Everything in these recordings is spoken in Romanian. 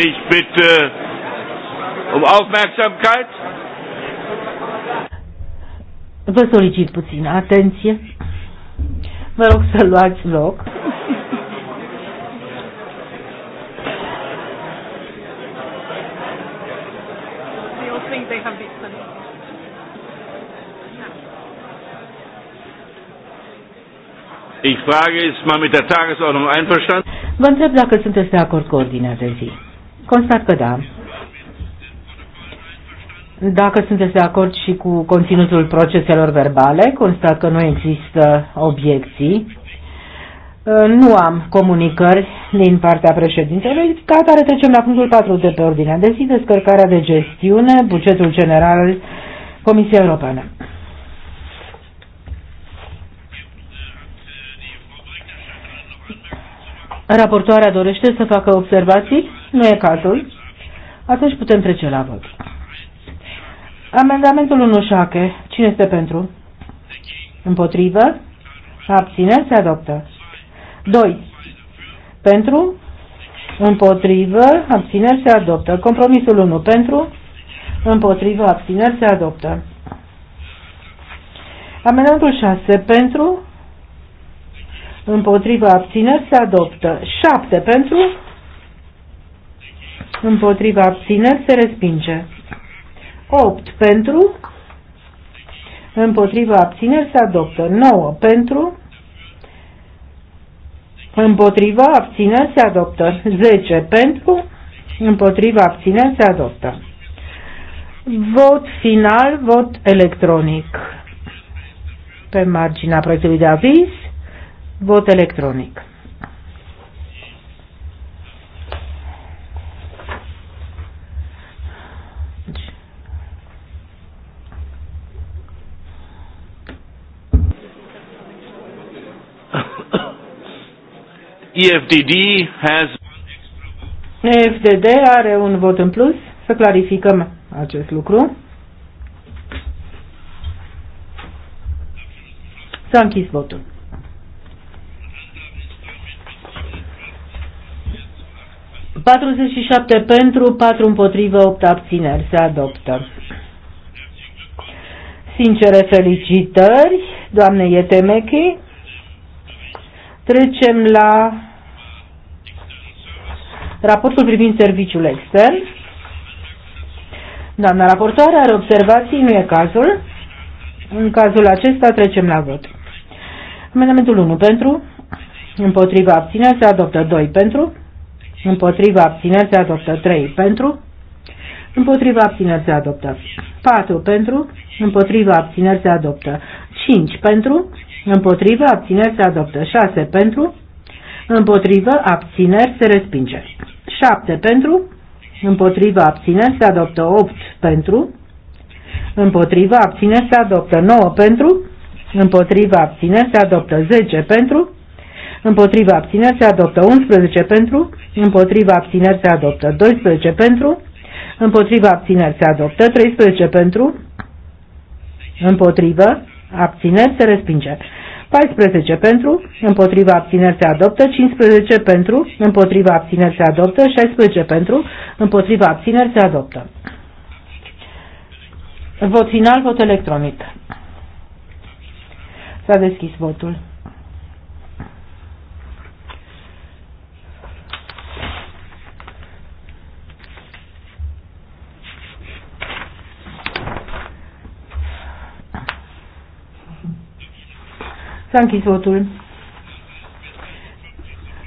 ich bitte um Aufmerksamkeit. Vă solicit puțin atenție. Vă rog să luați loc. Ich frage, ist man mit der Tagesordnung einverstanden? Vă întreb dacă sunteți de acord cu ordinea de zi. Constat că da. Dacă sunteți de acord și cu conținutul proceselor verbale, constat că nu există obiecții. Uh, nu am comunicări din partea președintelui, ca atare trecem la punctul 4 de pe ordinea de zi, descărcarea de gestiune, bugetul general, Comisia Europeană. Raportoarea dorește să facă observații? Nu e cazul. Atunci putem trece la vot. Amendamentul 1 șache. Cine este pentru? Împotrivă? Abține? Se adoptă. 2. Pentru? Împotrivă? Abțineri? Se adoptă. Compromisul 1. Pentru? Împotrivă? Abțineri? Se adoptă. Amendamentul 6. Pentru? Împotrivă? Abțineri? Se adoptă. 7. Pentru? împotriva abține, se respinge. 8 pentru, împotriva abțineri se adoptă. 9 pentru, împotriva abțineri se adoptă. 10 pentru, împotriva abțineri se adoptă. Vot final, vot electronic. Pe marginea proiectului de aviz, vot electronic. EFDD has EFDD are un vot în plus. Să clarificăm acest lucru. S-a închis votul. ...47 pentru, 4 împotrivă, 8 abțineri. Se adoptă. Sincere felicitări, doamne Ietemechi. Trecem la Raportul privind serviciul extern. Doamna raportoare are observații, nu e cazul. În cazul acesta trecem la vot. Amendamentul 1 pentru, împotriva abțineri se adoptă 2 pentru, împotriva abțineri se adoptă 3 pentru, împotriva abțineri se adoptă 4 pentru, împotriva abțineri se adoptă 5 pentru, împotriva abțineri se adoptă 6 pentru, împotrivă, abțineri, se respinge. 7 pentru, împotrivă, abțineri, se adoptă. 8 pentru, împotrivă, abțineri, se adoptă. 9 pentru, împotrivă, abțineri, se adoptă. 10 pentru, împotriva abțineri se adoptă 11 pentru, împotriva abțineri se adoptă 12 pentru, împotriva abțineri se adoptă 13 pentru, împotrivă abțineri se respinge 14 pentru, împotriva abțineri se adoptă, 15 pentru, împotriva abțineri se adoptă, 16 pentru, împotriva abțineri se adoptă. Vot final, vot electronic. S-a deschis votul. S-a închis votul.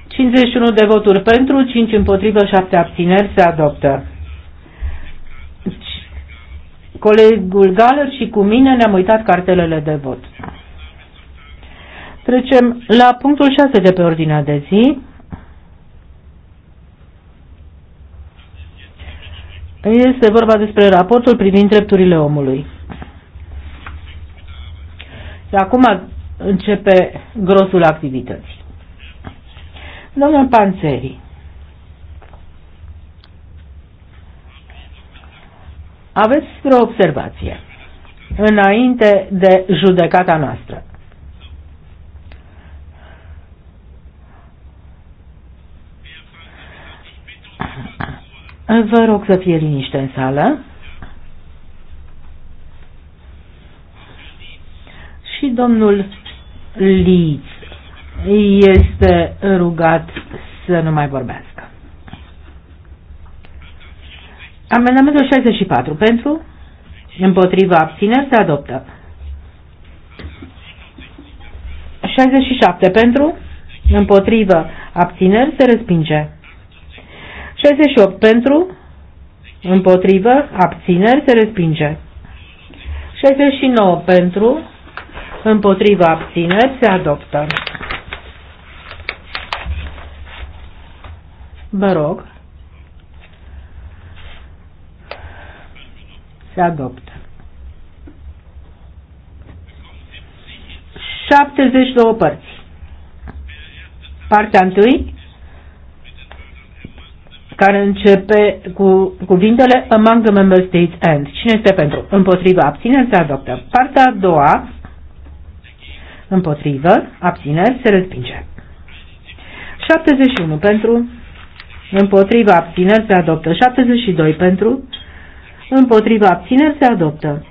51 de voturi pentru, 5 împotrivă, 7 abțineri. Se adoptă. Deci, colegul Galer și cu mine ne-am uitat cartelele de vot. Trecem la punctul 6 de pe ordinea de zi. Este vorba despre raportul privind drepturile omului. Acum începe grosul activității. Domnul Panțeri, aveți vreo observație înainte de judecata noastră. Vă rog să fie liniște în sală. Și domnul Leeds este rugat să nu mai vorbească. Amendamentul 64 pentru, împotriva abțineri se adoptă. 67 pentru, împotriva abțineri se respinge. 68 pentru, împotriva abțineri se respinge. 69 pentru, împotriva abțineri se adoptă. Vă rog. Se adoptă. 72 părți. Partea întâi, care începe cu cuvintele Among the Member States and. Cine este pentru? Împotriva abțineri se adoptă. Partea a doua, împotrivă, abțineri, se respinge. 71 pentru, împotrivă, abțineri se adoptă. 72 pentru, împotrivă, abțineri se adoptă.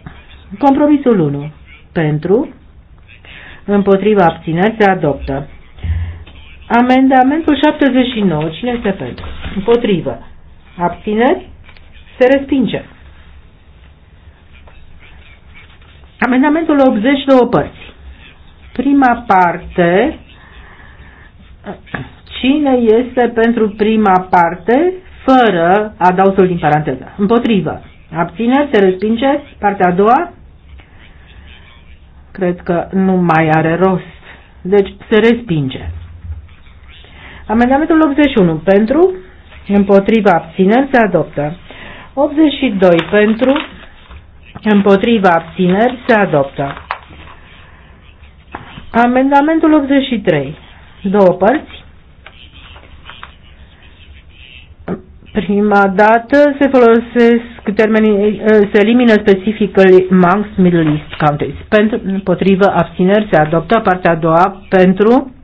Compromisul 1 pentru, împotrivă, abțineri se adoptă. Amendamentul 79, cine este pentru? Împotrivă. Abțineri se respinge. Amendamentul 82 părți. Prima parte, cine este pentru prima parte, fără adausul din paranteză. Împotrivă. Abține, se respinge. Partea a doua, cred că nu mai are rost. Deci se respinge. Amendamentul 81 pentru, împotriva abțineri se adoptă. 82 pentru, împotriva abțineri se adoptă. Amendamentul 83. Două părți. Prima dată se folosesc termenii, se elimină specifically Manx Middle East countries. Pentru, împotrivă abțineri se adoptă partea a doua pentru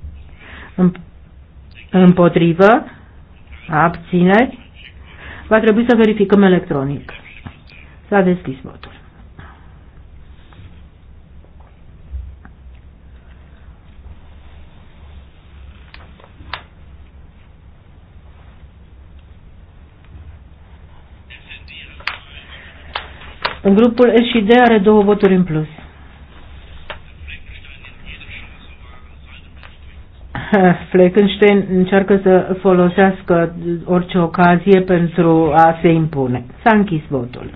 împotrivă abțineri. Va trebui să verificăm electronic. S-a deschis votul. Grupul D are două voturi în plus. Fleckenstein încearcă să folosească orice ocazie pentru a se impune. S-a închis votul.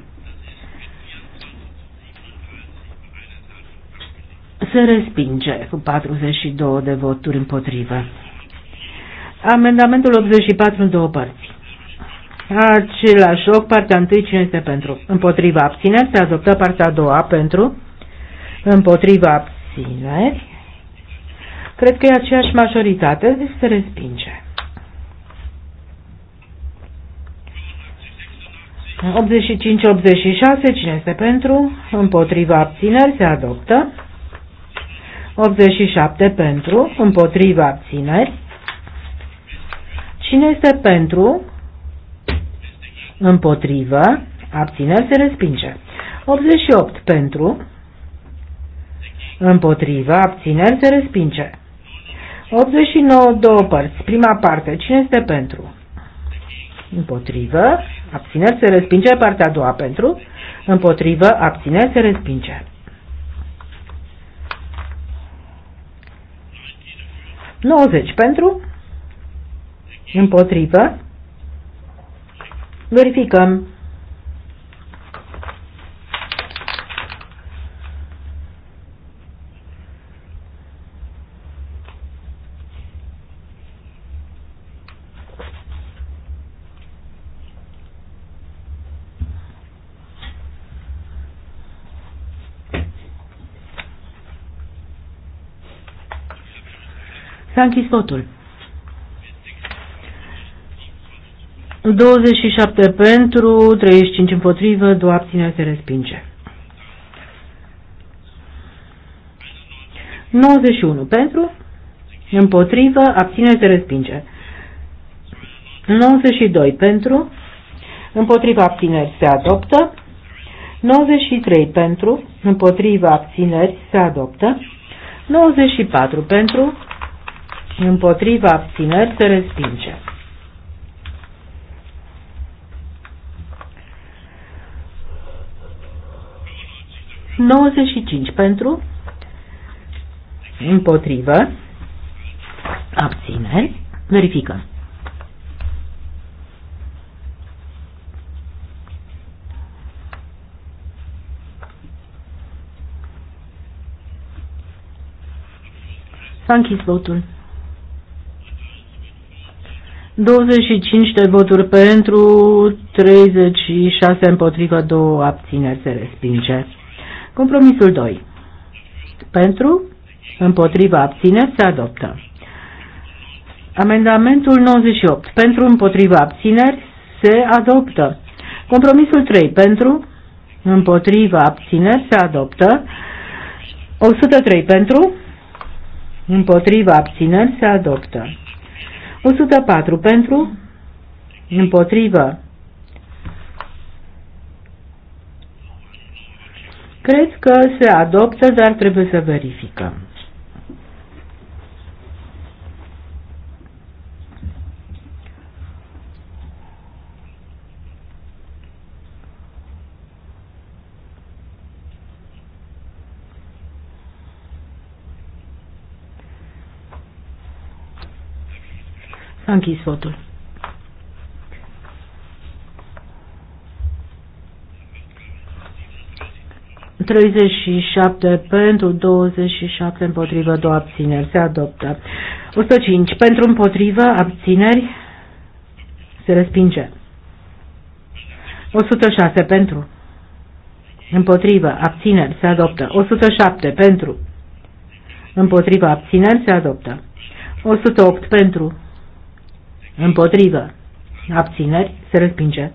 Se respinge cu 42 de voturi împotrivă. Amendamentul 84 în două părți același loc, partea întâi cine este pentru? Împotriva abțineri se adoptă partea a doua pentru. Împotriva abțineri. Cred că e aceeași majoritate, deci se respinge. 85-86, cine este pentru? Împotriva abțineri se adoptă. 87 pentru, împotriva abțineri. Cine este pentru? împotrivă, abțineri se respinge. 88 pentru, împotrivă, abțineri se respinge. 89 două părți, prima parte, cine este pentru? Împotrivă, abțineri se respinge, partea a doua pentru, împotrivă, abțineri se respinge. 90 pentru, împotrivă, Verificăm. S-a închis votul. 27 pentru, 35 împotrivă, două abțineri se respinge. 91 pentru, împotrivă, abțineri se respinge. 92 pentru, împotrivă, abțineri se adoptă. 93 pentru, împotrivă, abțineri se adoptă. 94 pentru, împotrivă, abțineri se respinge. 95 pentru, împotrivă, abțineri, verificăm. S-a închis votul. 25 de voturi pentru, 36 împotrivă, 2 abțineri se respinge. Compromisul 2. Pentru, împotriva, abține, se adoptă. Amendamentul 98. Pentru, împotriva, abțineri, se adoptă. Compromisul 3. Pentru, împotriva, abțineri, se adoptă. 103. Pentru, împotriva, abțineri, se adoptă. 104. Pentru, împotriva, Cred că se adoptă, dar trebuie să verificăm. S-a închis 37 pentru, 27 împotrivă, 2 abțineri. Se adoptă. 105 pentru, împotrivă, abțineri. Se respinge. 106 pentru. Împotrivă, abțineri, se adoptă. 107 pentru. Împotrivă, abțineri, se adoptă. 108 pentru. Împotrivă, abțineri, se respinge.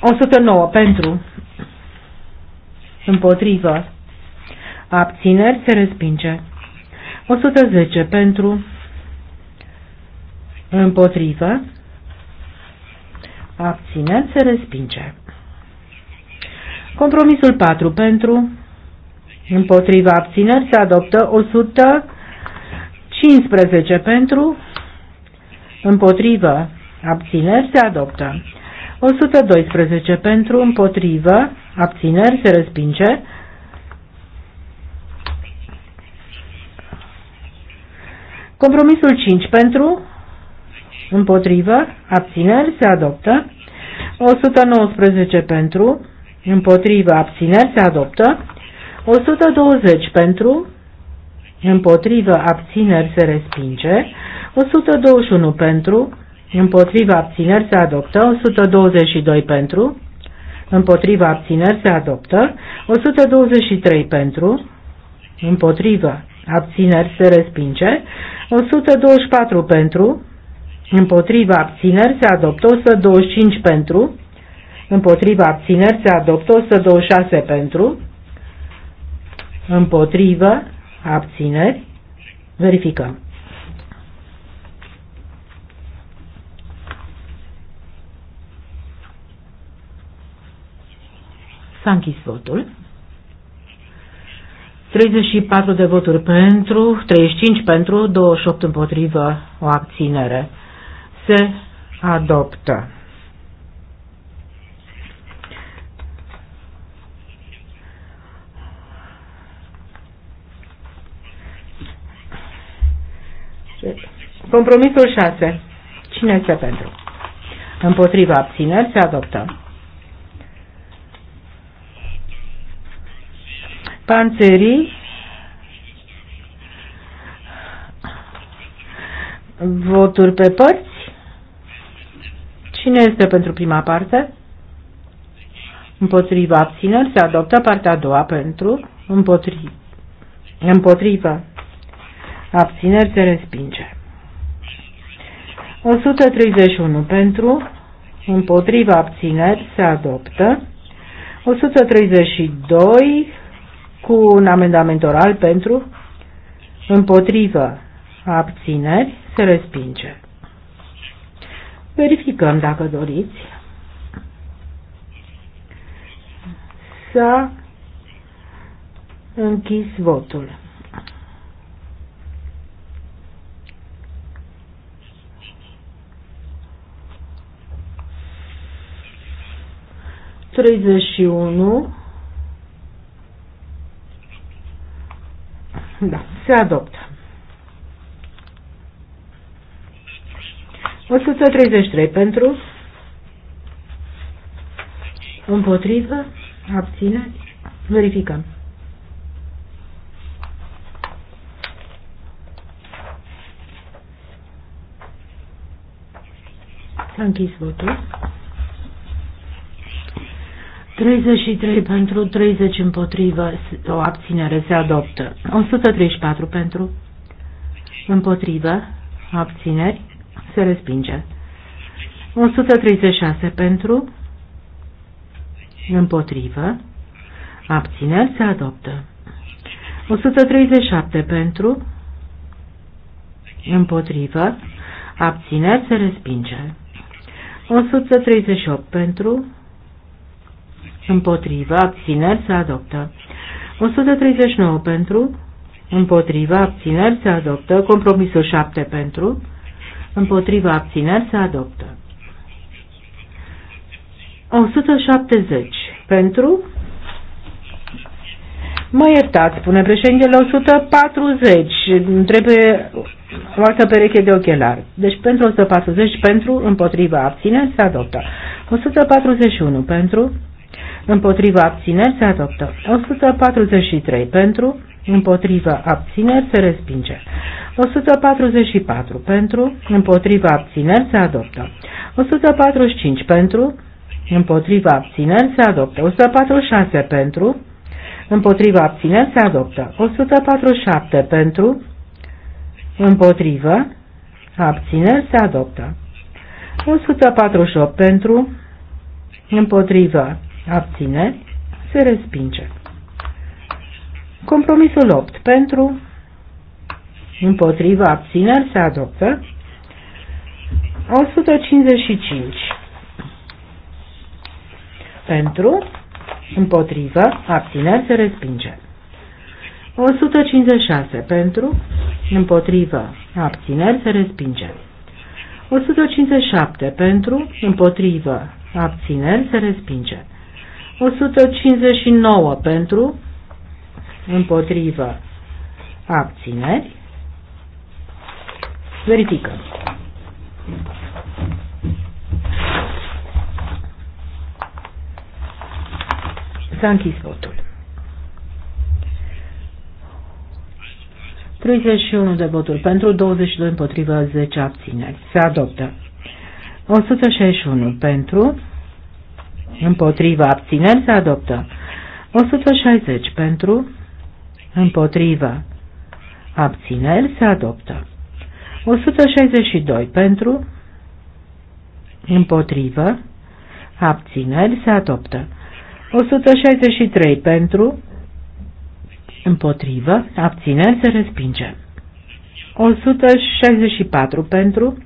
109 pentru împotrivă, abțineri se respinge. 110 pentru, împotrivă, abțineri se respinge. Compromisul 4 pentru, împotrivă abțineri se adoptă 115 pentru, împotrivă, abțineri se adoptă. 112 pentru, împotrivă, abțineri, se respinge. Compromisul 5 pentru, împotrivă, abțineri, se adoptă. 119 pentru, împotrivă, abțineri, se adoptă. 120 pentru, împotrivă, abțineri, se respinge. 121 pentru, împotrivă, abțineri, se adoptă. 122 pentru, împotriva abțineri se adoptă, 123 pentru, împotriva abțineri se respinge, 124 pentru, împotriva abțineri se adoptă, 125 pentru, împotriva abțineri se adoptă, 126 pentru, împotriva abțineri, verificăm. S-a închis votul. 34 de voturi pentru, 35 pentru, 28 împotrivă, o abținere. Se adoptă. Compromisul 6. Cine este pentru? Împotriva abțineri se adoptă. panțerii voturi pe părți. Cine este pentru prima parte? Împotriva abțineri se adoptă partea a doua pentru împotriva. împotriva Abțineri se respinge. 131 pentru împotriva abțineri se adoptă. 132 cu un amendament oral pentru, împotrivă, abțineri, se respinge. Verificăm dacă doriți. să închis votul. Treizeci și unu Da, se adoptă. 133 pentru, împotrivă, abține, verificăm. S-a închis votul. 33 pentru, 30 împotrivă, o abținere se adoptă. 134 pentru, împotrivă, abțineri, se respinge. 136 pentru, împotrivă, abțineri, se adoptă. 137 pentru, împotrivă, abțineri, se respinge. 138 pentru, împotriva, abțineri se adoptă. 139 pentru, împotriva, abțineri se adoptă. Compromisul 7 pentru, împotriva, abțineri se adoptă. 170 pentru, Mă iertați, spune președintele 140. Trebuie o altă pereche de ochelari. Deci pentru 140, pentru, împotriva, abține, se adoptă. 141 pentru, împotriva abțineri se adoptă. 143 pentru, împotriva abțineri se respinge. 144 pentru, împotriva abțineri se adoptă. 145 pentru, împotriva abțineri se adoptă. 146 pentru, împotriva abțineri se adoptă. 147 pentru, împotriva abțineri se adoptă. 148 pentru, împotriva abține, se respinge. Compromisul 8 pentru, împotriva, abțineri, se adoptă. 155 pentru, împotrivă, abțineri, se respinge. 156 pentru, împotrivă, abțineri, se respinge. 157 pentru, împotrivă, abțineri, se respinge. 159 pentru, împotrivă, abțineri. Verificăm. S-a închis votul. 31 de voturi pentru, 22 împotrivă, 10 abțineri. Se adoptă. 161 pentru, împotriva abțineri se adoptă. 160 pentru, împotriva abțineri se adoptă. 162 pentru, împotrivă, abțineri se adoptă. 163 pentru, împotrivă, abțineri se respinge. 164 pentru,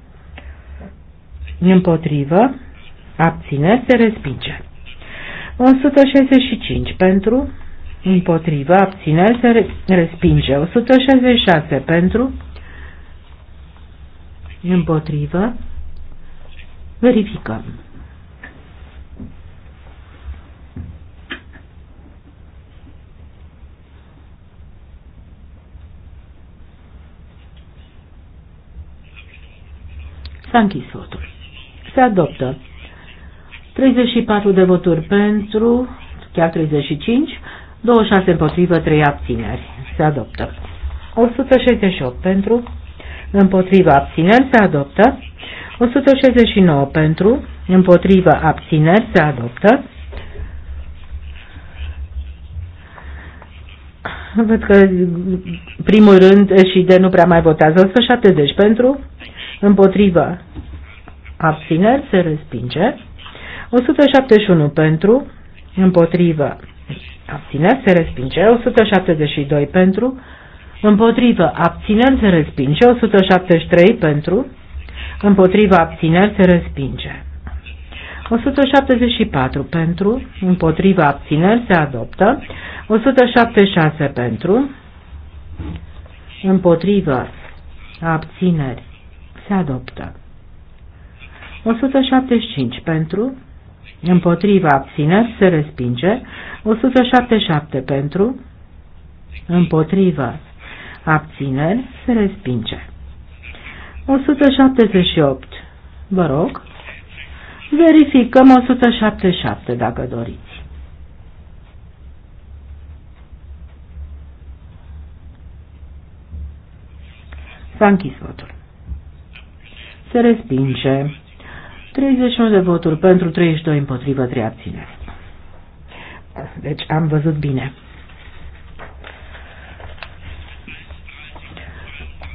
împotrivă, abțineri se respinge. 165 pentru, împotriva, abțineri se respinge. 166 pentru, împotrivă, verificăm. S-a închis votul. Se adoptă 34 de voturi pentru, chiar 35, 26 împotrivă, 3 abțineri. Se adoptă. 168 pentru, împotrivă abțineri, se adoptă. 169 pentru, împotrivă abțineri, se adoptă. Văd că primul rând și de nu prea mai votează. 170 pentru, împotrivă abțineri, se respinge. 171 pentru, împotrivă, abțineri se respinge. 172 pentru, împotrivă, abțineri se respinge. 173 pentru, împotrivă, abțineri se respinge. 174 pentru, împotrivă, abțineri se adoptă, 176 pentru, împotrivă, abțineri se adoptă, 175 pentru, împotriva abțineri se respinge, 177 pentru, împotriva abțineri se respinge. 178, vă rog, verificăm 177 dacă doriți. S-a închis votul. Se respinge. 31 de voturi pentru, 32 împotrivă, 3 abțineri. Deci am văzut bine.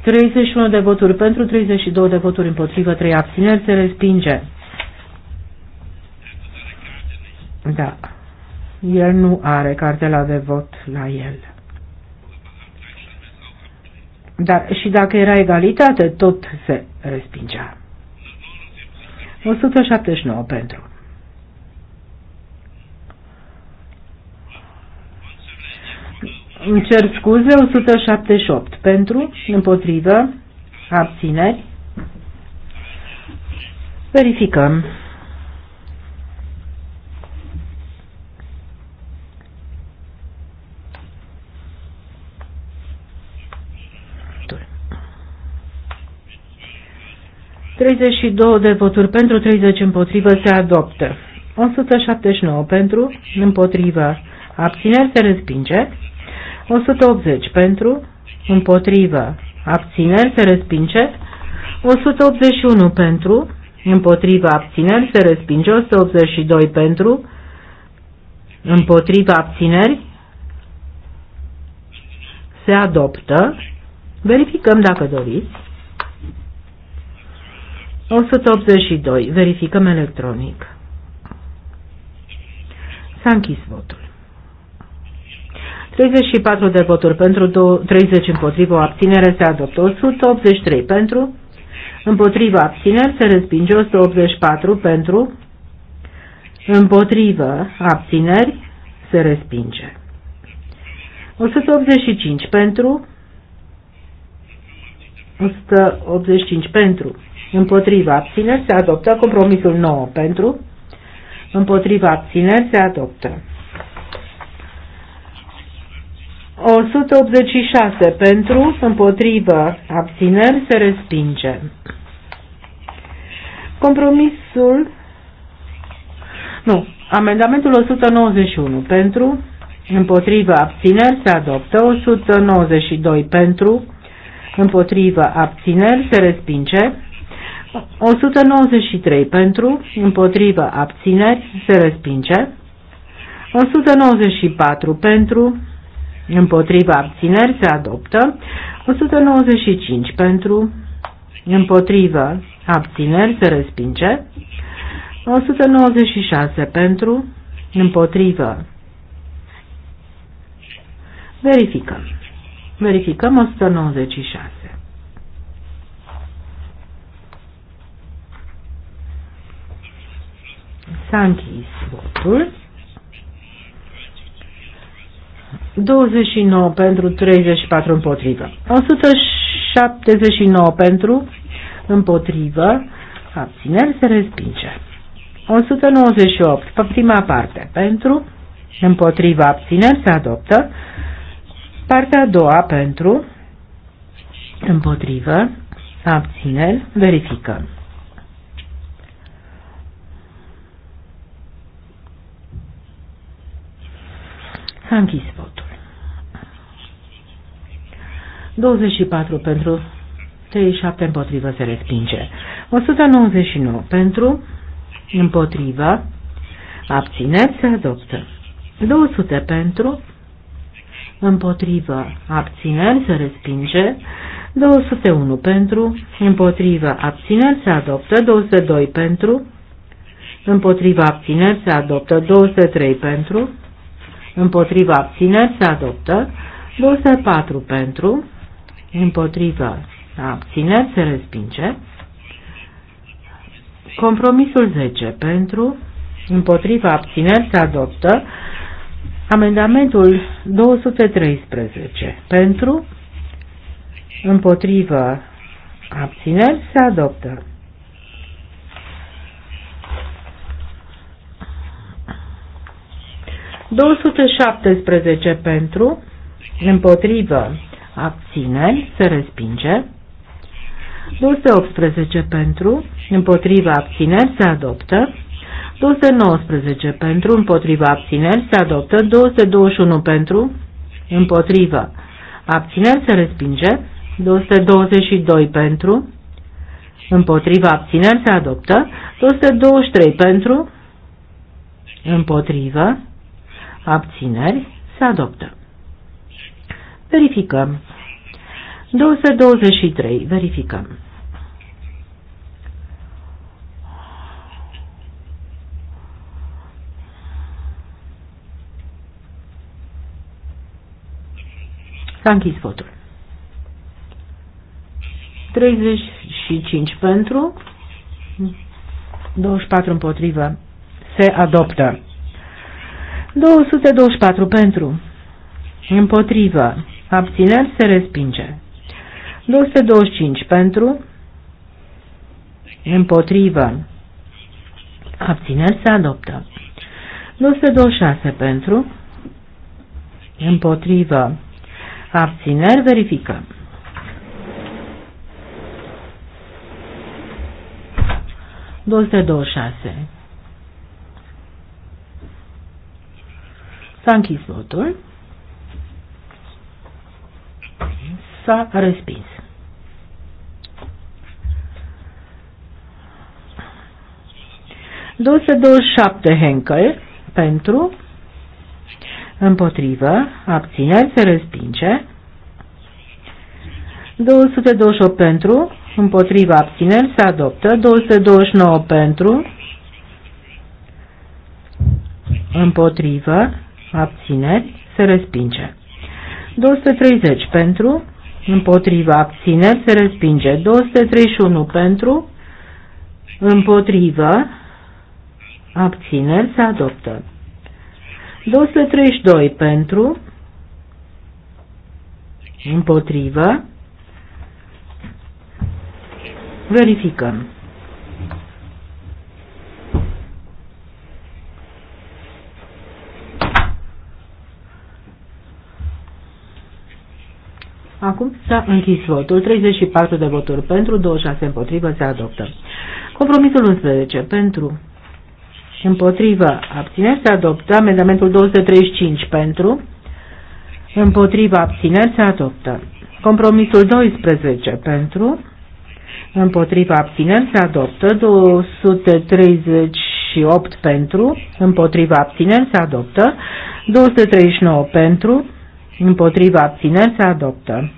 31 de voturi pentru, 32 de voturi împotrivă, 3 abțineri, se respinge. Da. El nu are cartela de vot la el. Dar și dacă era egalitate, tot se respingea. 179 pentru. Îmi cer scuze, 178 pentru, împotrivă, abțineri. Verificăm. 32 de voturi pentru, 30 împotrivă, se adoptă. 179 pentru, împotrivă, abțineri, se respinge. 180 pentru, împotrivă, abțineri, se respinge. 181 pentru, împotrivă, abțineri, se respinge. 182 pentru, împotrivă, abțineri, se adoptă. Verificăm dacă doriți. 182. Verificăm electronic. S-a închis votul. 34 de voturi pentru, 30 împotrivă, o abținere se adoptă. 183 pentru, împotrivă, abțineri se respinge. 184 pentru, împotrivă abțineri se respinge. 185 pentru, 185 pentru, Împotriva abțineri se adoptă compromisul 9 pentru. Împotriva abțineri se adoptă. 186 pentru, împotrivă, abțineri, se respinge. Compromisul, nu, amendamentul 191 pentru, împotrivă, abțineri, se adoptă, 192 pentru, împotrivă, abțineri, se respinge, 193 pentru, împotrivă, abțineri, se respinge. 194 pentru, împotrivă, abțineri, se adoptă. 195 pentru, împotrivă, abțineri, se respinge. 196 pentru, împotrivă. Verificăm. Verificăm 196. S-a închis votul. 29 pentru, 34 împotrivă. 179 pentru, împotrivă, abțineri se respinge. 198, pe prima parte, pentru, împotrivă, abțineri se adoptă. Partea a doua, pentru, împotrivă, abțineri, verificăm. S-a închis votul. 24 pentru, 37 împotrivă se respinge. 199 pentru, împotrivă, abțineți, se adoptă. 200 pentru, împotrivă, abțineri, se respinge. 201 pentru, împotrivă, abțineri, se adoptă. 202 pentru, împotrivă, abțineri, se adoptă. 203 pentru, împotriva abțineri se adoptă, 204 pentru, împotriva abțineri se respinge, compromisul 10 pentru, împotriva abțineri se adoptă, amendamentul 213 pentru, împotriva abțineri se adoptă. 217 pentru, împotrivă, abține, se respinge. 218 pentru, împotriva abține, se adoptă. 219 pentru, împotriva abține, se adoptă. 221 pentru, împotriva abține, se respinge. 222 pentru, împotriva abține, se adoptă. 223 pentru, împotriva abțineri, se adoptă. Verificăm. 223. Verificăm. S-a închis votul. 35 pentru, 24 împotrivă. Se adoptă. 224 pentru, împotrivă, abțineri se respinge. 225 pentru, împotrivă, abțineri se adoptă. 226 pentru, împotrivă, abțineri verifică. Doste 26. S-a închis votul. S-a respins. 27 Henkel pentru, împotrivă, abțineri, se respinge. 228 pentru, împotriva abțineri, se adoptă. 229 pentru, împotrivă, abțineri, se respinge. 230 pentru, împotriva abțineri, se respinge. 231 pentru, împotriva abțineri, se adoptă. 232 pentru, împotriva verificăm. Acum s-a închis votul. 34 de voturi pentru, 26 împotrivă, se adoptă. Compromisul 11 pentru, împotrivă, abțineri, se adoptă. Amendamentul 235 pentru, împotrivă, abțineri, se adoptă. Compromisul 12 pentru, împotrivă, abțineri se adoptă, 238 pentru, împotrivă, abțineri se adoptă, 239 pentru, împotriva abțineri se adoptă.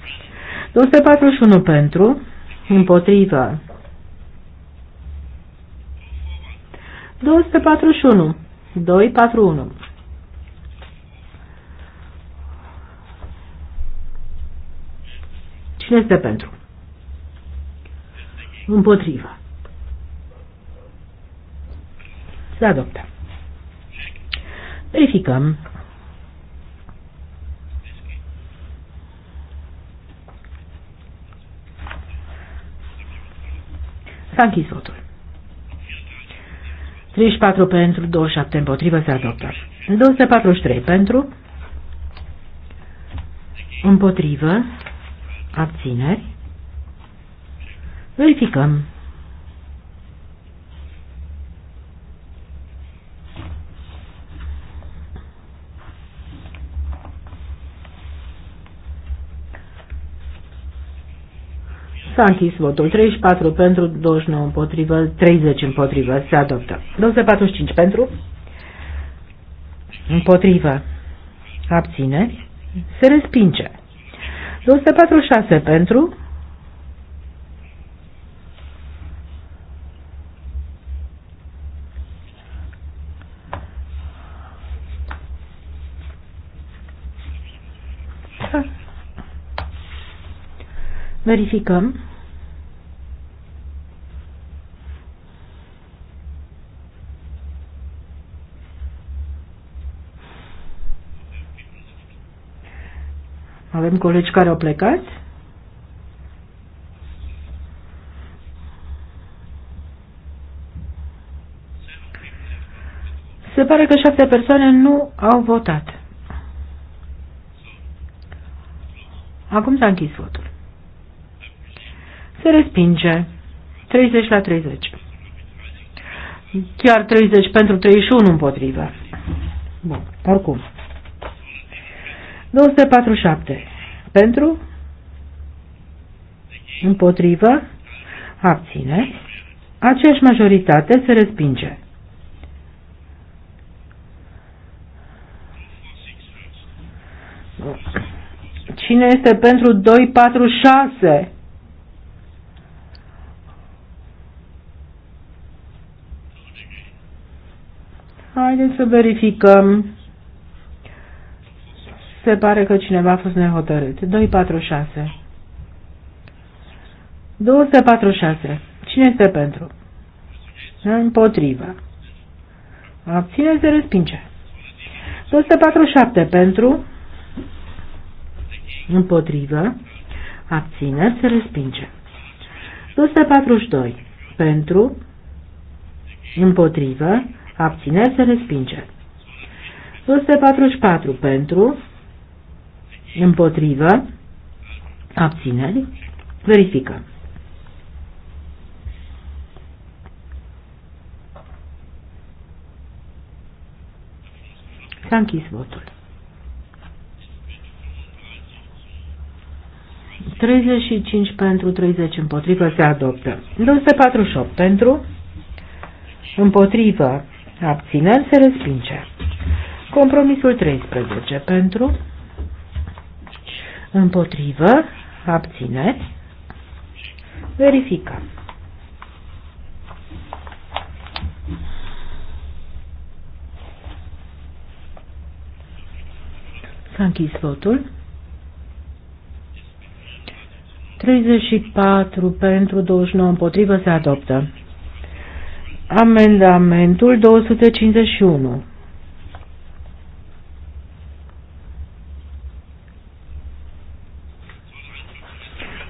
241 pentru, împotrivă. 241, 241. Cine este pentru? Împotriva. Se adoptă. Verificăm. S-a închis votul. 34 pentru, 27 împotrivă, se adoptă. 243 pentru, împotrivă, abțineri. Verificăm. S-a închis votul 34 pentru, 29 împotrivă, 30 împotrivă. Se adoptă. 245 pentru, împotrivă, abține, se respinge. 246 pentru, Verificăm. Avem colegi care au plecat. Se pare că șapte persoane nu au votat. Acum s-a închis votul. Se respinge. 30 la 30. Chiar 30 pentru 31 împotrivă. Bun, oricum. 247. Pentru? Împotrivă? Abține. Aceeași majoritate se respinge. Cine este pentru 246? Haideți să verificăm. Se pare că cineva a fost nehotărât. 246. 246. Cine este pentru? Împotriva. Abține se respinge. 247 pentru. Împotrivă. Abține se respinge. 242 pentru. Împotrivă abține, se respinge. 244 pentru, împotrivă, abțineri, verificăm. S-a închis votul. 35 pentru, 30 împotrivă, se adoptă. 248 pentru, împotrivă, abțineri se respinge. Compromisul 13 pentru, împotrivă, abțineri, verificăm. S-a închis votul. 34 pentru, 29 împotrivă se adoptă. Amendamentul 251.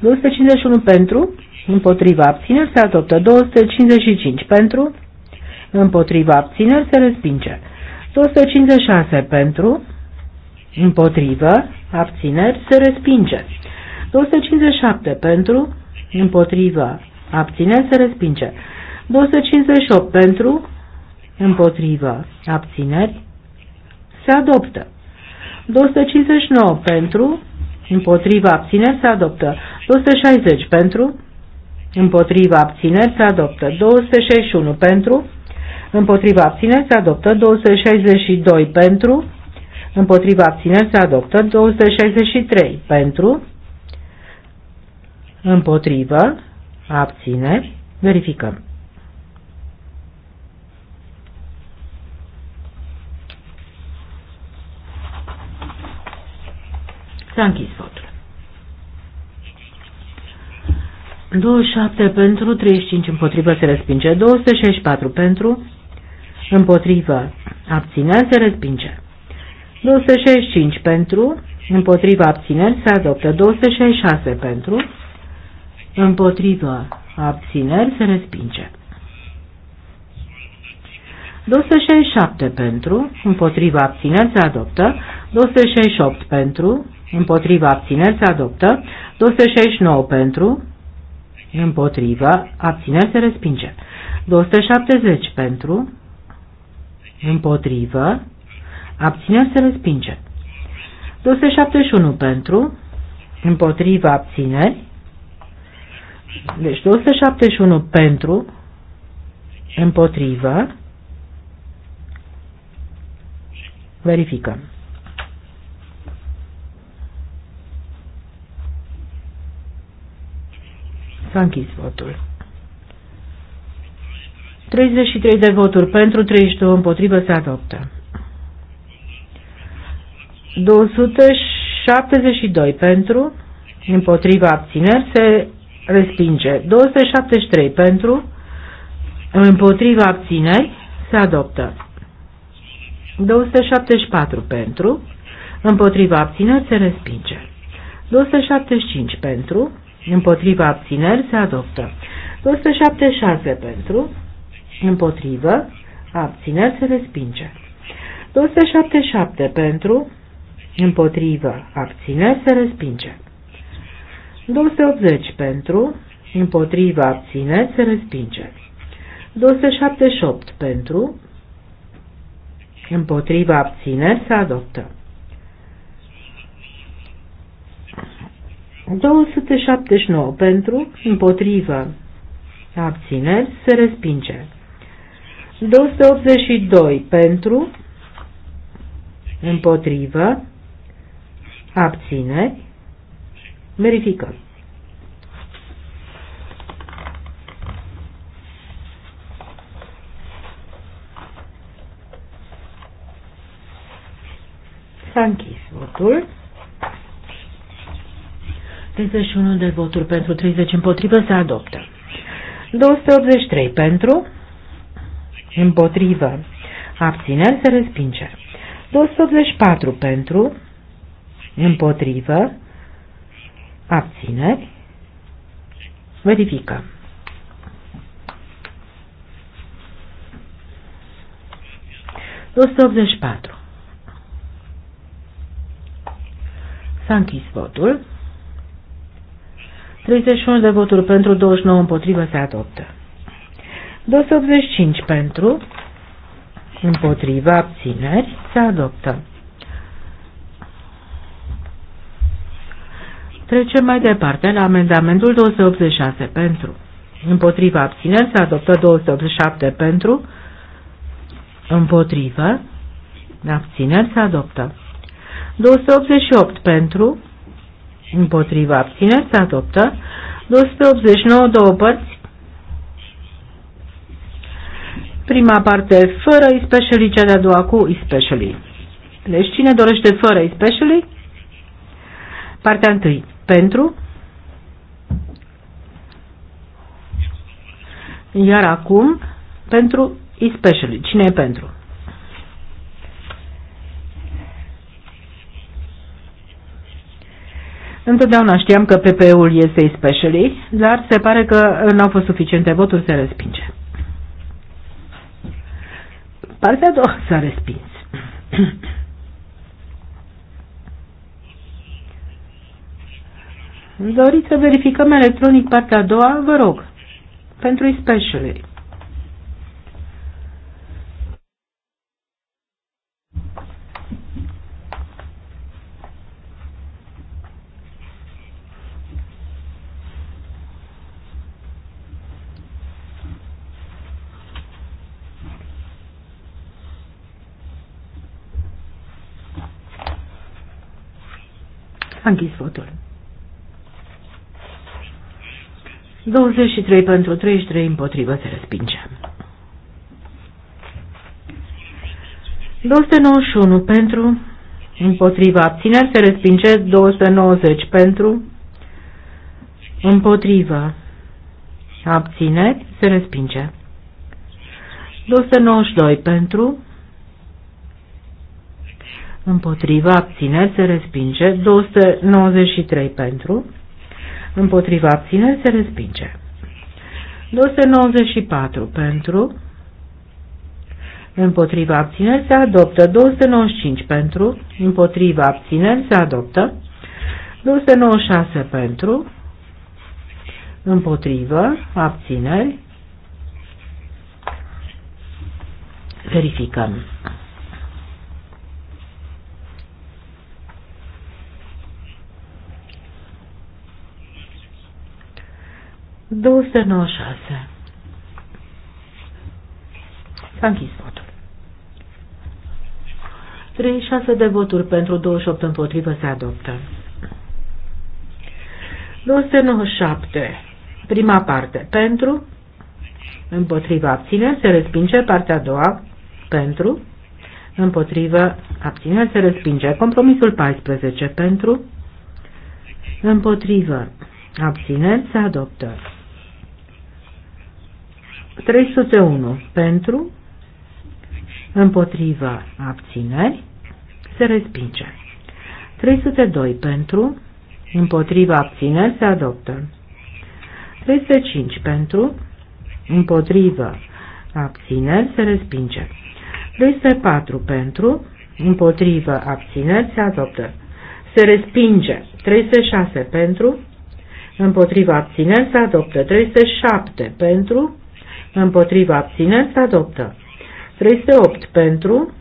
...251 pentru, împotriva abțineri se adoptă, 255 pentru, împotriva abțineri se respinge, 256 pentru, împotrivă, abțineri se respinge, 257 pentru, împotriva abțineri se respinge, 258 pentru, împotrivă, abțineri, se adoptă. 259 pentru, împotriva abțineri se adoptă. 260 pentru, împotriva abțineri se adoptă. 261 pentru, împotriva abțineri se adoptă. 262 pentru, împotriva abțineri se adoptă. 263 pentru, împotrivă, abțineri, verificăm. S-a închis votul. 27 pentru, 35 împotrivă se respinge, 264 pentru, împotrivă abțineri se respinge, 265 pentru, împotrivă abțineri se adoptă, 266 pentru, împotrivă abțineri se respinge. 267 pentru, împotriva abțineri se adoptă, 268 pentru, împotriva abțineri se adoptă, 269 pentru, împotriva abțineri se respinge, 270 pentru, împotrivă, abțineri se respinge, 271 pentru, împotriva abțineri, deci 271 pentru, împotrivă, verificăm. S-a închis votul. 33 de voturi pentru, 32 împotrivă se adoptă. 272 pentru, împotriva abțineri se respinge. 273 pentru, împotriva abțineri se adoptă. 274 pentru, împotriva abțineri se respinge. 275 pentru, împotriva abțineri se adoptă. 276 pentru, împotrivă, abțineri se respinge. 277 pentru, împotrivă, abțineri se respinge. 280 pentru, împotrivă, abțineri se respinge. 278 pentru, împotriva abțineri se adoptă. 279 pentru, împotrivă, abțineri, se respinge. 282 pentru, împotrivă, abțineri, verificăm. S-a închis votul. 31 de voturi pentru 30 împotrivă se adoptă. 283 pentru, împotrivă, abțineri se respinge. 284 pentru, împotrivă, abțineri, verificăm. patru. S-a închis votul. 31 de voturi pentru, 29 împotrivă se adoptă. 285 pentru, împotrivă, abțineri, se adoptă. Trecem mai departe la amendamentul 286 pentru. Împotriva abțineri se adoptă 287 pentru. Împotrivă. Abțineri se adoptă. 288 pentru împotriva abțineri se adoptă. 289 două părți. Prima parte fără ispeșelii, cea de-a doua cu ispeșelii. Deci cine dorește fără ispeșelii? Partea întâi. Pentru. Iar acum pentru ispeșelii. Cine e pentru? Întotdeauna știam că PP-ul este especially, dar se pare că n-au fost suficiente voturi, să respinge. Partea a doua s-a respins. Doriți să verificăm electronic partea a doua? Vă rog. Pentru especially. S-a închis votul. 23 pentru 33 împotrivă se respinge. 291 pentru, împotriva abțineri se respinge 290 pentru, împotriva abțineri se respinge. 292 pentru, împotriva abțineri se respinge, 293 pentru, împotriva abțineri se respinge, 294 pentru, împotriva abțineri se adoptă, 295 pentru, împotriva abțineri se adoptă, 296 pentru, împotrivă, abțineri, verificăm. 296. S-a închis votul. 36 de voturi pentru 28 împotrivă se adoptă. 297. Prima parte. Pentru. Împotriva abține. se respinge. Partea a doua. Pentru. Împotrivă abține. se respinge. Compromisul 14. Pentru. Împotrivă abțineri se adoptă. 301 pentru, împotriva abțineri, se respinge. 302 pentru, împotriva abțineri, se adoptă. 305 pentru, împotriva abțineri, se respinge. 304 pentru, împotriva abțineri, se adoptă. Se respinge. 306 pentru, împotriva abțineri, se adoptă. 307 pentru, împotriva abțineri se adoptă. 308 pentru,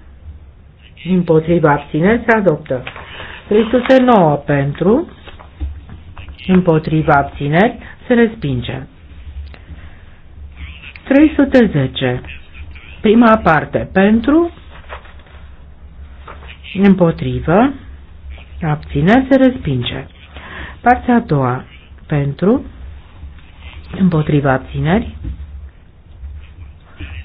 împotriva abțineri se adoptă. 309 pentru, împotriva abțineri se respinge. 310. Prima parte pentru, împotrivă, abțineri se respinge. Partea a doua pentru, împotriva abțineri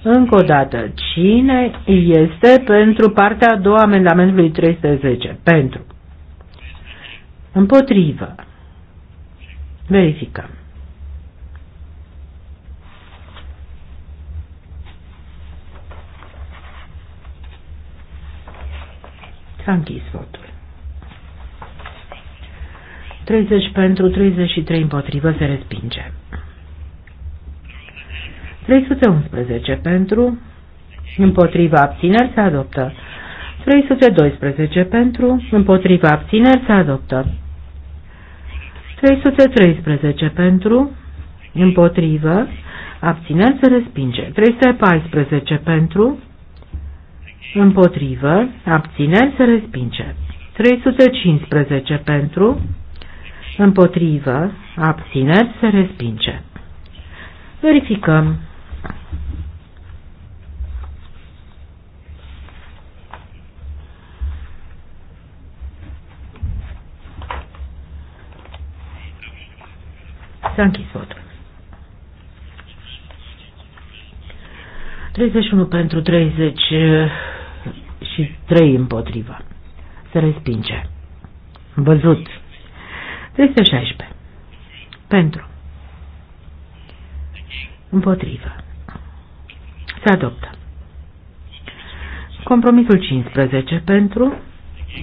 încă o dată, cine este pentru partea a doua amendamentului 310? Pentru. Împotrivă. Verificăm. S-a închis votul. 30 pentru, 33 împotrivă se respinge. 311 pentru, împotriva abțineri se adoptă. 312 pentru, împotriva abțineri se adoptă. 313 pentru, împotrivă, abțineri se respinge. 314 pentru, împotrivă, abțineri se respinge. 315 pentru, împotrivă, abțineri se respinge. Verificăm. S-a închis votul. 31 pentru 30 eh, și 3 împotriva. Se respinge. Văzut. 316. Pentru. Împotriva. Se adoptă. Compromisul 15 pentru,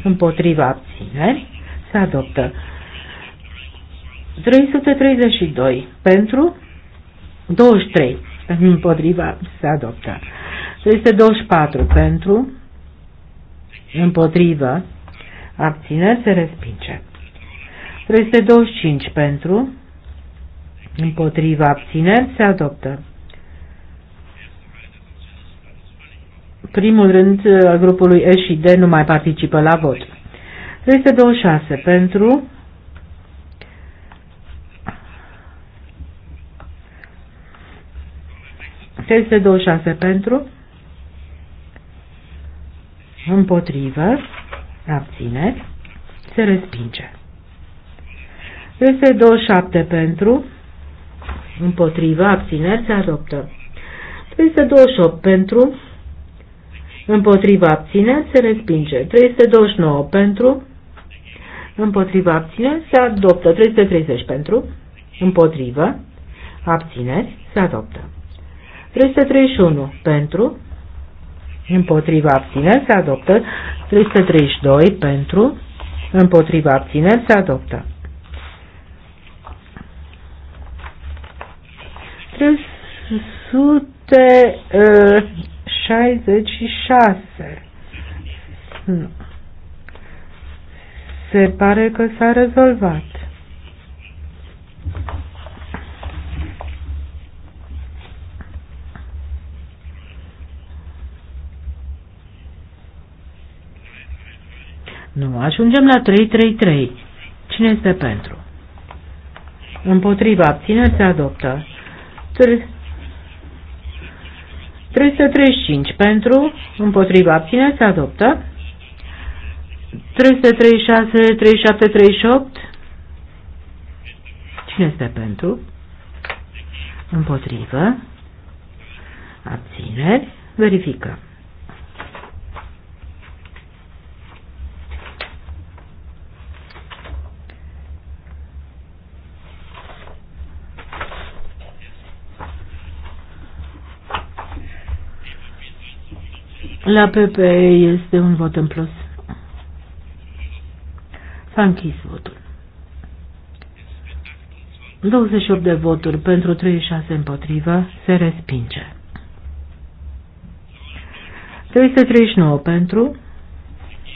împotriva abțineri, se adoptă. 332 pentru 23 împotriva se adoptă 324 pentru împotrivă abține se respinge 325 pentru împotriva abține se adoptă primul rând al uh, grupului E și D nu mai participă la vot 326 pentru 626 pentru, împotrivă, abțineri, se respinge. 327 pentru, împotrivă, abțineri, se adoptă. 328 pentru, împotrivă, abțineri, se respinge. 329 pentru, împotrivă, abțineri, se adoptă. 330 pentru, împotrivă, abțineri, se adoptă. 331 pentru, împotriva abțineri se adoptă, 332 pentru, împotriva abțineri se adoptă. 366 uh, Se pare că s-a rezolvat. Nu, ajungem la 333. Cine este pentru? Împotriva abțineri se adoptă. 335 pentru, împotriva abțineri se adoptă. 336, 37, 38. Cine este pentru? Împotrivă. Abțineri. Verificăm. La PP este un vot în plus. S-a închis votul. 28 de voturi pentru 36 împotrivă se respinge. 339 pentru,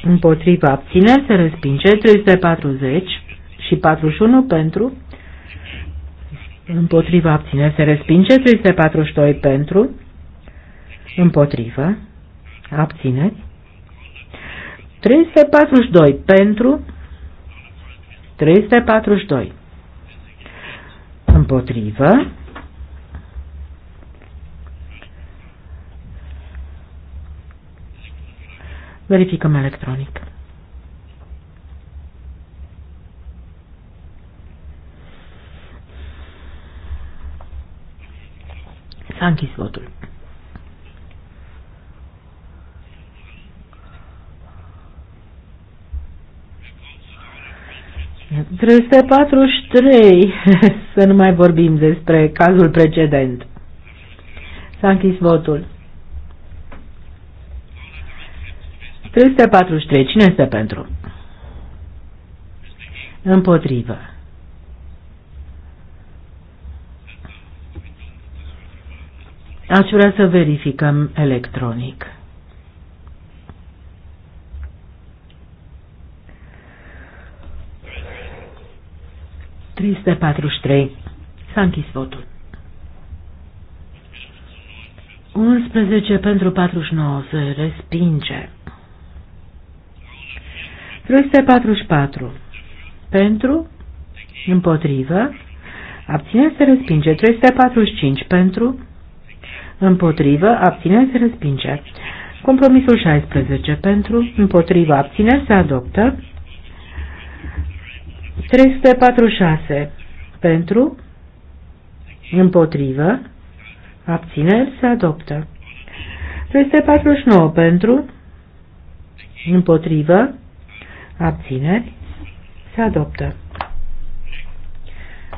împotriva abține se respinge, 340 și 41 pentru, împotriva abține se respinge, 342 pentru, împotrivă, Abțineți. 342 pentru. 342. Împotrivă. Verificăm electronic. S-a închis votul. 343, să nu mai vorbim despre cazul precedent. S-a închis votul. 343, cine este pentru? Împotrivă. Aș vrea să verificăm electronic. 343. S-a închis votul. 11 pentru 49 se respinge. 344. Pentru, împotrivă, abține se respinge. 345 pentru, împotrivă, abține se respinge. Compromisul 16 pentru, împotrivă, abține se adoptă. 346 pentru, împotrivă, abțineri se adoptă. 349 pentru, împotrivă, abțineri se adoptă.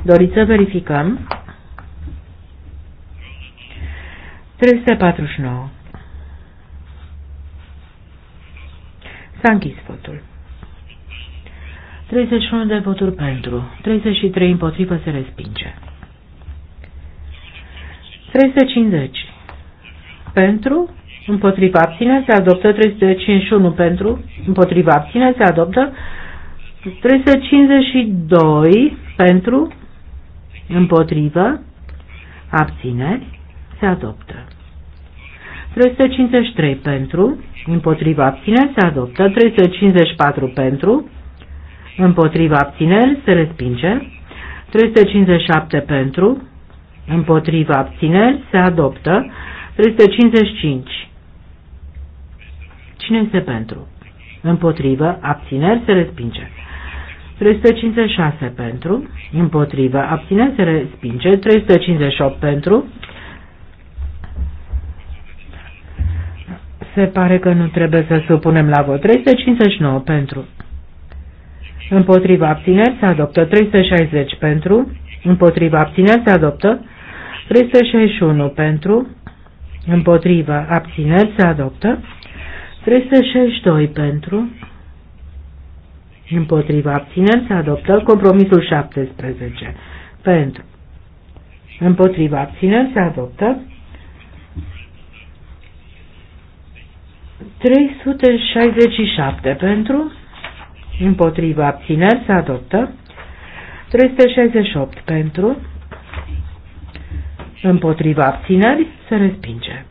Doriți să verificăm? 349. S-a închis votul. 31 de voturi pentru, 33 împotrivă se respinge. 350 pentru, împotriva abține se adoptă, 351 pentru, împotriva abține se adoptă, 352 pentru, împotrivă, abțineri, se adoptă. 353 pentru, împotriva abține, se adoptă. 354 pentru, împotriva abțineri, se respinge. 357 pentru, împotriva abțineri, se adoptă. 355. Cine este pentru? Împotrivă, abțineri, se respinge. 356 pentru, împotrivă, abțineri, se respinge. 358 pentru, se pare că nu trebuie să supunem la vot. 359 pentru, împotriva abțineri se adoptă 360 pentru, împotriva abțineri se adoptă 361 pentru, împotriva abțineri se adoptă 362 pentru, împotriva abțineri se adoptă compromisul 17 pentru, împotriva abțineri se adoptă 367 pentru, împotriva abțineri se adoptă, 368 pentru, împotriva abțineri se respinge.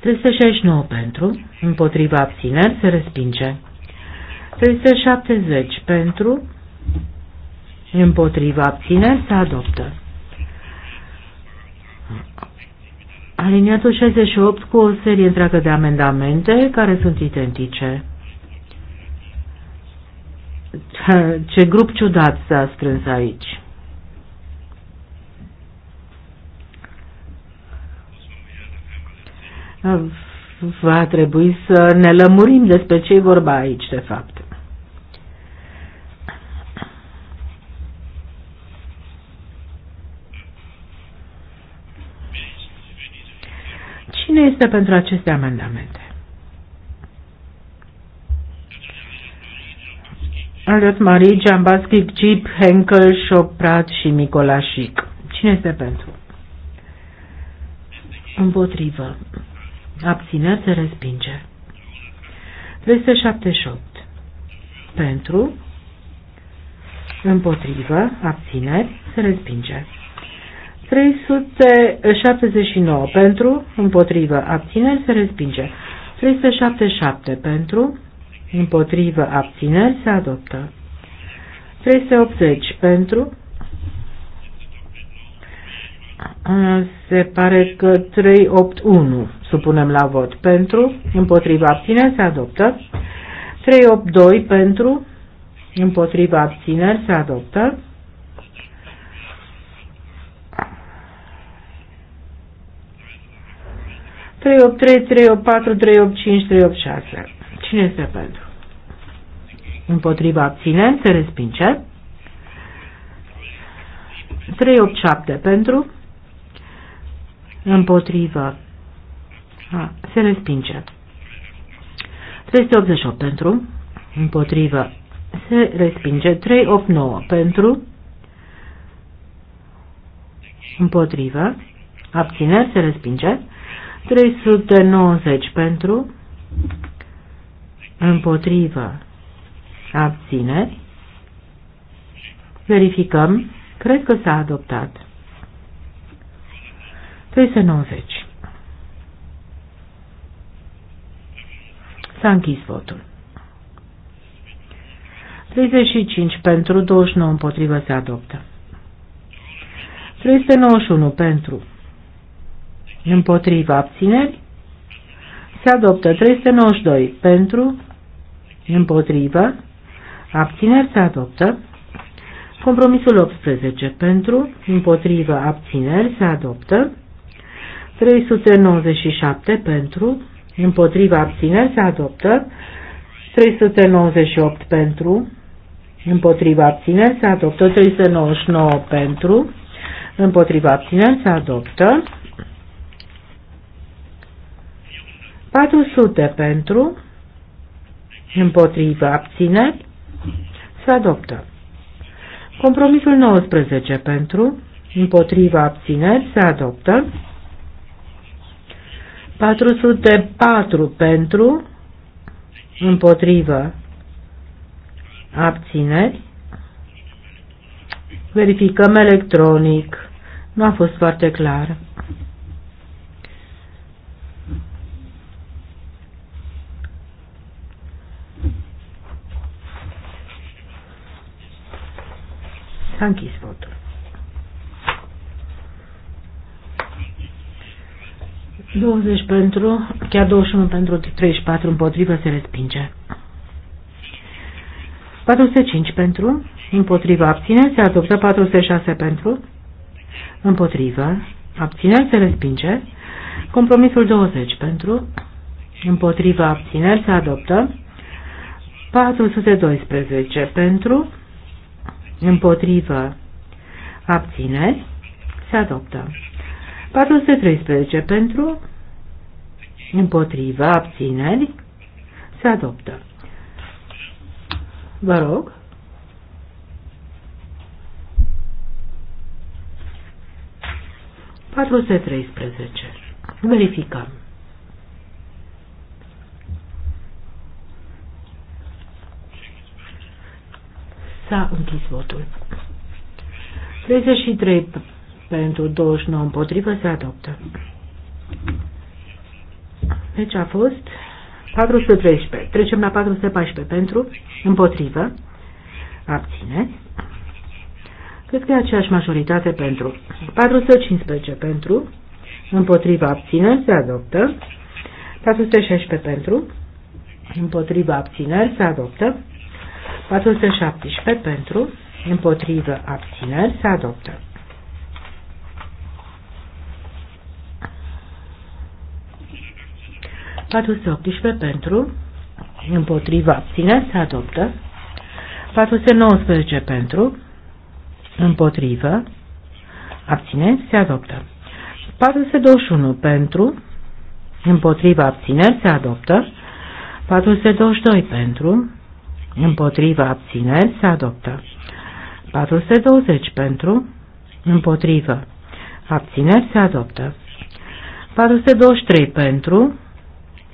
369 pentru, împotriva abțineri se respinge. 370 pentru, împotriva abțineri se adoptă. Aliniatul 68 cu o serie întreagă de amendamente care sunt identice ce grup ciudat s-a strâns aici. Va trebui să ne lămurim despre ce e vorba aici, de fapt. Cine este pentru aceste amendamente? Alăt Marie, Giambaschi, Cip, Henkel, Șoprat și Micolașic. Cine este pentru? Împotrivă. Abțineți, se respinge. 378. Pentru. Împotrivă. Abțineri se respinge. 379 pentru, împotrivă, abțineri, se respinge. 377 pentru, împotrivă, abțineri, se adoptă. 380 pentru, se pare că 381 supunem la vot pentru, Împotrivă abțineri se adoptă, 382 pentru, Împotrivă abțineri se adoptă, 383, 384, 385, 386. Cine este pentru? Împotriva abțineri se respinge. 387 pentru. Împotriva. A, se respinge. 388 pentru. Împotriva. Se respinge. 389 pentru. Împotriva Abțineri se respinge. 390 pentru împotrivă, abțineri, verificăm, cred că s-a adoptat. 390. S-a închis votul. 35 pentru, 29 împotrivă se adoptă. 391 pentru, împotrivă abțineri, se adoptă 392 pentru, împotrivă, abțineri se adoptă. Compromisul 18 pentru, împotrivă, abțineri se adoptă. 397 pentru, împotrivă abțineri se adoptă. 398 pentru, împotrivă abțineri se adoptă. 399 pentru, împotrivă abțineri se adoptă. 400 pentru, împotrivă, abțineri, se adoptă. Compromisul 19 pentru, împotriva abțineri, se adoptă. 404 pentru, împotrivă, abțineri. Verificăm electronic. Nu a fost foarte clar. S-a închis votul. Douăzeci pentru, chiar 21 pentru, 34 împotrivă se respinge. 405 pentru, împotrivă abține, se adoptă 406 pentru, împotrivă, abține, se respinge. Compromisul 20 pentru, împotrivă abține, se adoptă 412 pentru, împotrivă, abțineri, se adoptă. 413 pentru, împotrivă, abțineri, se adoptă. Vă rog. Patru treisprezece. Verificăm. S-a închis votul. 33 pentru 29 împotrivă se adoptă. Deci a fost 413. Trecem la 414 pentru împotrivă. Abține. Cred că e aceeași majoritate pentru. 415 pentru. împotrivă abțineri se adoptă. 416 pentru. împotrivă abțineri se adoptă. 417 pentru, împotrivă, abțineri, se adoptă. ...418 pentru, împotrivă abțineri, se adoptă. 419 pentru, împotrivă, abțineri, se adoptă. 421 pentru, împotrivă abțineri, se adoptă. 422 pentru, împotriva abțineri se adoptă. 420 pentru, împotrivă, abțineri se adoptă. 423 pentru,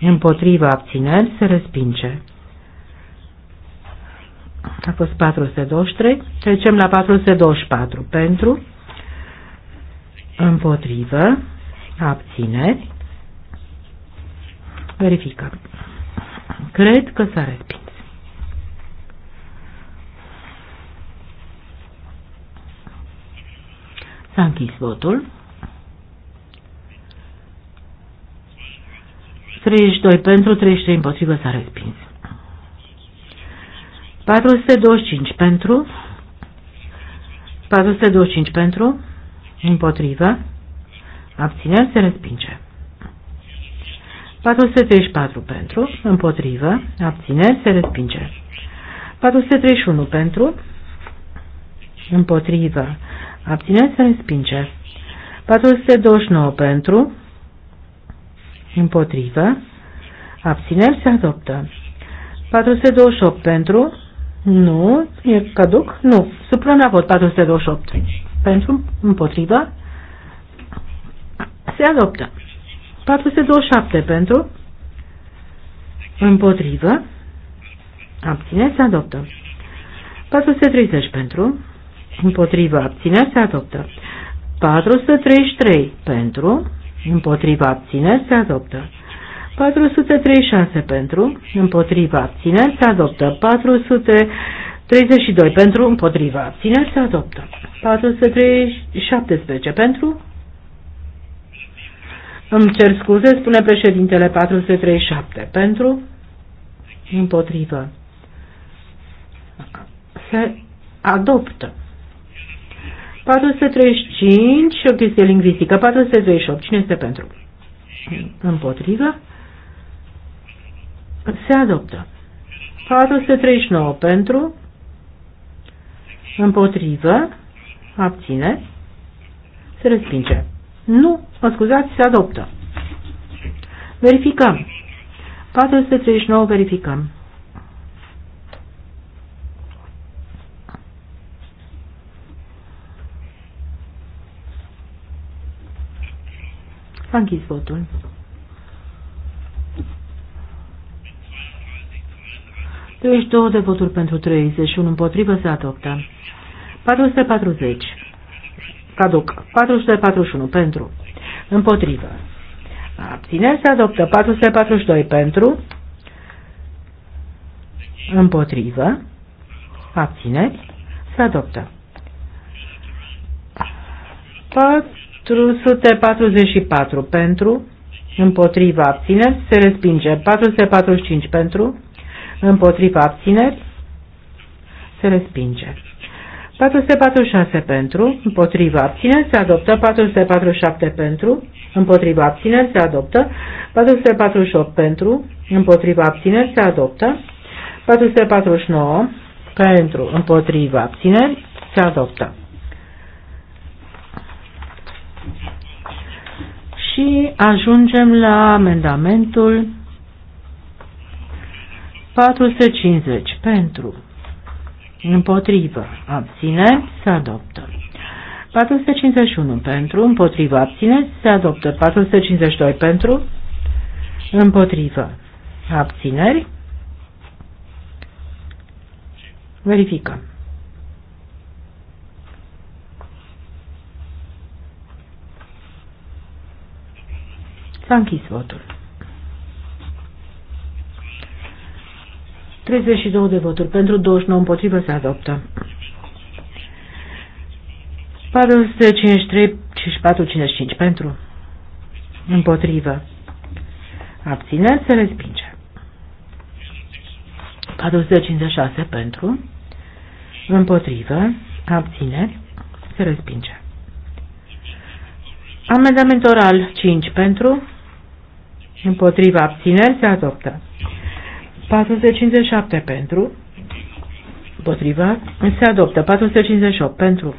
împotriva abțineri se respinge. A fost 423, trecem la 424 pentru, împotrivă, abțineri, verificăm. Cred că s-a respins. S-a închis votul. 32 pentru, 33 împotrivă s-a respins. 425 pentru, 425 pentru, împotrivă, abțineri se respinge. 434 pentru, împotrivă, abțineri se respinge. 431 pentru, împotrivă, Abțineri se respinge. 429 pentru, împotrivă, abțineri se adoptă. 428 pentru, nu, e caduc, nu, supun la vot 428 pentru, împotrivă, se adoptă. 427 pentru, împotrivă, abțineri se adoptă. 430 pentru, împotriva abținea se adoptă. 433 pentru, împotriva abținea se adoptă. 436 pentru, împotriva abținea se adoptă. 432 pentru, împotriva abținea se adoptă. 437 pentru, îmi cer scuze, spune președintele 437 pentru, împotrivă. Se adoptă. 435, o chestie lingvistică, 438, cine este pentru? Împotrivă? Se adoptă. 439 pentru, împotrivă, abține, se respinge. Nu, mă scuzați, se adoptă. Verificăm. 439 verificăm. S-a închis votul. Deci două de voturi pentru 31 împotrivă se adoptă. 440. Caduc. 441 pentru. Împotrivă. Abțineri se adoptă. 442 pentru. Împotrivă. Abțineri se adoptă. 4 444 pentru, împotriva abțineri, se respinge. 445 pentru, împotriva abțineri, se respinge. 446 pentru, împotriva abțineri, se adoptă. 447 pentru, împotriva abțineri, se adoptă. 448 pentru, împotriva abțineri, se adoptă. 449 pentru, împotriva abțineri, se adoptă. Și ajungem la amendamentul 450 pentru, împotrivă, abține, se adoptă. 451 pentru, împotrivă, abține, se adoptă. 452 pentru, împotrivă, abțineri. Verificăm. S-a închis votul. 32 de voturi pentru, 29 împotrivă se adoptă. 453 și 455 pentru, împotrivă. Abțineri se respinge. 456 pentru, împotrivă, abțineri, se respinge. Amendament oral 5 pentru, împotriva abțineri se adoptă. 457 pentru, împotriva, se adoptă. 458 pentru,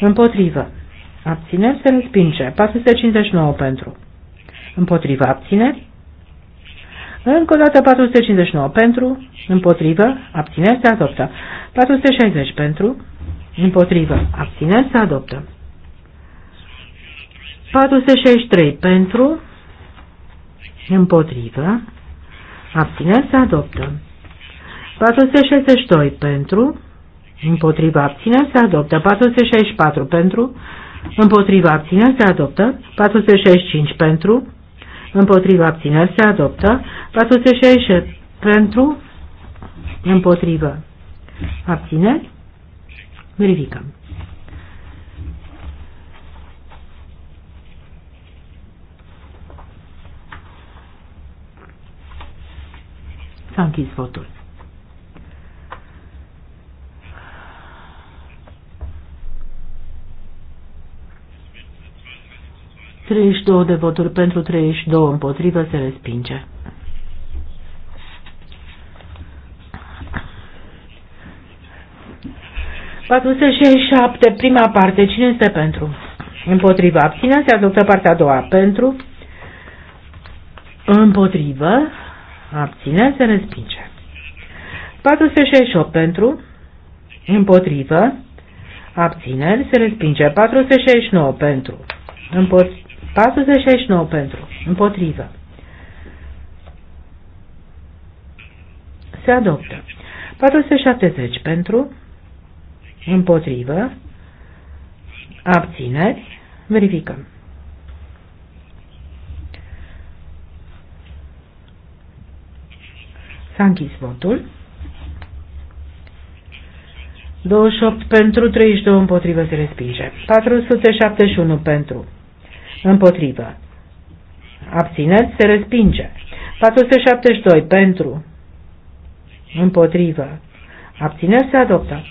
împotriva, abțineri se respinge. 459 pentru, împotriva, abțineri. Încă o dată 459 pentru, împotrivă, abțineri se adoptă. 460 pentru, împotrivă, abțineri se adoptă. 463 pentru, și Împotrivă. Abțineri se adoptă. 462 pentru. împotrivă abțineri se adoptă. 464 pentru. împotrivă abțineri se adoptă. 465 pentru. împotrivă abțineri se adoptă. 466 pentru. Împotrivă. Abțineri. Verificăm. S-a închis votul. Treizeci două de voturi pentru 32 împotrivă se respinge. șapte prima parte, cine este pentru? Împotriva abține, se adoptă partea a doua pentru, împotrivă, abțineri, se respinge. 468 pentru, împotrivă, abțineri, se respinge. 469 pentru, împotrivă, 469 pentru, împotrivă. Se adoptă. 470 pentru, împotrivă, abțineri, verificăm. S-a închis votul. 28 pentru, 32 împotrivă se respinge. 471 pentru, împotrivă. Abțineți, se respinge. 472 pentru, împotrivă. Abțineri se adoptă.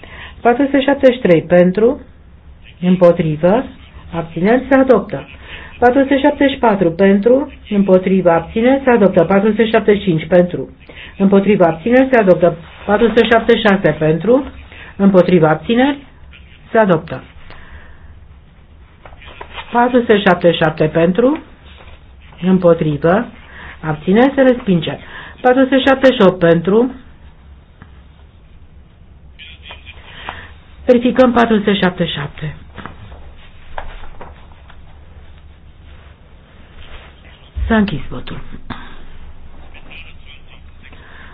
473 pentru, împotrivă. Abțineri se adoptă. 474 pentru, împotriva abține, se adoptă 475 pentru, împotriva abține, se adoptă 476 pentru, împotriva abține, se adoptă 477 pentru, împotrivă, abține, se respinge 478 pentru, verificăm 477. S-a închis votul.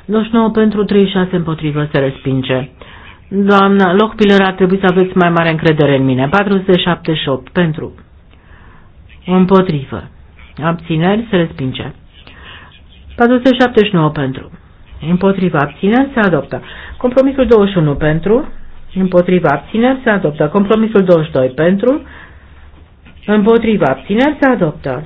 29 pentru 36 împotrivă se respinge. Doamna Lochpiller, ar trebui să aveți mai mare încredere în mine. 478 pentru. Împotrivă. Abțineri se respinge. 479 pentru. Împotrivă abțineri se adoptă. Compromisul 21 pentru. Împotrivă abțineri se adoptă. Compromisul 22 pentru. Împotrivă abțineri se adoptă.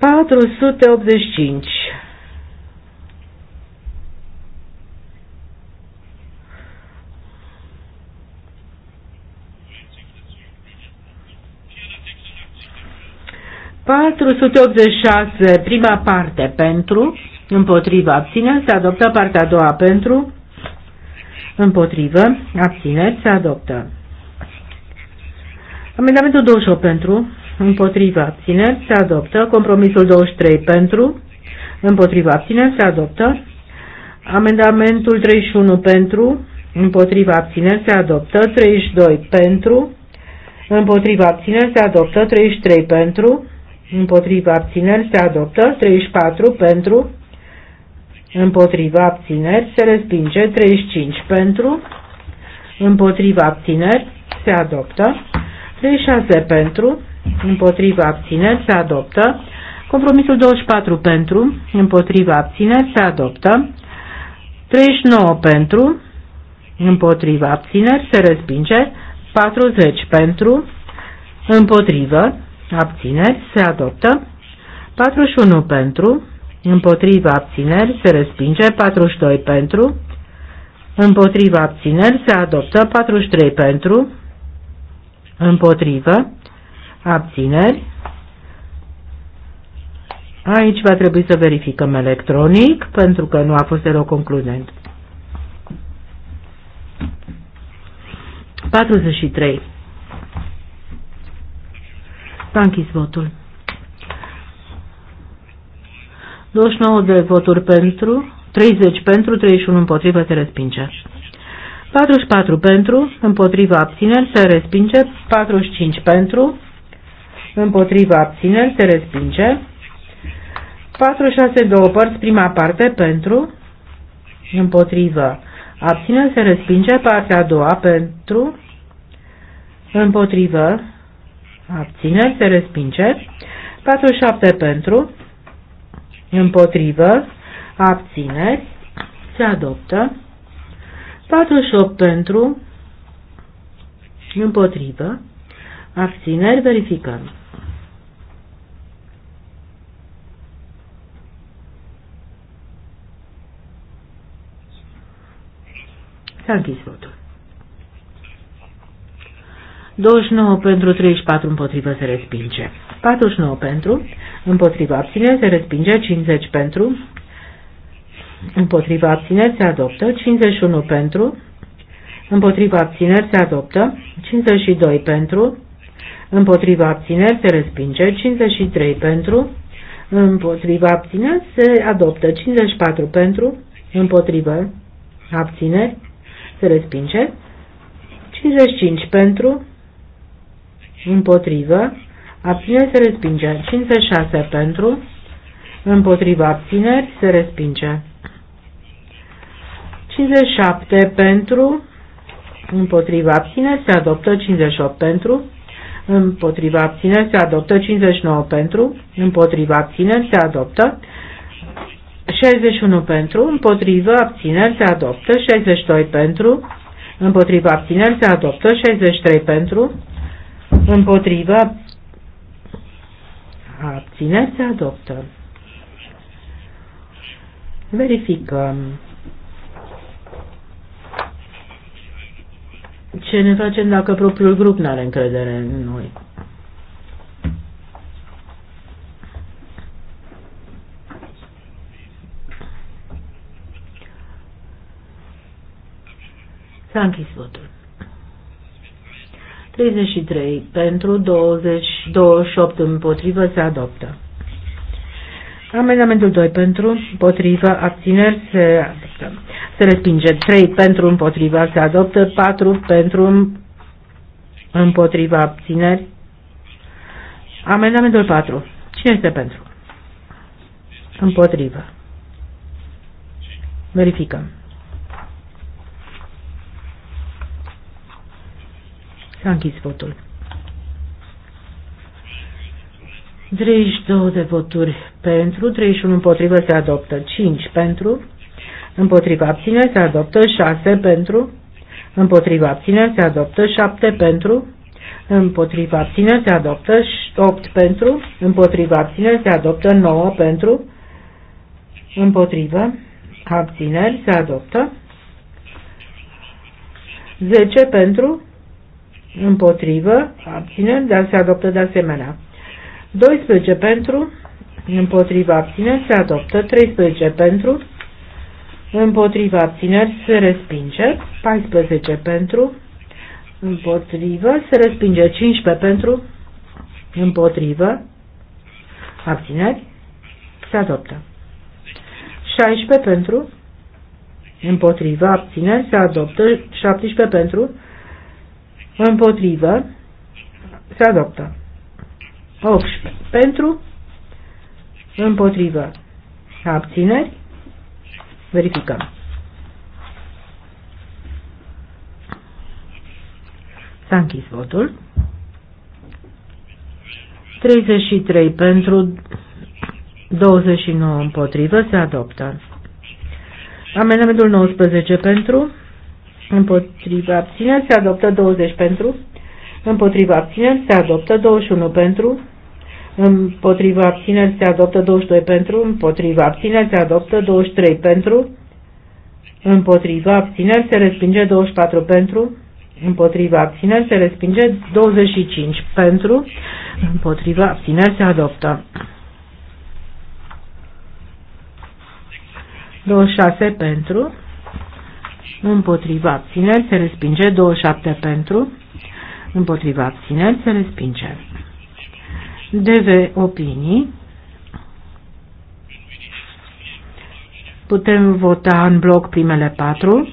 485. ...486, prima parte pentru, împotriva abțineri, se adoptă partea a doua pentru, împotrivă, abțineri, se adoptă. Amendamentul 28 pentru, împotriva abțineri se adoptă. Compromisul 23 pentru, împotriva abțineri se adoptă. Amendamentul 31 pentru, împotriva abțineri se adoptă. 32 pentru, împotriva abțineri se adoptă. 33 pentru, împotriva abțineri se adoptă. 34 pentru, împotriva abțineri se respinge. 35 pentru, împotriva abțineri se adoptă. 36 pentru, Împotrivă abțineri se adoptă. Compromisul 24 pentru, Împotrivă abțineri se adoptă. 39 pentru, Împotrivă abțineri se respinge. 40 pentru, împotrivă, abțineri se adoptă. 41 pentru, Împotrivă abțineri se respinge. 42 pentru, Împotrivă abțineri se adoptă. 43 pentru, împotrivă, abțineri. Aici va trebui să verificăm electronic, pentru că nu a fost deloc concludent. 43. S-a închis votul. 29 de voturi pentru, 30 pentru, 31 împotrivă, se respinge. 44 pentru, împotrivă abțineri, se respinge. 45 pentru, împotriva abțineri se respinge. 462 părți, prima parte pentru, împotrivă, abțineri se respinge, partea a doua pentru, împotrivă, abțineri se respinge, 47 pentru, împotrivă, abțineri se adoptă, 48 pentru, împotrivă, abțineri verificăm. S-a închis votul. 29 pentru, 34 împotrivă se respinge. 49 pentru, împotrivă abține, se respinge, 50 pentru, împotrivă abțineri se adoptă, 51 pentru, împotrivă abțineri se adoptă, 52 pentru, împotrivă abțineri se respinge, 53 pentru, împotrivă abțineri se adoptă, 54 pentru, împotrivă abțineri se respinge. 55 pentru, împotrivă, abțineri se respinge. 56 pentru, împotrivă abțineri se respinge. 57 pentru, împotrivă abțineri se adoptă. 58 pentru, împotriva abțineri se adoptă. 59 pentru, împotriva abțineri se adoptă. 61 pentru, împotrivă, abțineri se adoptă, 62 pentru, împotrivă, abțineri se adoptă, 63 pentru, împotrivă, abțineri se adoptă. Verificăm. Ce ne facem dacă propriul grup nu are încredere în noi? S-a închis votul. 33 pentru, 20, 28 împotrivă, se adoptă. Amendamentul 2 pentru, împotrivă, abțineri, se adoptă. Se respinge 3 pentru, împotrivă se adoptă 4 pentru, împotrivă abțineri. Amendamentul 4. Cine este pentru? Împotrivă. Verificăm. S-a închis votul. 32 de voturi pentru, 31 împotrivă se adoptă, 5 pentru, împotriva abține se adoptă, 6 pentru, împotriva abține se adoptă, 7 pentru, împotriva abține se adoptă, 8 pentru, împotriva abține se adoptă, 9 pentru, împotrivă, abțineri se adoptă, 10 pentru, împotrivă, abțineri, dar se adoptă de asemenea. 12 pentru, împotriva abțineri, se adoptă. 13 pentru, împotriva abțineri, se respinge. 14 pentru, împotrivă, se respinge. 15 pentru, împotrivă, abțineri, se adoptă. 16 pentru, împotriva abțineri, se adoptă. 17 pentru, împotrivă, se adoptă. 18. Pentru, împotrivă, abțineri, verificăm. S-a închis votul. 33 pentru, 29 împotrivă, se adoptă. Amendamentul 19 pentru, împotriva abțineri se adoptă 20 pentru, împotriva abțineri se adoptă 21 pentru, împotriva abțineri se adoptă 22 pentru, împotriva abțineri se adoptă 23 pentru, împotriva abțineri se respinge 24 pentru, împotriva abțineri se respinge 25 pentru, împotriva abțineri se adoptă. 26 pentru, împotriva abțineri se respinge, 27 pentru, împotriva abțineri se respinge. DV opinii. Putem vota în bloc primele 4.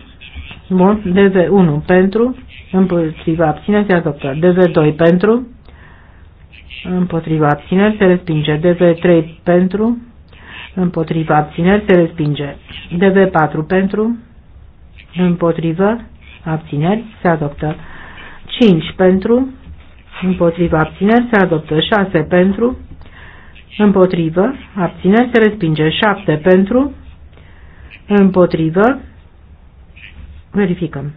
Bun. DV1 pentru, împotriva abțineri se adoptă. DV2 pentru, împotriva abțineri se respinge. DV3 pentru, împotriva abțineri se respinge. DV4 pentru, împotrivă, abțineri, se adoptă. 5 pentru, împotrivă, abțineri, se adoptă. 6 pentru, împotrivă, abțineri, se respinge. 7 pentru, împotrivă, verificăm.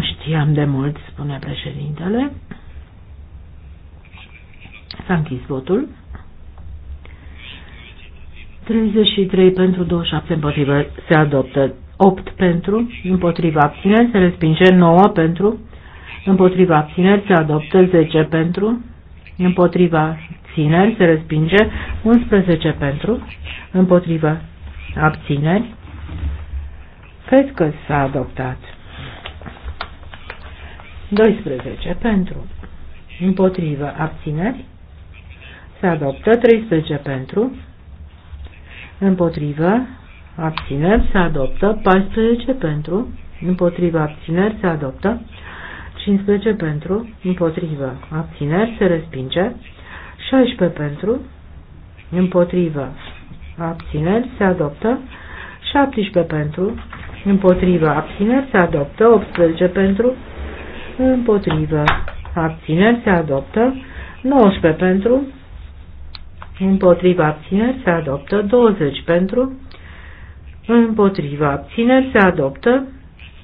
Știam de mult, spune președintele. S-a închis votul. 33 pentru 27 împotrivă se adoptă. 8 pentru, împotriva abțineri se respinge, 9 pentru, împotriva abțineri se adoptă, 10 pentru, împotriva abțineri se respinge, 11 pentru, împotriva abțineri. Cred că s-a adoptat. 12 pentru, împotriva abțineri se adoptă, 13 pentru, împotrivă, abțineri, se adoptă, 14 pentru, împotrivă, abțineri, se adoptă, 15 pentru, împotrivă, abțineri, se respinge, 16 pentru, împotrivă, abțineri, se adoptă, 17 pentru, împotrivă, abțineri, se adoptă, 18 pentru, împotrivă, abțineri, se adoptă, 19 pentru, împotriva abțineri se adoptă, 20 pentru, împotriva abțineri se adoptă,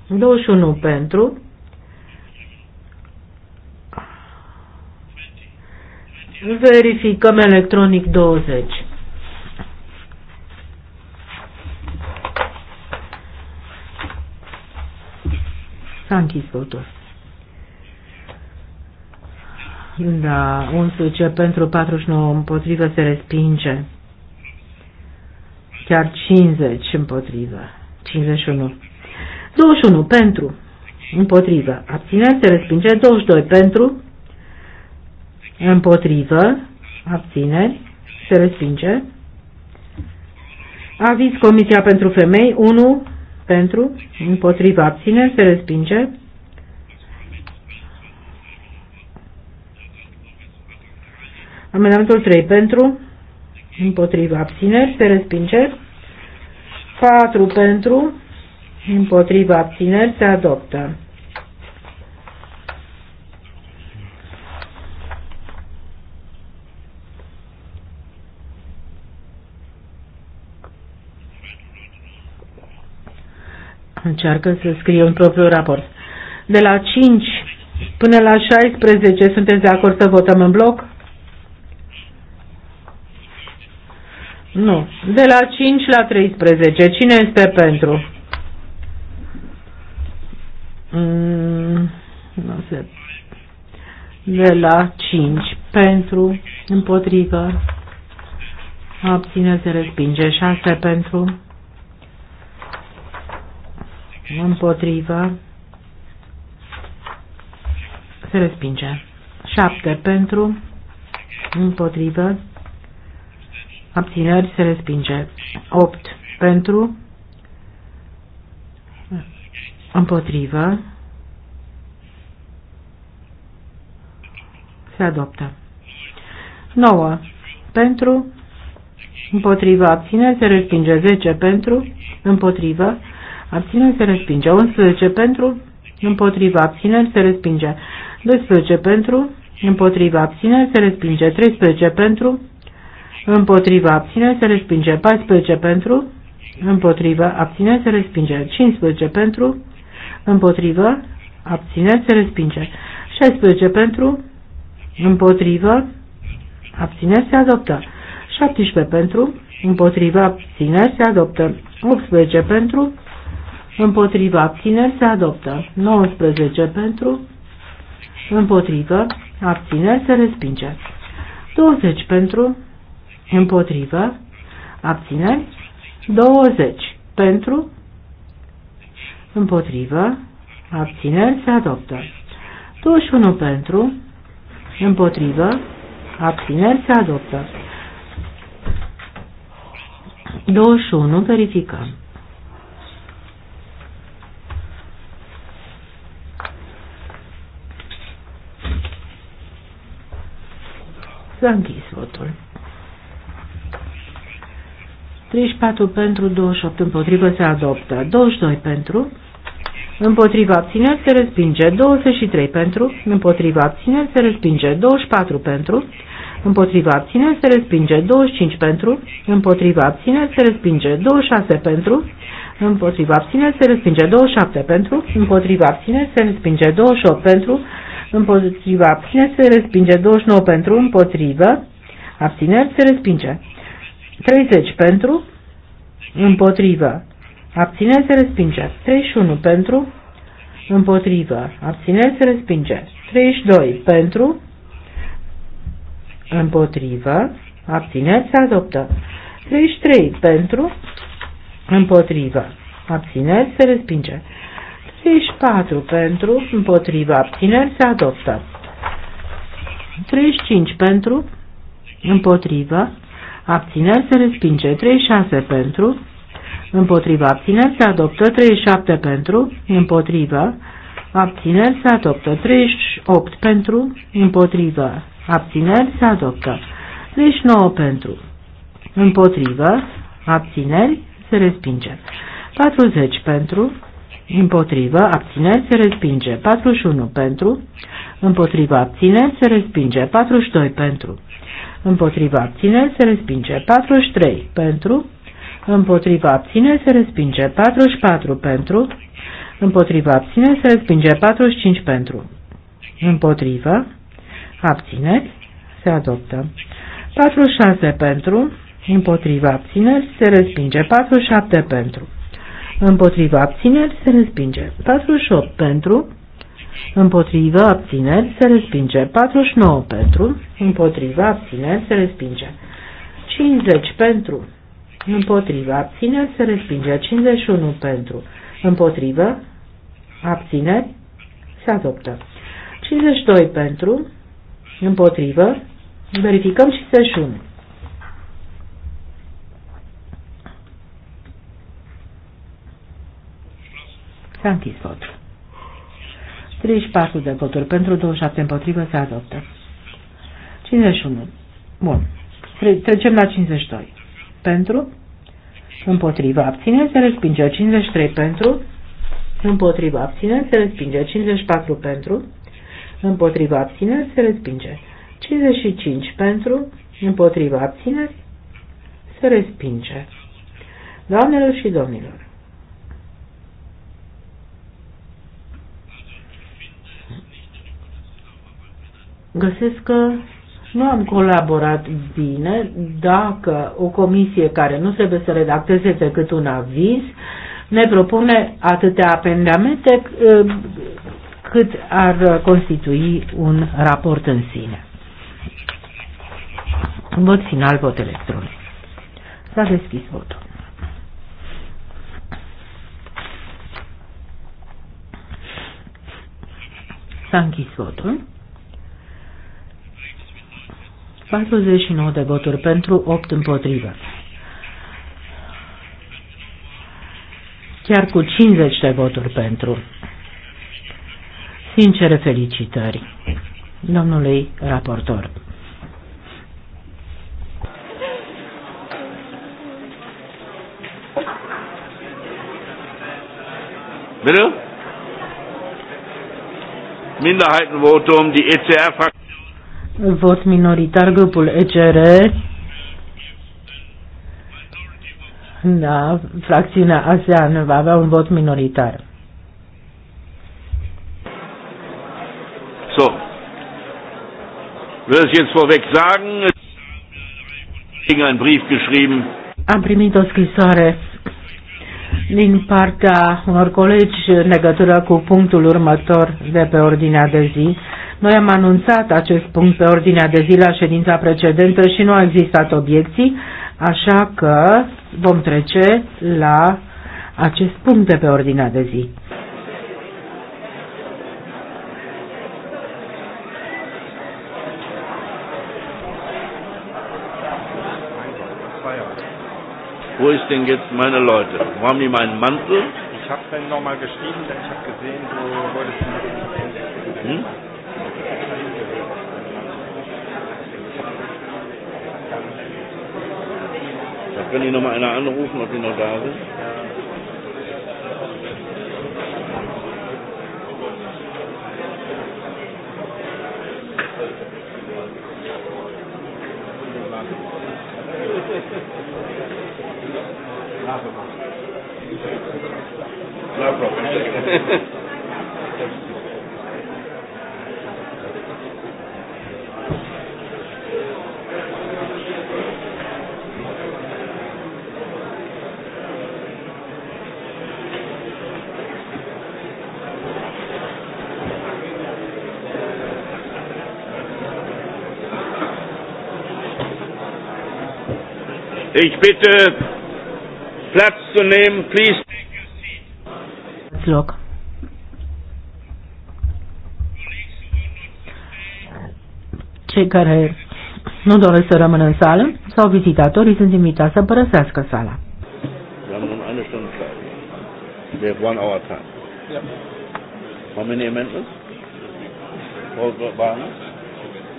21 pentru, verificăm electronic 20. S-a închis votul. Da, 11 pentru 49 împotrivă se respinge. Chiar 50 împotrivă. 51. 21 pentru. Împotrivă. Abțineri se respinge. 22 pentru. Împotrivă. Abțineri se respinge. Aviz Comisia pentru Femei. 1 pentru. Împotrivă. Abțineri se respinge. Amendamentul 3 pentru, împotriva abțineri, se respinge. 4 pentru, împotriva abțineri, se adoptă. Încearcă să scrie un propriu raport. De la 5 până la 16 sunteți de acord să votăm în bloc? Nu. De la 5 la 13. Cine este pentru? Mm, nu se... De la 5. Pentru. Împotrivă. Abține se respinge. 6 pentru. Împotrivă. Se respinge. 7 pentru. Împotrivă abțineri se respinge. 8 pentru, împotrivă, se adoptă. 9 pentru, împotrivă, abțineri se respinge. 10 pentru, împotrivă, abțineri se respinge. 11 pentru, împotrivă, abțineri se respinge. 12 pentru, împotrivă, abțineri se respinge. 13 pentru, împotriva abține, se respinge 14 pentru, împotriva abține, se respinge 15 pentru, împotriva abține, se respinge 16 pentru, împotriva abține, se adoptă 17 pentru, împotriva abține, se adoptă 18 pentru, împotriva abține, se adoptă 19 pentru, împotriva abține, se respinge 20 pentru, împotrivă, abțineri, 20 pentru, împotrivă, abțineri, se adoptă. 21 pentru, împotrivă, abțineri, se adoptă. 21, verificăm. Să închis votul. 34 pentru, 28 împotrivă se adoptă. 22 pentru, împotriva abțineri se respinge. 23 pentru, împotriva abțineri se respinge. 24 pentru, împotriva abțineri se respinge. 25 pentru, împotriva abțineri se respinge. 26 pentru, împotriva abțineri se respinge. 27 pentru, împotriva abțineri se respinge. 28 pentru, împotriva abțineri se respinge. 29 pentru, împotrivă, abțineri se respinge. 30 pentru, împotrivă, abțineri se respinge. 31 pentru, împotrivă, abțineri se respinge. 32 pentru, împotrivă, abțineri se adoptă. 33 pentru, împotrivă, abțineri se respinge. 34 pentru, împotrivă, abțineri se adoptă. 35 pentru, împotrivă, abțineri se respinge, 36 pentru, împotriva abțineri se adoptă, 37 pentru, împotriva, abțineri se adoptă, 38 pentru, împotriva, abțineri se adoptă, 39 pentru, Împotriva abțineri se respinge, 40 pentru, Împotriva abțineri, se respinge. 41 pentru. Împotriva abțineri, se respinge. 42 pentru împotriva abțineri se respinge 43 pentru, împotriva abțineri se respinge 44 pentru, împotriva abțineri se respinge 45 pentru, împotriva abțineri se adoptă 46 pentru, împotriva abțineri se respinge 47 pentru, împotriva abțineri se respinge 48 pentru, împotrivă, abțineri, se respinge. 49 pentru, împotrivă, abțineri, se respinge. 50 pentru, împotrivă, abțineri, se respinge. 51 pentru, împotrivă, abțineri, se adoptă. 52 pentru, împotrivă, verificăm 51. S-a închis votul. 34 de voturi pentru, 27 împotrivă, se adoptă. 51. Bun. Trecem la 52. Pentru, împotrivă, abține, se respinge. 53 pentru, împotrivă, abține, se respinge. 54 pentru, împotrivă, abține, se respinge. 55 pentru, împotrivă, abține, se respinge. Doamnelor și domnilor, găsesc că nu am colaborat bine dacă o comisie care nu trebuie să redacteze decât un aviz ne propune atâtea apendamente eh, cât ar constitui un raport în sine. Vot final, vot electronic. S-a deschis votul. S-a închis votul. 49 de voturi pentru, 8 împotrivă. Chiar cu 50 de voturi pentru. Sincere felicitări domnului raportor. Bine? Minderheitenvotum, die ECR-Fraktion vot minoritar grupul ECR. Da, fracțiunea ASEAN va avea un vot minoritar. So. Will ich jetzt vorweg sagen, einen Brief geschrieben. Am primit o scrisoare din partea unor colegi în legătură cu punctul următor de pe ordinea de zi. Noi am anunțat acest punct pe ordinea de zi la ședința precedentă și nu au existat obiecții, așa că vom trece la acest punct de pe ordinea de zi. Wo ist denn jetzt meine Leute? Wo haben die meinen Mantel? Ich habe dann nochmal geschrieben, denn ich habe gesehen, du wolltest... Hm? Kann noch mal einer anrufen, ob die noch da sind? No problem. Ich bitte, Platz zu nehmen, please. Loc. Cei care nu doresc să rămână în sală sau vizitatorii sunt invitați să părăsească sala. We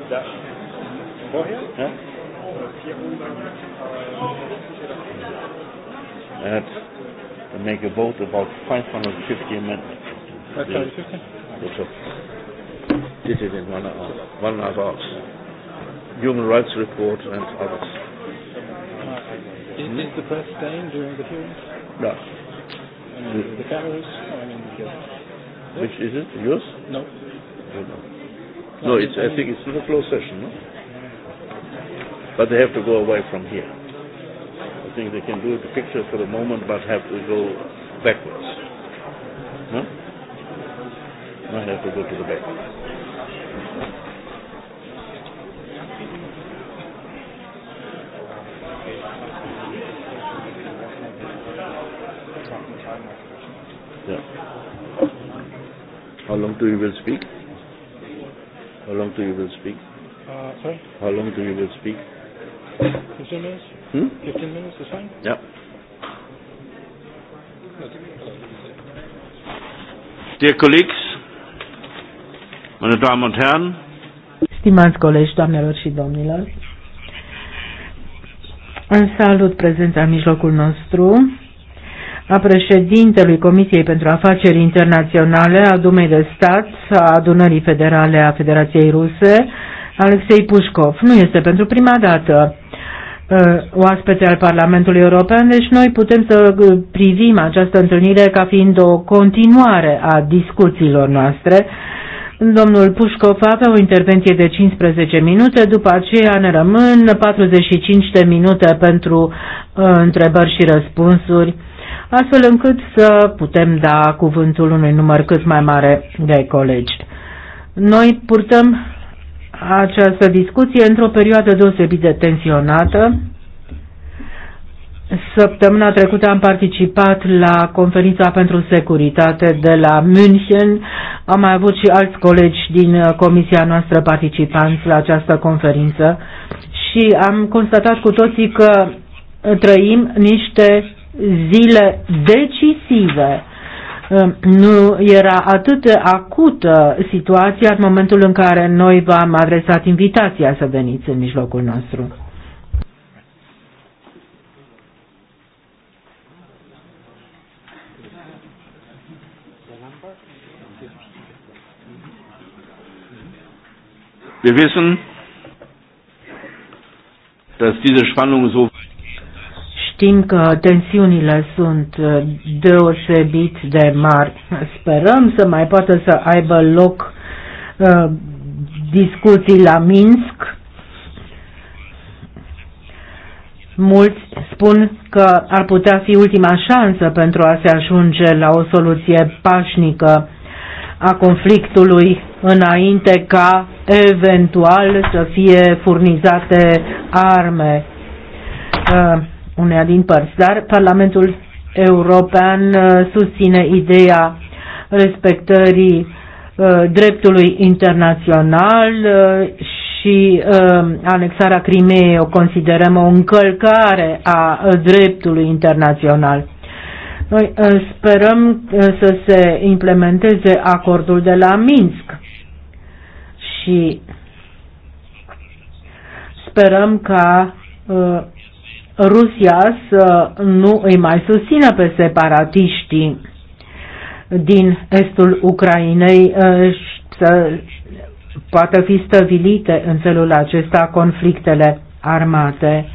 Ja. Vorher? That make a vote about 550 amendments. 550? This is in one hour. Uh, one of our Human rights report and others. Is, the press staying during the hearings? No. I mean, the, the cameras? I mean, the... Which is it? Yours? No. I don't know. No, it's, I think it's in a closed session, no? But they have to go away from here think they can do the picture for the moment, but have to go backwards. No? Might have to go to the back. Yeah. How long do you will speak? How long do you will speak? Uh, sorry? How long do you will speak? Fifteen minutes. Hmm? 15 minutes is fine? Yeah. Dear colleagues, meine Damen und Herren, Stimați colegi, doamnelor și domnilor, salut prezența în mijlocul nostru a președintelui Comisiei pentru Afaceri Internaționale a Dumei de Stat, a Adunării Federale a Federației Ruse, Alexei Pușcov. Nu este pentru prima dată Uh, oaspete al Parlamentului European, deci noi putem să uh, privim această întâlnire ca fiind o continuare a discuțiilor noastre. Domnul Pușcov avea o intervenție de 15 minute, după aceea ne rămân 45 de minute pentru uh, întrebări și răspunsuri, astfel încât să putem da cuvântul unui număr cât mai mare de colegi. Noi purtăm această discuție într-o perioadă deosebit de tensionată. Săptămâna trecută am participat la conferința pentru securitate de la München. Am mai avut și alți colegi din uh, comisia noastră participanți la această conferință și am constatat cu toții că trăim niște zile decisive nu era atât acută situația în momentul în care noi v-am adresat invitația să veniți în mijlocul nostru. Wir wissen, dass diese Spannung so Știm că tensiunile sunt uh, deosebit de mari. Sperăm să mai poată să aibă loc uh, discuții la Minsk. Mulți spun că ar putea fi ultima șansă pentru a se ajunge la o soluție pașnică a conflictului înainte ca eventual să fie furnizate arme. Uh, uneia din părți, dar Parlamentul European uh, susține ideea respectării uh, dreptului internațional uh, și anexarea Crimeei o considerăm o încălcare a dreptului internațional. Noi sperăm să se implementeze acordul de la Minsk și sperăm ca Rusia să nu îi mai susțină pe separatiștii din estul Ucrainei uh, să poată fi stăvilite în felul acesta conflictele armate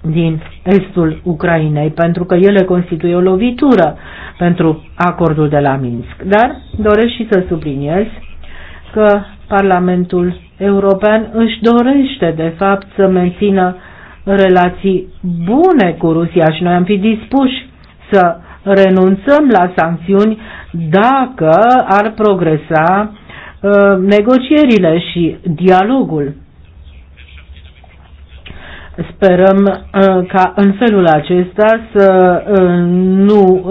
din estul Ucrainei, pentru că ele constituie o lovitură pentru acordul de la Minsk. Dar doresc și să subliniez că Parlamentul European își dorește, de fapt, să mențină relații bune cu Rusia și noi am fi dispuși să renunțăm la sancțiuni dacă ar progresa uh, negocierile și dialogul. Sperăm uh, ca în felul acesta să uh, nu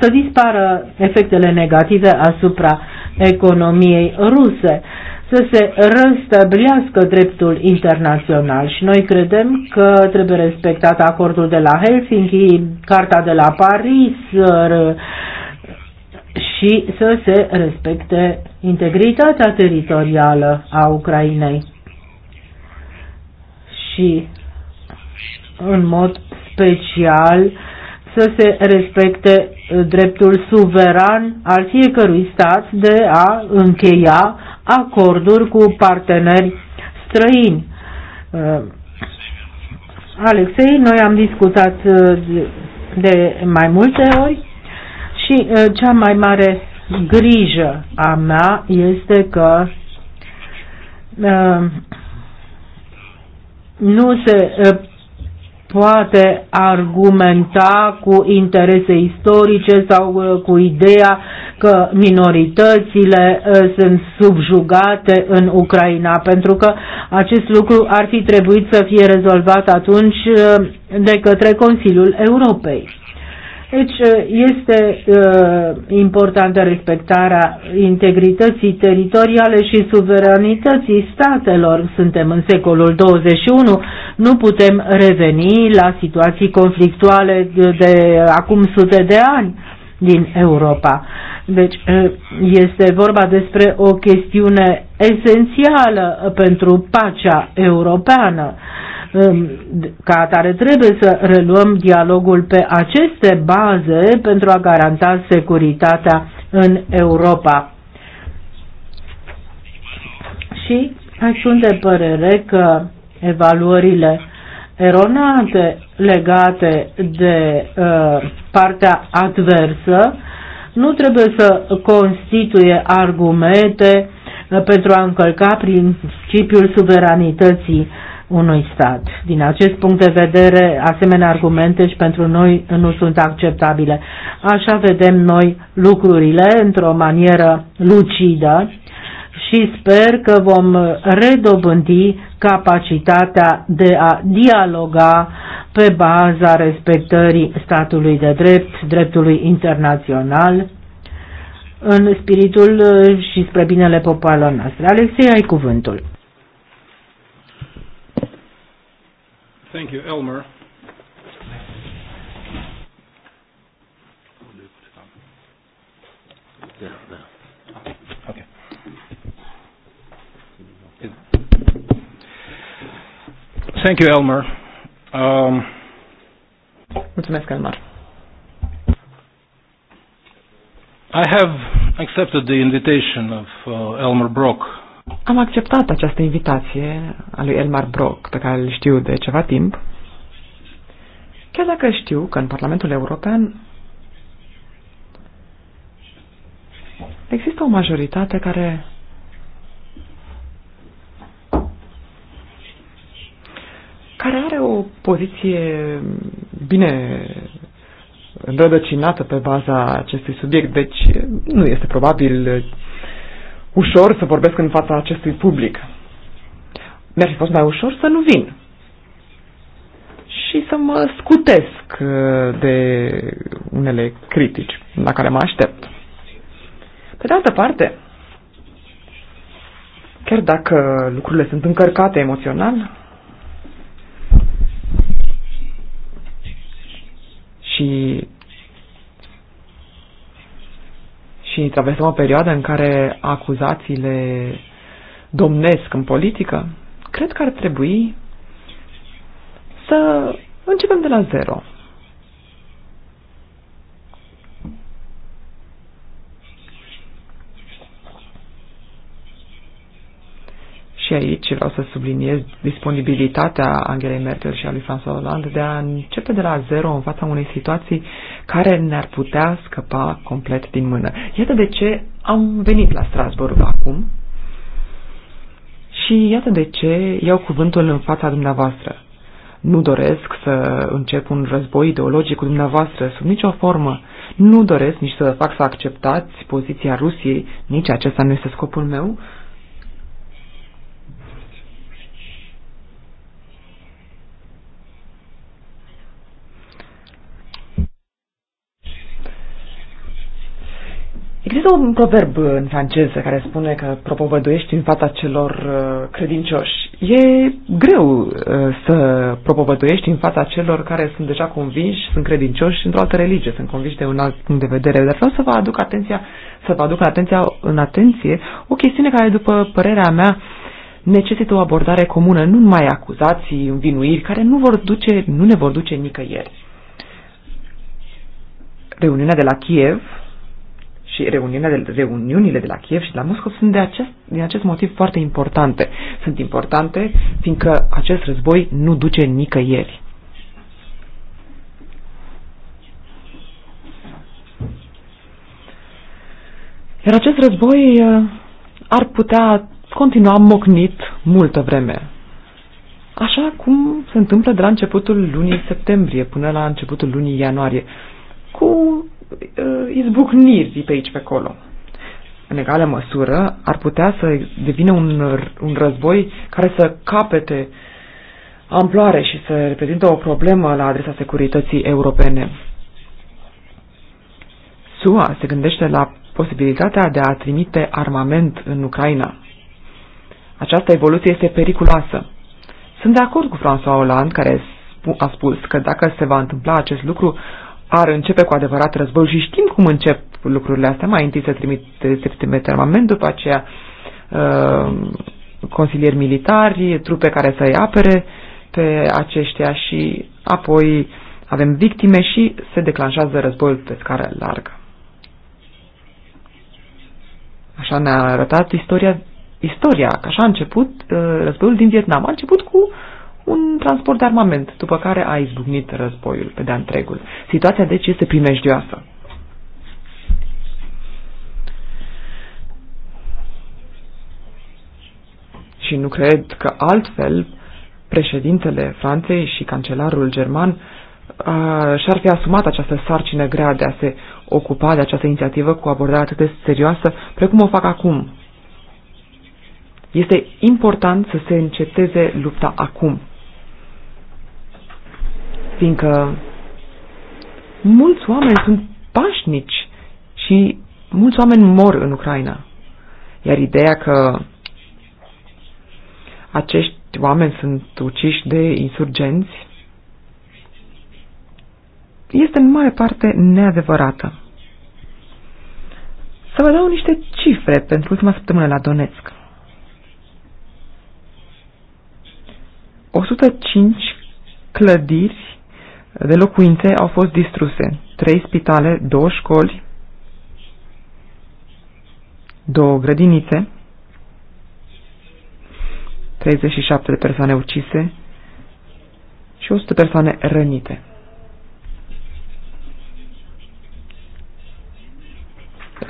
să dispară efectele negative asupra economiei ruse să se răstăblească dreptul internațional și noi credem că trebuie respectat acordul de la Helsinki, Carta de la Paris uh, și să se respecte integritatea teritorială a Ucrainei. Și în mod special să se respecte dreptul suveran al fiecărui stat de a încheia acorduri cu parteneri străini. Uh, Alexei, noi am discutat uh, de mai multe ori și uh, cea mai mare grijă a mea este că nu se poate argumenta cu interese istorice sau uh, cu ideea că minoritățile uh, sunt subjugate în Ucraina, pentru că acest lucru ar fi trebuit să fie rezolvat atunci uh, de către Consiliul Europei. Deci este uh, importantă respectarea integrității teritoriale și suveranității statelor. Suntem în secolul 21, nu putem reveni la situații conflictuale de, de acum sute de ani din Europa. Deci uh, este vorba despre o chestiune esențială pentru pacea europeană. Uh, ca atare trebuie să reluăm dialogul pe aceste baze pentru a garanta securitatea în Europa. Și aș sunt de părere că evaluările eronate legate de uh, partea adversă nu trebuie să constituie argumente uh, pentru a încălca principiul suveranității unui stat. Din acest punct de vedere, asemenea argumente și pentru noi nu sunt acceptabile. Așa vedem noi lucrurile într-o manieră lucidă și sper că vom redobândi capacitatea de a dialoga pe baza respectării statului de drept, dreptului internațional, în spiritul și spre binele popoarelor noastre. Alexei, ai cuvântul. Thank you, Elmer. Thank you, Elmer. Um, Mulțumesc, Elmer. I have accepted the invitation of uh, Elmer Brock am acceptat această invitație a lui Elmar Brock, pe care îl știu de ceva timp, chiar dacă știu că în Parlamentul European există o majoritate care care are o poziție bine rădăcinată pe baza acestui subiect, deci nu este probabil ușor să vorbesc în fața acestui public. Mi-ar fi fost mai ușor să nu vin și să mă scutesc uh, de unele critici la care mă aștept. Pe de altă parte, chiar dacă lucrurile sunt încărcate emoțional și și traversăm o perioadă în care acuzațiile domnesc în politică, cred că ar trebui să începem de la zero. aici vreau să subliniez disponibilitatea Angelei Merkel și a lui François Hollande de a începe de la zero în fața unei situații care ne-ar putea scăpa complet din mână. Iată de ce am venit la Strasbourg acum și iată de ce iau cuvântul în fața dumneavoastră. Nu doresc să încep un război ideologic cu dumneavoastră sub nicio formă. Nu doresc nici să fac să acceptați poziția Rusiei, nici acesta nu este scopul meu, Există un proverb în franceză care spune că propovăduiești în fața celor uh, credincioși. E greu uh, să propovăduiești în fața celor care sunt deja convinși, sunt credincioși într-o altă religie, sunt convinși de un alt punct de vedere, dar vreau să vă aduc atenția, să vă aduc atenția, în atenție o chestiune care, după părerea mea, necesită o abordare comună, nu numai acuzații, învinuiri, care nu, vor duce, nu ne vor duce nicăieri. Reuniunea de la Kiev, și reuniunile de, reuniunile de la Kiev și de la Moscova sunt de acest, din acest motiv foarte importante. Sunt importante fiindcă acest război nu duce nicăieri. Iar acest război uh, ar putea continua mocnit multă vreme. Așa cum se întâmplă de la începutul lunii septembrie până la începutul lunii ianuarie, cu Uh, izbucniri pe aici pe acolo. În egală măsură, ar putea să devină un, un război care să capete amploare și să reprezintă o problemă la adresa securității europene. SUA se gândește la posibilitatea de a trimite armament în Ucraina. Această evoluție este periculoasă. Sunt de acord cu François Hollande, care a spus că dacă se va întâmpla acest lucru, ar începe cu adevărat războiul și știm cum încep lucrurile astea. Mai întâi se trimite, se trimite armament, după aceea uh, consilieri militari, trupe care să-i apere pe aceștia și apoi avem victime și se declanșează războiul pe scară largă. Așa ne-a arătat istoria, istoria, așa a început uh, războiul din Vietnam. A început cu uh, un transport de armament, după care a izbucnit războiul pe de-a întregul. Situația deci este primejdioasă. Și nu cred că altfel președintele Franței și cancelarul german uh, și-ar fi asumat această sarcină grea de a se ocupa de această inițiativă cu abordare atât de serioasă, precum o fac acum, este important să se înceteze lupta acum fiindcă mulți oameni sunt pașnici și mulți oameni mor în Ucraina. Iar ideea că acești oameni sunt uciși de insurgenți este în mare parte neadevărată. Să vă dau niște cifre pentru ultima săptămână la Donetsk. 105 clădiri de locuințe au fost distruse. Trei spitale, două școli, două grădinițe, 37 de persoane ucise și 100 persoane rănite.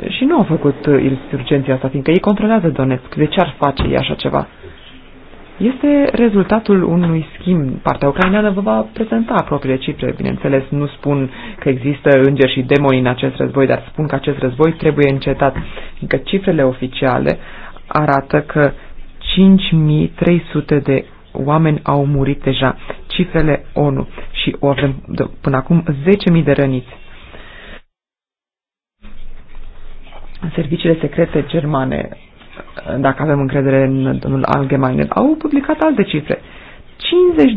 Și nu au făcut uh, insurgenția asta, fiindcă ei controlează Donetsk. De ce ar face ei așa ceva? este rezultatul unui schimb. Partea ucraineană vă va prezenta propriile cifre. Bineînțeles, nu spun că există îngeri și demoni în acest război, dar spun că acest război trebuie încetat, fiindcă cifrele oficiale arată că 5300 de oameni au murit deja, cifrele ONU și o avem până acum 10.000 de răniți. Serviciile secrete germane dacă avem încredere în domnul Algemainer, au publicat alte cifre.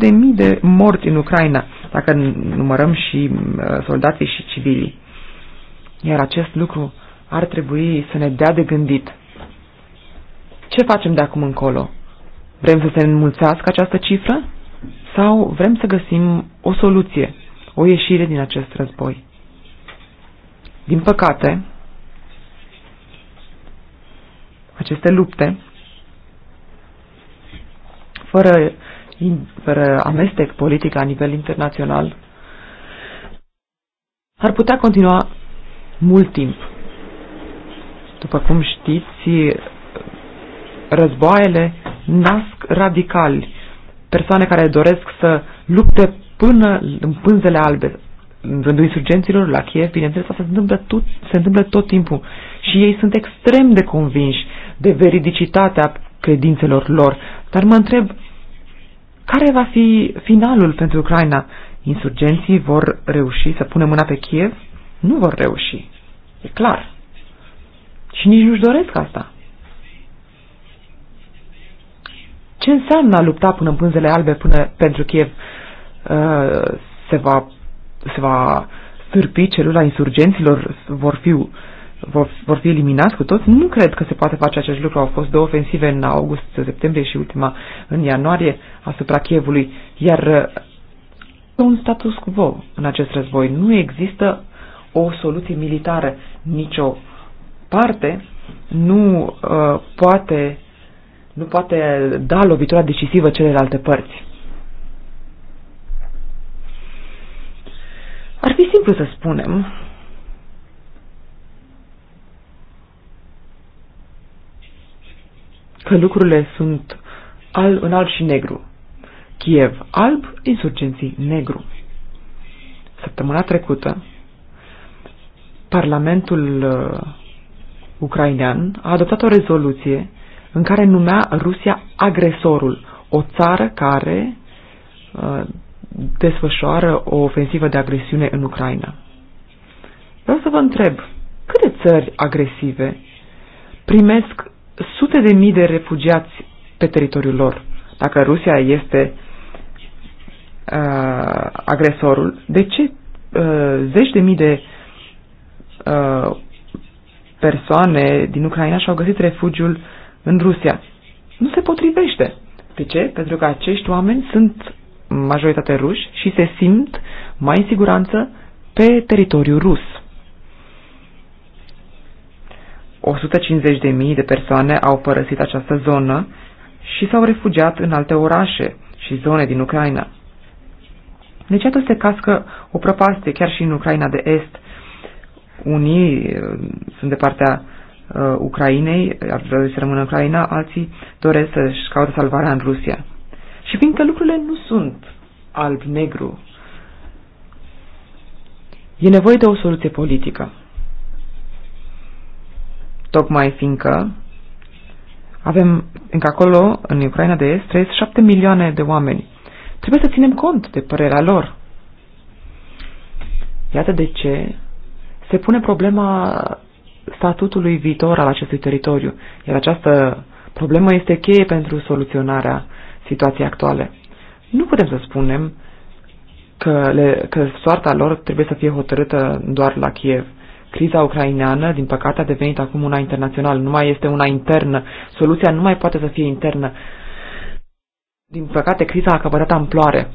50.000 de morți în Ucraina, dacă numărăm și uh, soldații și civilii. Iar acest lucru ar trebui să ne dea de gândit. Ce facem de acum încolo? Vrem să se înmulțească această cifră? Sau vrem să găsim o soluție, o ieșire din acest război? Din păcate, aceste lupte, fără, fără amestec politic la nivel internațional, ar putea continua mult timp. După cum știți, războaiele nasc radicali, persoane care doresc să lupte până în pânzele albe. În rândul insurgenților la Kiev, bineînțeles, asta se întâmplă tot, se întâmplă tot timpul. Și ei sunt extrem de convinși de veridicitatea credințelor lor. Dar mă întreb, care va fi finalul pentru Ucraina? Insurgenții vor reuși să pună mâna pe Kiev? Nu vor reuși. E clar. Și nici nu-și doresc asta. Ce înseamnă a lupta până în pânzele albe până pentru Kiev? Uh, se va, se va stârpi celula insurgenților? Vor fi vor fi eliminați cu toți? Nu cred că se poate face acest lucru. Au fost două ofensive în august, septembrie și ultima în ianuarie asupra Chievului, iar uh, un status quo în acest război. Nu există o soluție militară. Nicio parte nu uh, poate nu poate da lovitura decisivă celelalte părți. Ar fi simplu să spunem că lucrurile sunt al, în alb și negru. Kiev alb, insurgenții negru. Săptămâna trecută, Parlamentul uh, ucrainean a adoptat o rezoluție în care numea Rusia agresorul, o țară care uh, desfășoară o ofensivă de agresiune în Ucraina. Vreau să vă întreb, câte țări agresive primesc sute de mii de refugiați pe teritoriul lor. Dacă Rusia este uh, agresorul, de ce uh, zeci de mii de uh, persoane din Ucraina și-au găsit refugiul în Rusia? Nu se potrivește. De ce? Pentru că acești oameni sunt majoritate ruși și se simt mai în siguranță pe teritoriul rus. 150.000 de persoane au părăsit această zonă și s-au refugiat în alte orașe și zone din Ucraina. Deci atât se cască o prăpastie chiar și în Ucraina de Est. Unii uh, sunt de partea uh, Ucrainei, ar vrea să rămână în Ucraina, alții doresc să-și caute salvarea în Rusia. Și fiindcă lucrurile nu sunt alb-negru, e nevoie de o soluție politică tocmai fiindcă avem, încă acolo, în Ucraina de Est, trăiesc șapte milioane de oameni. Trebuie să ținem cont de părerea lor. Iată de ce se pune problema statutului viitor al acestui teritoriu, iar această problemă este cheie pentru soluționarea situației actuale. Nu putem să spunem că, le, că soarta lor trebuie să fie hotărâtă doar la Kiev. Criza ucraineană, din păcate, a devenit acum una internațională, nu mai este una internă. Soluția nu mai poate să fie internă. Din păcate, criza a căpătat amploare.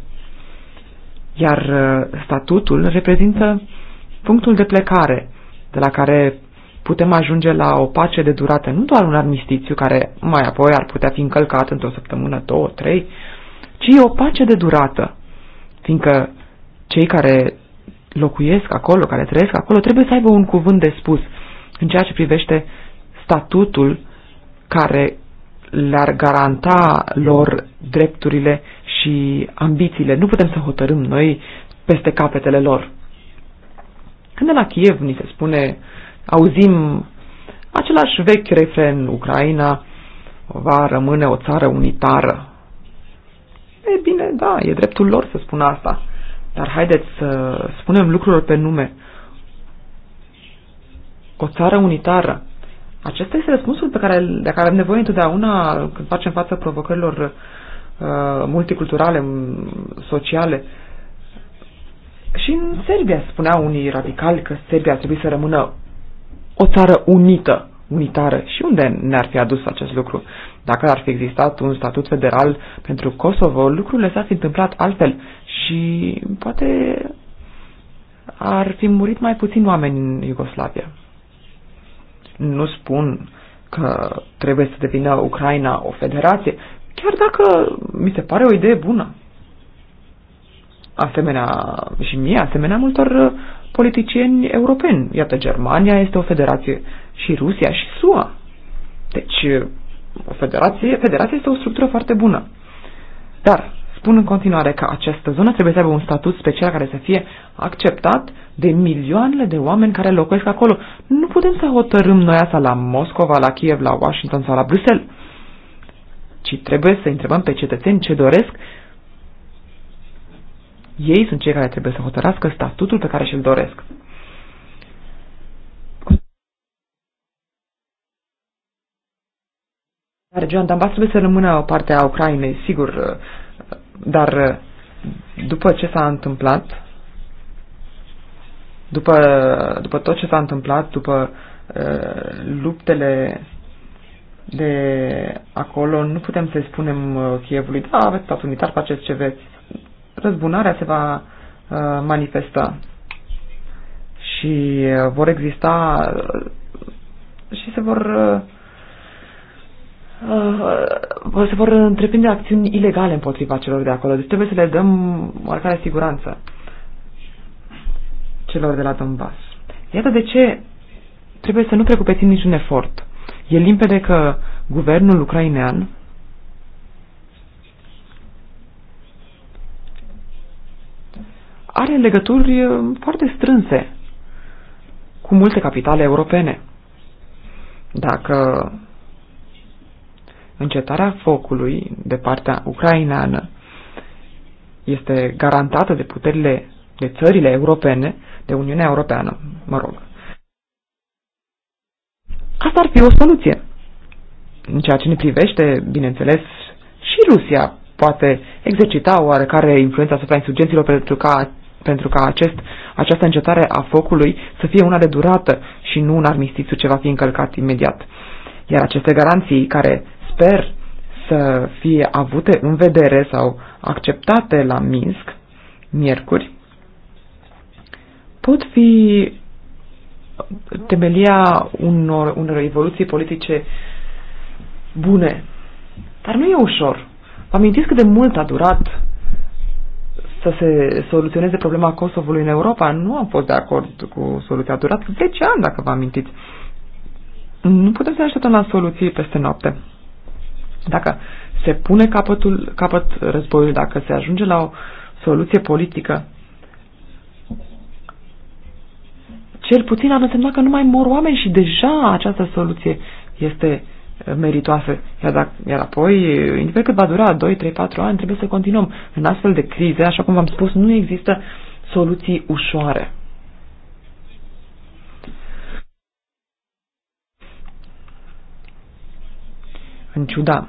Iar uh, statutul reprezintă punctul de plecare de la care putem ajunge la o pace de durată, nu doar un armistițiu care mai apoi ar putea fi încălcat într-o săptămână, două, trei, ci o pace de durată, fiindcă cei care locuiesc acolo, care trăiesc acolo, trebuie să aibă un cuvânt de spus în ceea ce privește statutul care le-ar garanta lor drepturile și ambițiile. Nu putem să hotărâm noi peste capetele lor. Când de la Kiev ni se spune, auzim același vechi refren, Ucraina va rămâne o țară unitară. E bine, da, e dreptul lor să spună asta. Dar haideți să spunem lucrurile pe nume. O țară unitară. Acesta este răspunsul pe care, de care avem nevoie întotdeauna când facem față provocărilor uh, multiculturale, sociale. Și în Serbia spunea unii radicali că Serbia ar trebui să rămână o țară unită, unitară. Și unde ne-ar fi adus acest lucru? Dacă ar fi existat un statut federal pentru Kosovo, lucrurile s-ar fi întâmplat altfel și poate ar fi murit mai puțin oameni în Iugoslavia. Nu spun că trebuie să devină Ucraina o federație, chiar dacă mi se pare o idee bună. Asemenea, și mie, asemenea multor uh, politicieni europeni. Iată, Germania este o federație și Rusia și SUA. Deci, uh, o federație, federația este o structură foarte bună. Dar Spun în continuare că această zonă trebuie să aibă un statut special care să fie acceptat de milioanele de oameni care locuiesc acolo. Nu putem să hotărâm noi asta la Moscova, la Kiev, la Washington sau la Bruxelles, ci trebuie să întrebăm pe cetățeni ce doresc. Ei sunt cei care trebuie să hotărască statutul pe care și-l doresc. Regiunea Donbass trebuie să rămână a Ucrainei, sigur, dar uh, după ce s-a întâmplat, după, după tot ce s-a întâmplat, după uh, luptele de acolo, nu putem să-i spunem uh, Chievului, da, aveți stat unitar, faceți ce veți. Răzbunarea se va uh, manifesta și uh, vor exista și se vor uh, Uh, uh, se vor întreprinde acțiuni ilegale împotriva celor de acolo. Deci trebuie să le dăm oarecare siguranță celor de la Donbass. Iată de ce trebuie să nu precupețim niciun efort. E limpede că guvernul ucrainean are legături uh, foarte strânse cu multe capitale europene. Dacă încetarea focului de partea ucraineană este garantată de puterile de țările europene, de Uniunea Europeană, mă rog. Asta ar fi o soluție. În ceea ce ne privește, bineînțeles, și Rusia poate exercita oarecare influență asupra insurgenților pentru ca, pentru ca acest, această încetare a focului să fie una de durată și nu un armistițiu ce va fi încălcat imediat. Iar aceste garanții care sper să fie avute în vedere sau acceptate la Minsk, miercuri, pot fi temelia unor, unor evoluții politice bune. Dar nu e ușor. Vă Amintiți cât de mult a durat să se soluționeze problema Kosovului în Europa? Nu am fost de acord cu soluția. A durat 10 ani, dacă vă amintiți. Nu putem să ne așteptăm la soluții peste noapte. Dacă se pune capătul, capăt războiului, dacă se ajunge la o soluție politică, cel puțin ar însemna că nu mai mor oameni și deja această soluție este uh, meritoasă. Iar, dacă, iar apoi, uh, indiferent cât va dura, 2, 3, 4 ani, trebuie să continuăm. În astfel de crize, așa cum v-am spus, nu există soluții ușoare. în ciuda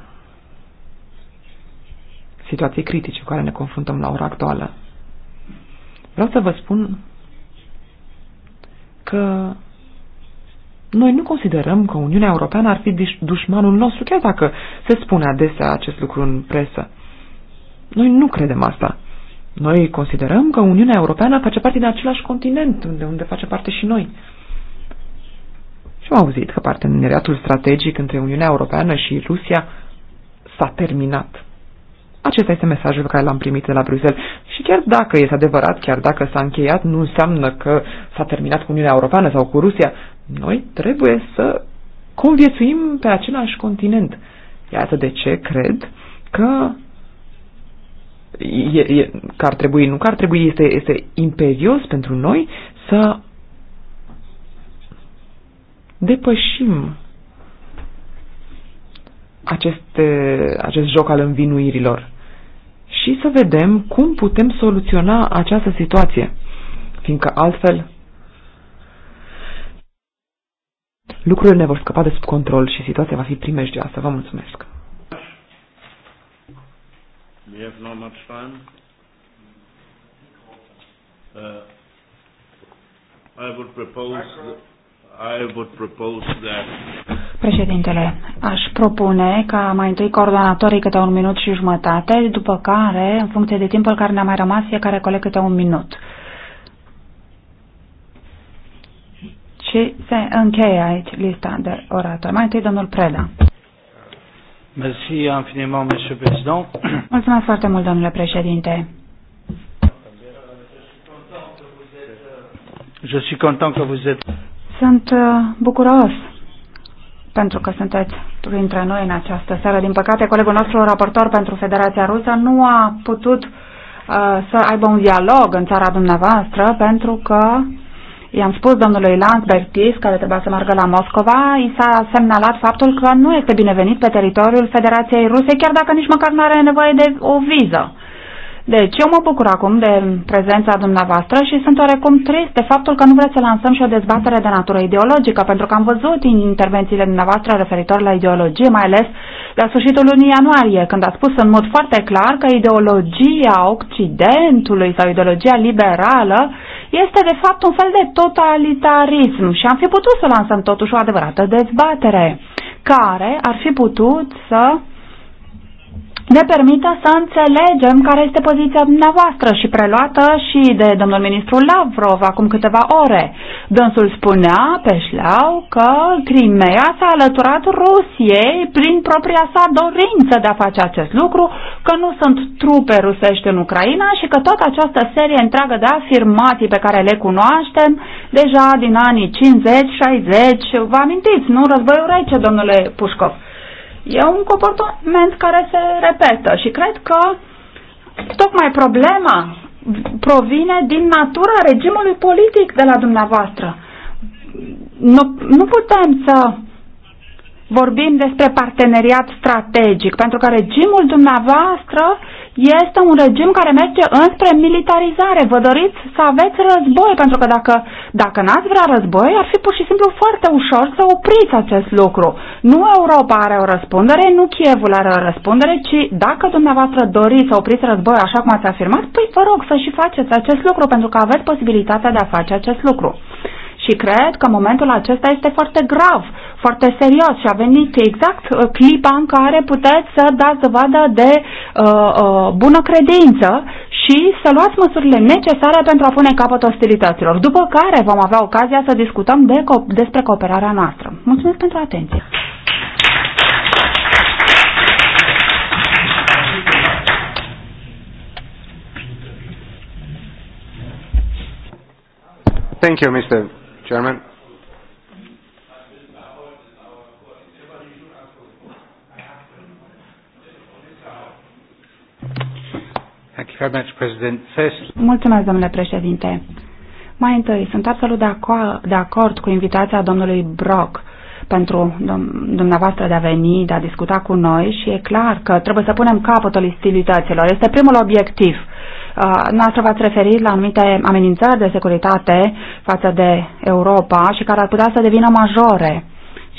situației critice cu care ne confruntăm la ora actuală. Vreau să vă spun că noi nu considerăm că Uniunea Europeană ar fi dușmanul nostru, chiar dacă se spune adesea acest lucru în presă. Noi nu credem asta. Noi considerăm că Uniunea Europeană face parte din același continent, unde, unde face parte și noi. Și am auzit că parteneriatul strategic între Uniunea Europeană și Rusia s-a terminat. Acesta este mesajul pe care l-am primit de la Bruxelles. Și chiar dacă este adevărat, chiar dacă s-a încheiat, nu înseamnă că s-a terminat cu Uniunea Europeană sau cu Rusia. Noi trebuie să conviețuim pe același continent. Iată de ce cred că e, e, că ar trebui, nu că ar trebui, este, este imperios pentru noi să depășim aceste, eh, acest joc al învinuirilor și să vedem cum putem soluționa această situație, fiindcă altfel lucrurile ne vor scăpa de sub control și situația va fi primejdioasă. Vă mulțumesc! We have not much time. Uh, I would propose that Președintele, aș propune ca mai întâi coordonatorii câte un minut și jumătate, după care, în funcție de timpul care ne-a mai rămas, fiecare coleg câte un minut. Și se încheie aici lista de oratori. Mai întâi, domnul Preda. Mersi, infiniment, monsieur président. Mulțumesc foarte mult, domnule președinte. Je suis content que vous êtes sunt uh, bucuros pentru că sunteți printre noi în această seară. Din păcate, colegul nostru raportor pentru Federația Rusă nu a putut uh, să aibă un dialog în țara dumneavoastră pentru că i-am spus domnului Bertis, care trebuia să meargă la Moscova, i s-a semnalat faptul că nu este binevenit pe teritoriul Federației Ruse, chiar dacă nici măcar nu are nevoie de o viză. Deci, eu mă bucur acum de prezența dumneavoastră și sunt oarecum trist de faptul că nu vreți să lansăm și o dezbatere de natură ideologică, pentru că am văzut în intervențiile dumneavoastră referitor la ideologie, mai ales la sfârșitul lunii ianuarie, când a spus în mod foarte clar că ideologia Occidentului sau ideologia liberală este de fapt un fel de totalitarism și am fi putut să lansăm totuși o adevărată dezbatere care ar fi putut să ne permită să înțelegem care este poziția dumneavoastră și preluată și de domnul ministru Lavrov acum câteva ore. Dânsul spunea pe șleau că Crimea s-a alăturat Rusiei prin propria sa dorință de a face acest lucru, că nu sunt trupe rusești în Ucraina și că toată această serie întreagă de afirmații pe care le cunoaștem deja din anii 50-60, vă amintiți, nu? Războiul rece, domnule Pușcov. E un comportament care se repetă și cred că tocmai problema provine din natura regimului politic de la dumneavoastră. Nu, nu putem să vorbim despre parteneriat strategic, pentru că regimul dumneavoastră este un regim care merge înspre militarizare. Vă doriți să aveți război, pentru că dacă, dacă n-ați vrea război, ar fi pur și simplu foarte ușor să opriți acest lucru. Nu Europa are o răspundere, nu Chievul are o răspundere, ci dacă dumneavoastră doriți să opriți război, așa cum ați afirmat, păi vă rog să și faceți acest lucru, pentru că aveți posibilitatea de a face acest lucru. Și cred că momentul acesta este foarte grav, foarte serios și a venit exact uh, clipa în care puteți să dați dovadă de uh, uh, bună credință și să luați măsurile necesare pentru a pune capăt ostilităților, după care vom avea ocazia să discutăm de co- despre cooperarea noastră. Mulțumesc pentru atenție! Thank you, Mr. Chairman. Mulțumesc, domnule președinte. Mai întâi, sunt absolut de, aco- de acord cu invitația domnului Brock pentru dumneavoastră de a veni, de a discuta cu noi și e clar că trebuie să punem capăt istilităților. Este primul obiectiv Uh, noastră v-ați referit la anumite amenințări de securitate față de Europa și care ar putea să devină majore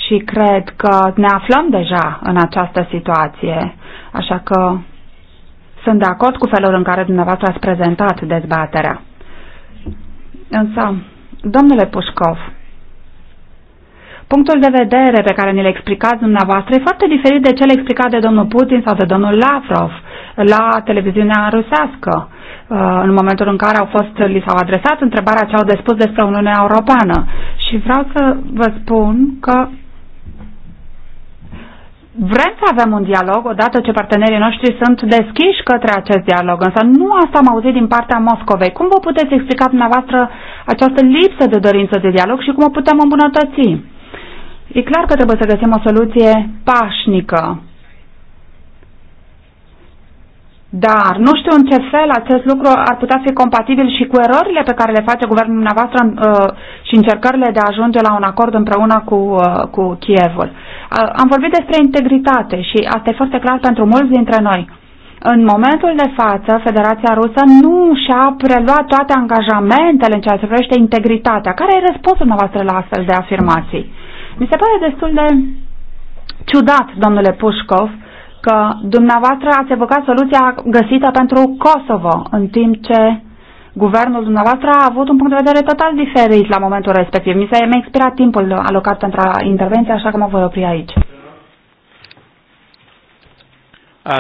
și cred că ne aflăm deja în această situație, așa că sunt de acord cu felul în care dumneavoastră ați prezentat dezbaterea. Însă, domnule Pușcov, punctul de vedere pe care ne-l explicați dumneavoastră e foarte diferit de cel explicat de domnul Putin sau de domnul Lavrov la televiziunea rusească uh, în momentul în care au fost, li s-au adresat întrebarea ce au de spus despre Uniunea Europeană. Și vreau să vă spun că Vrem să avem un dialog odată ce partenerii noștri sunt deschiși către acest dialog, însă nu asta am auzit din partea Moscovei. Cum vă puteți explica dumneavoastră această lipsă de dorință de dialog și cum o putem îmbunătăți? E clar că trebuie să găsim o soluție pașnică dar nu știu în ce fel acest lucru ar putea fi compatibil și cu erorile pe care le face guvernul dumneavoastră uh, și încercările de a ajunge la un acord împreună cu, uh, cu Kievul. Uh, am vorbit despre integritate și asta e foarte clar pentru mulți dintre noi. În momentul de față, Federația Rusă nu și-a preluat toate angajamentele în ceea ce privește integritatea. Care e răspunsul dumneavoastră la astfel de afirmații? Mi se pare destul de ciudat, domnule Pușcov, uh, că dumneavoastră ați evocat soluția găsită pentru Kosovo, în timp ce guvernul dumneavoastră a avut un punct de vedere total diferit la momentul respectiv. Mi s-a expirat timpul alocat pentru intervenție, așa că mă voi opri aici. Uh,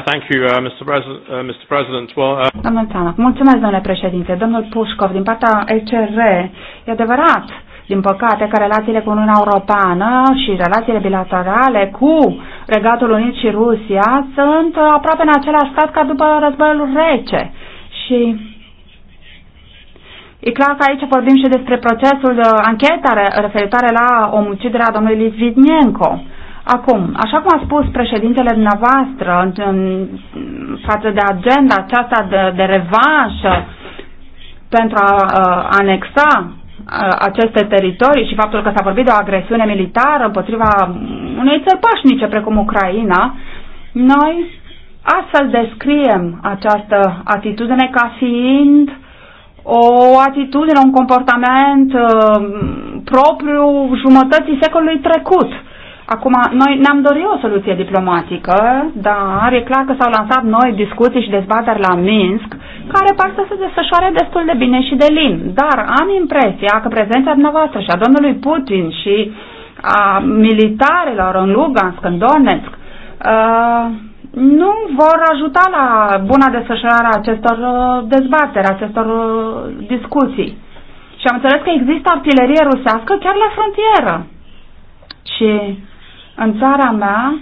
thank you, uh, Mr. President. Uh, Mr. President. Well, uh... Domnul Țanac, mulțumesc, domnule președinte. Domnul Pușcov, din partea ECR, e adevărat, uh, din păcate că relațiile cu Uniunea Europeană și relațiile bilaterale cu Regatul Unit și Rusia sunt aproape în același stat ca după războiul rece. Și E clar că aici vorbim și despre procesul de anchetă referitoare la omuciderea domnului Litvinenko. Acum, așa cum a spus președintele dumneavoastră în, în, față de agenda aceasta de, de revanșă pentru a, a anexa aceste teritorii și faptul că s-a vorbit de o agresiune militară împotriva unei țări pașnice precum Ucraina, noi astfel descriem această atitudine ca fiind o atitudine, un comportament uh, propriu jumătății secolului trecut. Uh, Acum, noi ne-am dorit o soluție diplomatică, dar e clar că s-au lansat noi discuții și dezbateri la Minsk, care par să se desfășoare destul de bine și de lin. Dar am impresia că prezența dumneavoastră și a domnului Putin și a militarilor în Lugansk, în Donetsk, uh, nu vor ajuta la buna desfășurare a acestor uh, dezbateri, acestor uh, discuții. Și am înțeles că există artilerie rusească chiar la frontieră. Și în țara mea,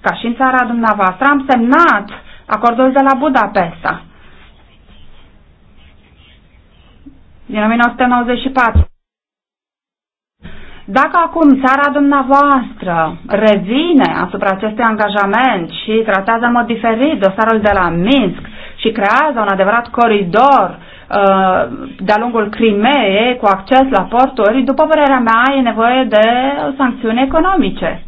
ca și în țara dumneavoastră, am semnat acordul de la Budapesta din 1994. Dacă acum țara dumneavoastră revine asupra acestui angajament și tratează în mod diferit dosarul de la Minsk și creează un adevărat coridor uh, de-a lungul Crimeei cu acces la porturi, după părerea mea e nevoie de sancțiuni economice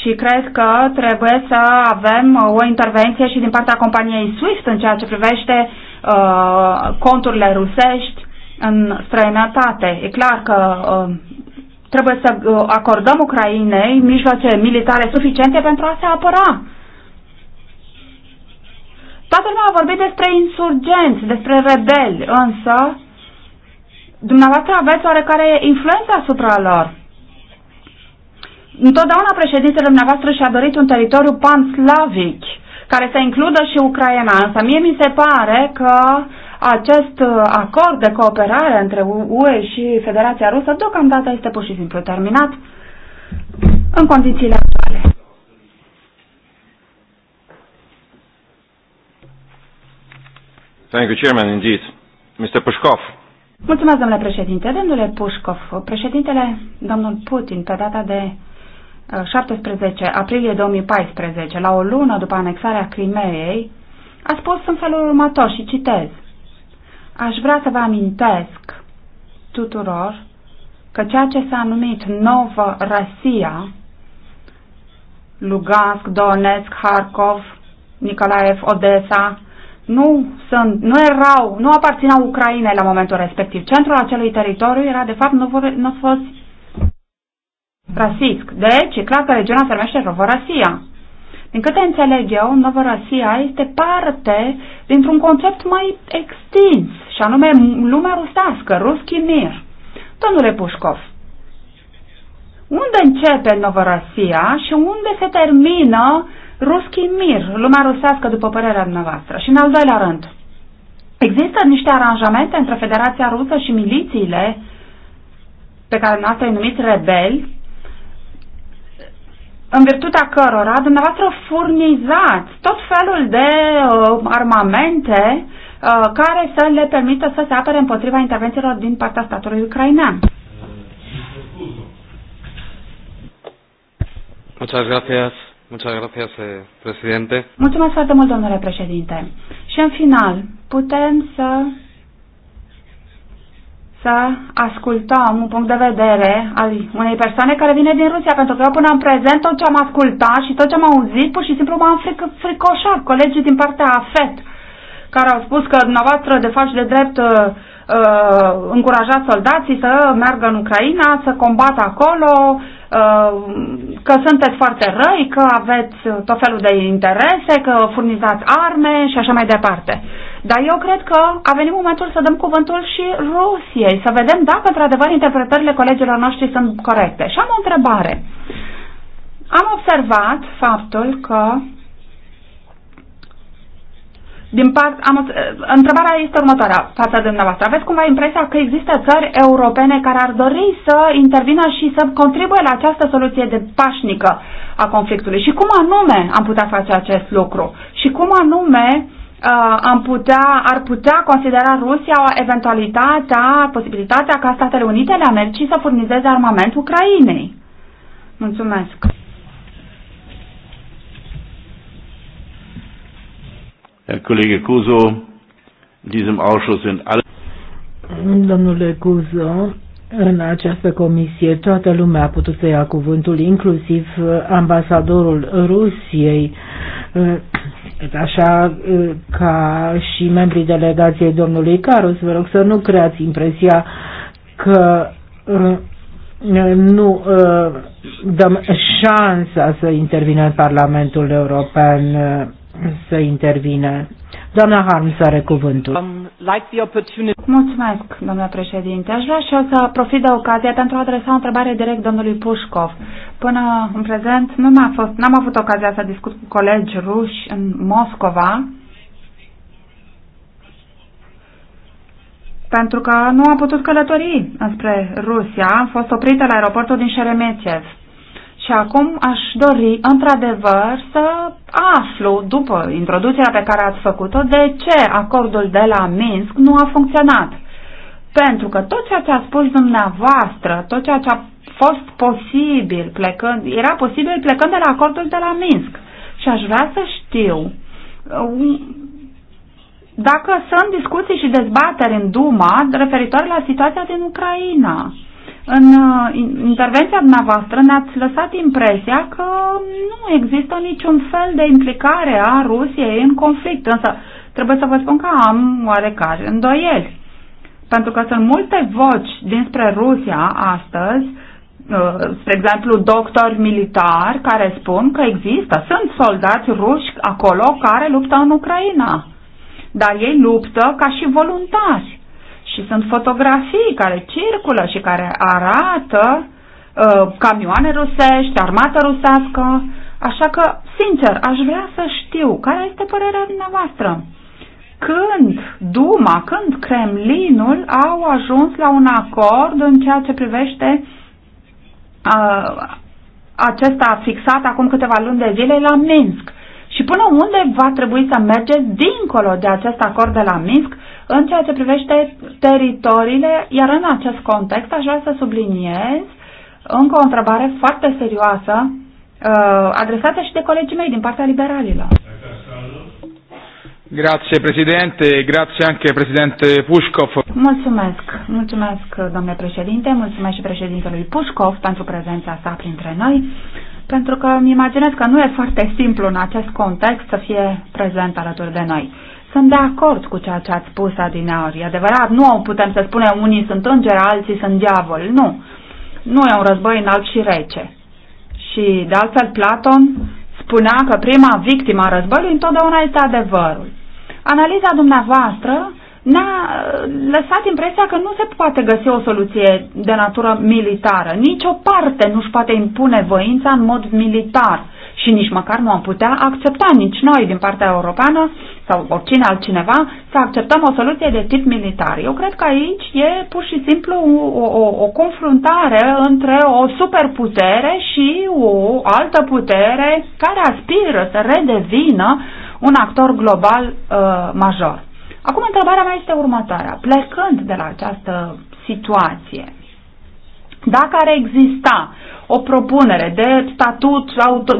și cred că trebuie să avem uh, o intervenție și din partea companiei SWIFT în ceea ce privește uh, conturile rusești în străinătate. E clar că uh, trebuie să uh, acordăm Ucrainei mijloace militare suficiente pentru a se apăra. Toată lumea a vorbit despre insurgenți, despre rebeli, însă dumneavoastră aveți oarecare influență asupra lor. Întotdeauna președintele dumneavoastră și-a dorit un teritoriu panslavic, care să includă și Ucraina, însă mie mi se pare că acest uh, acord de cooperare între UE și Federația Rusă deocamdată este pur și simplu terminat în condițiile actuale. Thank you, Chairman, indeed. Mr. Pushkov. Mulțumesc, domnule președinte. Domnule Pushkov, președintele, domnul Putin, pe data de 17 uh, aprilie 2014, la o lună după anexarea Crimeei, a spus în felul următor și citez. Aș vrea să vă amintesc tuturor că ceea ce s-a numit Nova Rasia, Lugansk, Donetsk, Kharkov, Nicolaev, Odessa, nu, sunt, nu erau, nu aparținau Ucrainei la momentul respectiv. Centrul acelui teritoriu era de fapt nu fost. Rasisc. Deci, e clar că regiunea se numește Novorasia. Din câte înțeleg eu, Novorasia este parte dintr-un concept mai extins, și anume lumea rusească, Ruski Mir. Domnule Pușcov, unde începe Novorasia și unde se termină Ruski Mir, lumea rusească, după părerea dumneavoastră? Și în al doilea rând, există niște aranjamente între Federația Rusă și milițiile pe care noastră îi numiți rebeli în virtutea cărora dumneavoastră furnizați tot felul de uh, armamente uh, care să le permită să se apere împotriva intervențiilor din partea statului ucrainean. Muchas gracias. Muchas gracias, eh, presidente. Mulțumesc foarte mult, domnule președinte. Și în final, putem să să ascultăm un punct de vedere al unei persoane care vine din Rusia, pentru că eu până în prezent tot ce am ascultat și tot ce am auzit, pur și simplu m-am fric- fricoșat. Colegii din partea AFET, care au spus că dumneavoastră, de fapt și de drept, uh, uh încurajați soldații să meargă în Ucraina, să combată acolo, uh, că sunteți foarte răi, că aveți tot felul de interese, că furnizați arme și așa mai departe. Uh, dar eu cred că a venit momentul să dăm cuvântul și Rusiei, să vedem dacă, într-adevăr, interpretările colegilor noștri sunt corecte. Și am o întrebare. Am observat faptul că din part, am, întrebarea este următoarea față de dumneavoastră. Aveți cumva impresia că există țări europene care ar dori să intervină și să contribuie la această soluție de pașnică a conflictului? Și cum anume am putea face acest lucru? Și cum anume uh, uh, am putea, ar putea considera Rusia o eventualitatea, posibilitatea ca Statele Unite ale Americii să furnizeze armament Ucrainei. Mulțumesc. Herr Kollege diesem Ausschuss sind alle. Domnule Cuzo, în această comisie toată lumea a putut să ia cuvântul, inclusiv ambasadorul Rusiei așa ca și membrii delegației domnului Carus, vă rog să nu creați impresia că nu dăm șansa să intervină în Parlamentul European, să intervine. Doamna Harms are cuvântul like the opportunity. Mulțumesc, domnule președinte. Aș vrea și eu să profit de ocazia pentru a adresa o întrebare direct domnului Pușcov. Până în prezent nu am fost, n-am avut ocazia să discut cu colegi ruși în Moscova, pentru că nu am putut călători înspre Rusia. Am fost oprită la aeroportul din Șeremetiev. Și acum aș dori, într-adevăr, să aflu, după introducerea pe care ați făcut-o, de ce acordul de la Minsk nu a funcționat. Pentru că tot ceea ce a spus dumneavoastră, tot ceea ce a fost posibil plecând, era posibil plecând de la acordul de la Minsk. Și aș vrea să știu um, dacă sunt discuții și dezbateri în Duma referitoare la situația din Ucraina în uh, intervenția dumneavoastră ne-ați lăsat impresia că nu există niciun fel de implicare a Rusiei în conflict, însă trebuie să vă spun că am oarecare îndoieli. Pentru că sunt multe voci dinspre Rusia astăzi, uh, spre exemplu doctori militari care spun că există, sunt soldați ruși acolo care luptă în Ucraina, dar ei luptă ca și voluntari și sunt fotografii care circulă și care arată uh, camioane rusești, armată rusească, așa că, sincer, aș vrea să știu care este părerea dumneavoastră. Când Duma, când Kremlinul au ajuns la un acord în ceea ce privește uh, acesta fixat acum câteva luni de zile la Minsk. Și până unde va trebui să mergeți dincolo de acest acord de la Minsk în ceea ce privește teritoriile, iar în acest context aș vrea să subliniez încă o întrebare foarte serioasă uh, adresată și de colegii mei din partea liberalilor. Grazie Presidente, grazie anche Presidente Pushkov. Mulțumesc, mulțumesc domnule președinte, mulțumesc și președintelui Pushkov pentru prezența sa printre noi, pentru că îmi imaginez că nu e foarte simplu în acest context să fie prezent alături de noi. Sunt de acord cu ceea ce ați spus adineori. E adevărat, nu putem să spunem unii sunt îngeri, alții sunt diavol. Nu. Nu e un război înalt și rece. Și, de altfel, Platon spunea că prima victimă a războiului întotdeauna este adevărul. Analiza dumneavoastră ne-a uh, lăsat impresia că nu se poate găsi o soluție de natură militară. Nici o parte nu-și poate impune voința în mod militar și nici măcar nu am putea accepta nici noi din partea europeană sau oricine altcineva să acceptăm o soluție de tip militar. Eu cred că aici e pur și simplu o, o, o confruntare între o superputere și o altă putere care aspiră să redevină un actor global uh, major. Acum întrebarea mea este următoarea. Plecând de la această situație, dacă ar exista o propunere de statut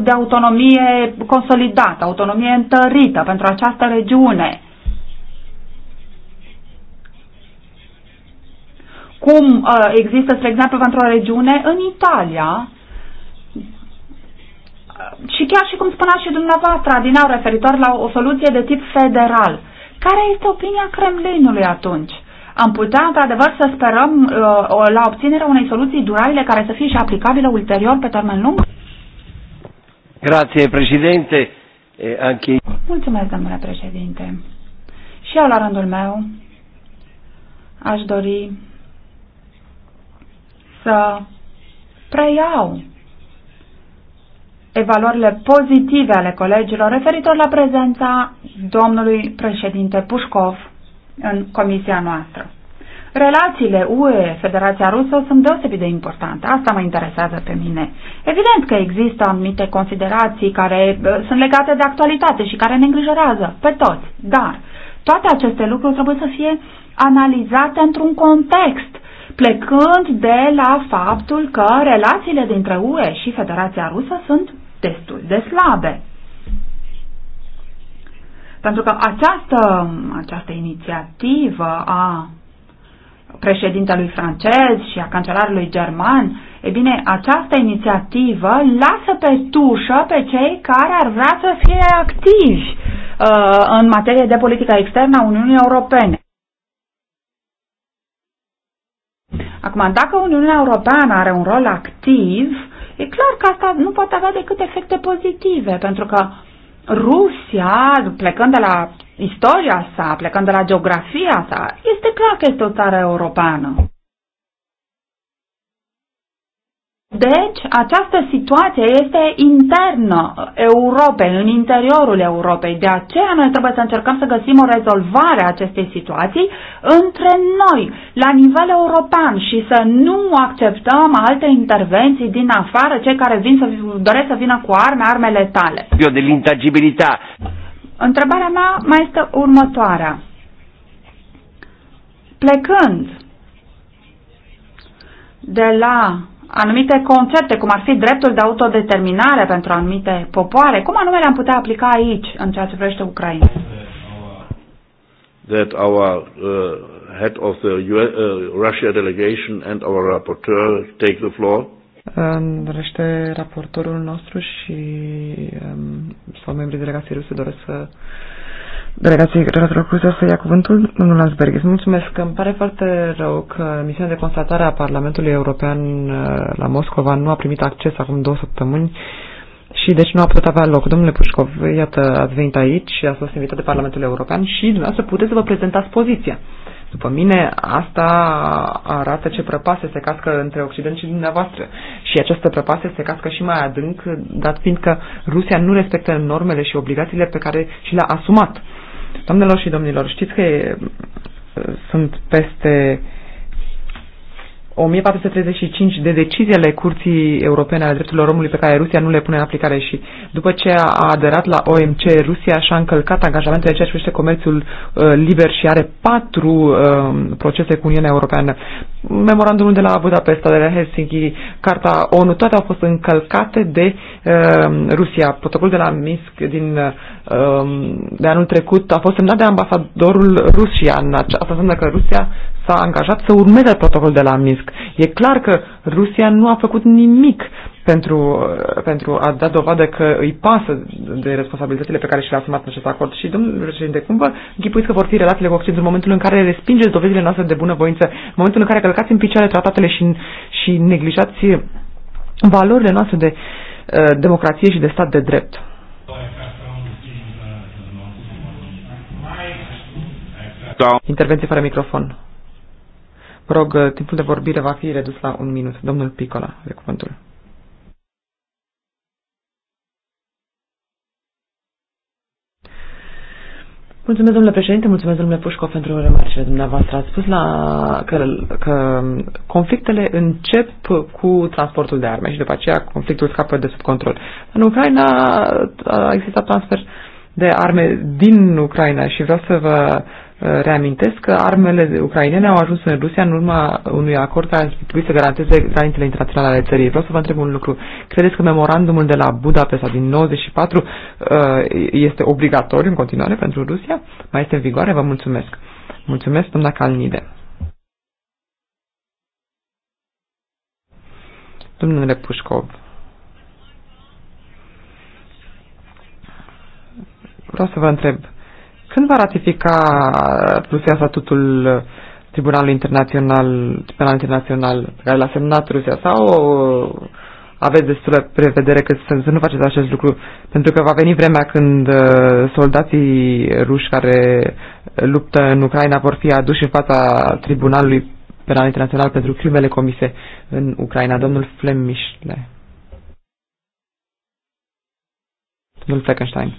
de autonomie consolidată, autonomie întărită pentru această regiune, cum uh, există, spre exemplu, pentru o regiune în Italia, uh, și chiar și cum spunea și dumneavoastră, Adinau, referitor la o soluție de tip federal. Care este opinia Kremlinului atunci? am putea într-adevăr să sperăm uh, la obținerea unei soluții durabile care să fie și aplicabilă ulterior pe termen lung? Grazie, președinte. Anche... Mulțumesc, domnule președinte. Și eu, la rândul meu, aș dori să preiau evaluările pozitive ale colegilor referitor la prezența domnului președinte Pușcov în comisia noastră. Relațiile UE-Federația Rusă sunt deosebit de importante. Asta mă interesează pe mine. Evident că există anumite considerații care sunt legate de actualitate și care ne îngrijorează pe toți, dar toate aceste lucruri trebuie să fie analizate într-un context, plecând de la faptul că relațiile dintre UE și Federația Rusă sunt destul de slabe. Pentru că această, această inițiativă a președintelui francez și a cancelarului german, e bine, această inițiativă lasă pe tușă pe cei care ar vrea să fie activi uh, în materie de politică externă a Uniunii Europene. Acum, dacă Uniunea Europeană are un rol activ, e clar că asta nu poate avea decât efecte pozitive, pentru că uh, Rusia, plecând de la istoria sa, plecând de la geografia sa, este clar că este o țară europeană. Deci, această situație este internă Europei, în interiorul Europei. De aceea noi trebuie să încercăm să găsim o rezolvare a acestei situații între noi, la nivel european și să nu acceptăm alte intervenții din afară, cei care vin să, doresc să vină cu arme, armele tale. Eu de Întrebarea mea mai este următoarea. Plecând de la anumite concepte, cum ar fi dreptul de autodeterminare pentru anumite popoare, cum anume le-am putea aplica aici, în ceea ce privește Ucraina? That our uh, head of the US, uh, Russia delegation and our rapporteur take the floor. Dorește raportorul nostru și um, sau membrii delegației ruse doresc să delegației relațiilor o să ia cuvântul, domnul Lansberg. Mulțumesc. Îmi pare foarte rău că misiunea de constatare a Parlamentului European uh, la Moscova nu a primit acces acum două săptămâni și deci nu a putut avea loc. Domnule Pușcov, iată, ați venit aici, și ați fost invitat de Parlamentul European și dumneavoastră puteți să vă prezentați poziția. După mine, asta arată ce prăpase se cască între Occident și dumneavoastră. Și această prăpase se cască și mai adânc, dat fiindcă Rusia nu respectă normele și obligațiile pe care și le-a asumat Doamnelor și domnilor, știți că sunt peste 1435 de decizii ale Curții Europene ale Drepturilor Omului pe care Rusia nu le pune în aplicare și după ce a aderat la OMC, Rusia și-a încălcat angajamentele ceea ce privește comerțul uh, liber și are patru uh, procese cu Uniunea Europeană. Memorandumul de la Budapesta, de la Helsinki, Carta ONU, toate au fost încălcate de uh, Rusia. Protocolul de la Minsk din, uh, de anul trecut a fost semnat de ambasadorul Rusia. Asta înseamnă că Rusia s-a angajat să urmeze protocolul de la Minsk. E clar că Rusia nu a făcut nimic pentru, pentru a da dovadă că îi pasă de responsabilitățile pe care și le-a asumat în acest acord. Și, domnul președinte, cum vă închipuiți că vor fi relațiile cu Occidentul în momentul în care respingeți dovezile noastre de bunăvoință, în momentul în care călcați în picioare tratatele și, și neglijați valorile noastre de uh, democrație și de stat de drept? Intervenție fără microfon. Rog, timpul de vorbire va fi redus la un minut. Domnul Picola, de cuvântul. Mulțumesc, domnule președinte, mulțumesc, domnule Pușco, pentru remarcile dumneavoastră. Ați spus la că, că conflictele încep cu transportul de arme și după aceea conflictul scapă de sub control. În Ucraina a existat transfer de arme din Ucraina și vreau să vă Reamintesc că armele ucrainene au ajuns în Rusia în urma unui acord care ar trebui să garanteze granițele internaționale ale țării. Vreau să vă întreb un lucru. Credeți că memorandumul de la Budapesta din 94 uh, este obligatoriu în continuare pentru Rusia? Mai este în vigoare? Vă mulțumesc. Mulțumesc, doamna Calnide. Domnule Pușcov. Vreau să vă întreb când va ratifica Rusia statutul Tribunalului Internațional, Penal Internațional pe care l-a semnat Rusia sau aveți destulă de prevedere că să, să nu faceți acest lucru, pentru că va veni vremea când uh, soldații ruși care luptă în Ucraina vor fi aduși în fața Tribunalului Penal Internațional pentru crimele comise în Ucraina. Domnul Flemișle. Domnul Fleckenstein.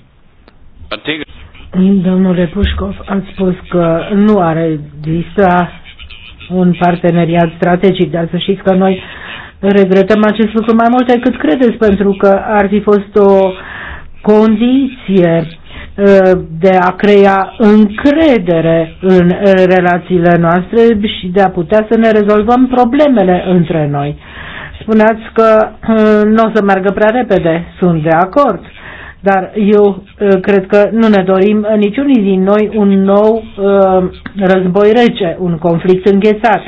Domnule Pușcov, ați spus că nu are exista un parteneriat strategic, dar să știți că noi regretăm acest lucru mai mult decât credeți, pentru că ar fi fost o condiție ă, de a crea încredere în relațiile noastre și de a putea să ne rezolvăm problemele între noi. Spuneați că ă, nu o să meargă prea repede. Sunt de acord. Dar eu uh, cred că nu ne dorim uh, niciunii din noi un nou uh, război rece, un conflict înghețat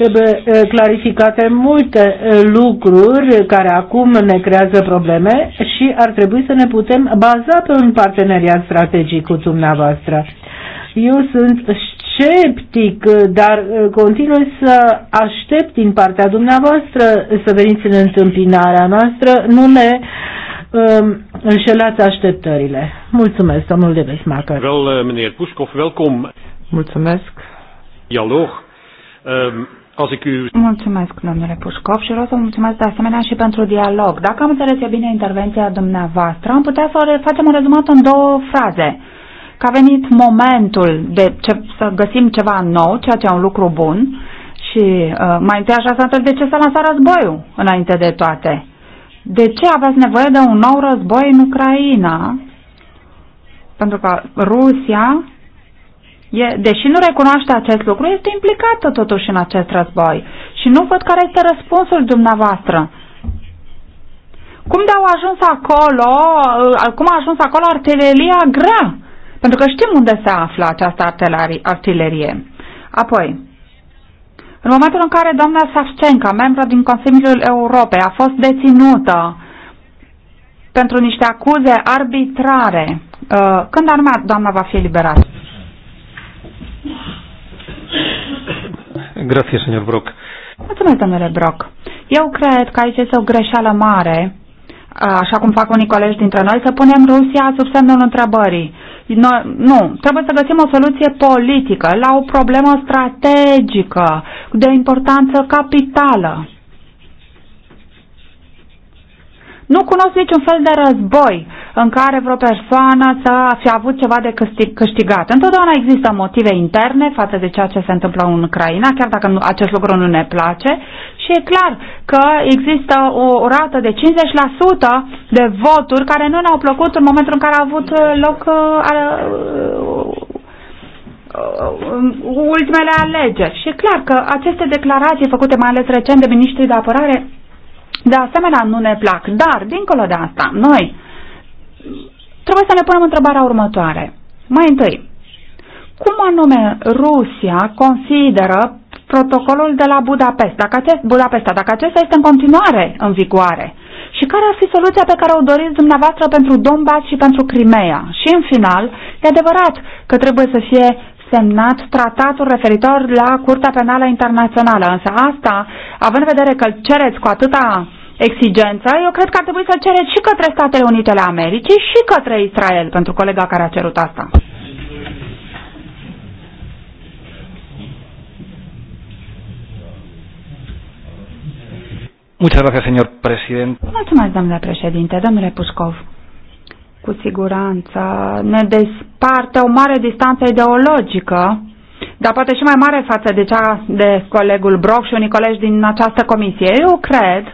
trebuie clarificate multe lucruri care acum ne creează probleme și ar trebui să ne putem baza pe un parteneriat strategic cu dumneavoastră. Eu sunt sceptic, dar continui să aștept din partea dumneavoastră să veniți în întâmpinarea noastră. Nu ne uh, Ehm, înșelați așteptările. Mulțumesc, domnul de Besmacher. Wel, eh, meneer Puskov, welkom. Mulțumesc. Dialog. Ehm, als ik u... Mulțumesc, domnule Pușcov, și vreau să mulțumesc de asemenea și pentru dialog. Dacă am înțeles eu bine intervenția dumneavoastră, am putea să facem un rezumat în două fraze. Că a venit momentul de ce, să găsim ceva nou, ceea ce e un lucru bun, și uh, mai întâi așa să întreb de ce s-a lansat războiul înainte de toate de ce aveți nevoie de un nou război în Ucraina? Pentru că Rusia, e, deși nu recunoaște acest lucru, este implicată totuși în acest război. Și nu văd care este răspunsul dumneavoastră. Cum de au ajuns acolo, uh, cum a ajuns acolo artileria grea? Pentru că știm unde se află această artilerie. Apoi, în momentul în care doamna Savcenca, membra din Consiliul Europei, a fost deținută pentru niște acuze arbitrare, uh, când anume doamna va fi eliberată? Grazie, signor Brock. Mulțumesc, domnule Brock. Eu cred că aici este o greșeală mare Uh, așa cum fac unii colegi dintre noi, să punem Rusia sub semnul întrebării. No, nu, trebuie să găsim o soluție politică la o problemă strategică de importanță capitală. Nu cunosc niciun fel de război în care vreo persoană să fi avut ceva de câștigat. Întotdeauna există motive interne față de ceea ce se întâmplă în Ucraina, chiar dacă acest lucru nu ne place. Și e clar că există o rată de 50% de voturi care nu ne-au plăcut în momentul în care a avut uh, loc uh, uh, ultimele alegeri. Și e clar că aceste declarații făcute mai ales recent de ministrii de apărare de asemenea nu ne plac. Dar, dincolo de asta, noi trebuie să ne punem întrebarea următoare. Mai întâi, cum anume Rusia consideră protocolul de la Budapest, dacă acest, Budapesta, dacă acesta este în continuare în vigoare? Și care ar fi soluția pe care o doriți dumneavoastră pentru Donbass și pentru Crimea? Și în final, e adevărat că trebuie să fie semnat tratatul referitor la Curtea Penală Internațională, însă asta, având în vedere că îl cereți cu atâta exigență, eu cred că ar trebui să cereți și către Statele Unite ale Americii și către Israel, pentru colega care a cerut asta. Muchas gracias, señor presidente. Mulțumesc, domnule președinte. Domnule Puscov cu siguranță ne desparte o mare distanță ideologică, dar poate și mai mare față de cea de colegul Broc și unii colegi din această comisie. Eu cred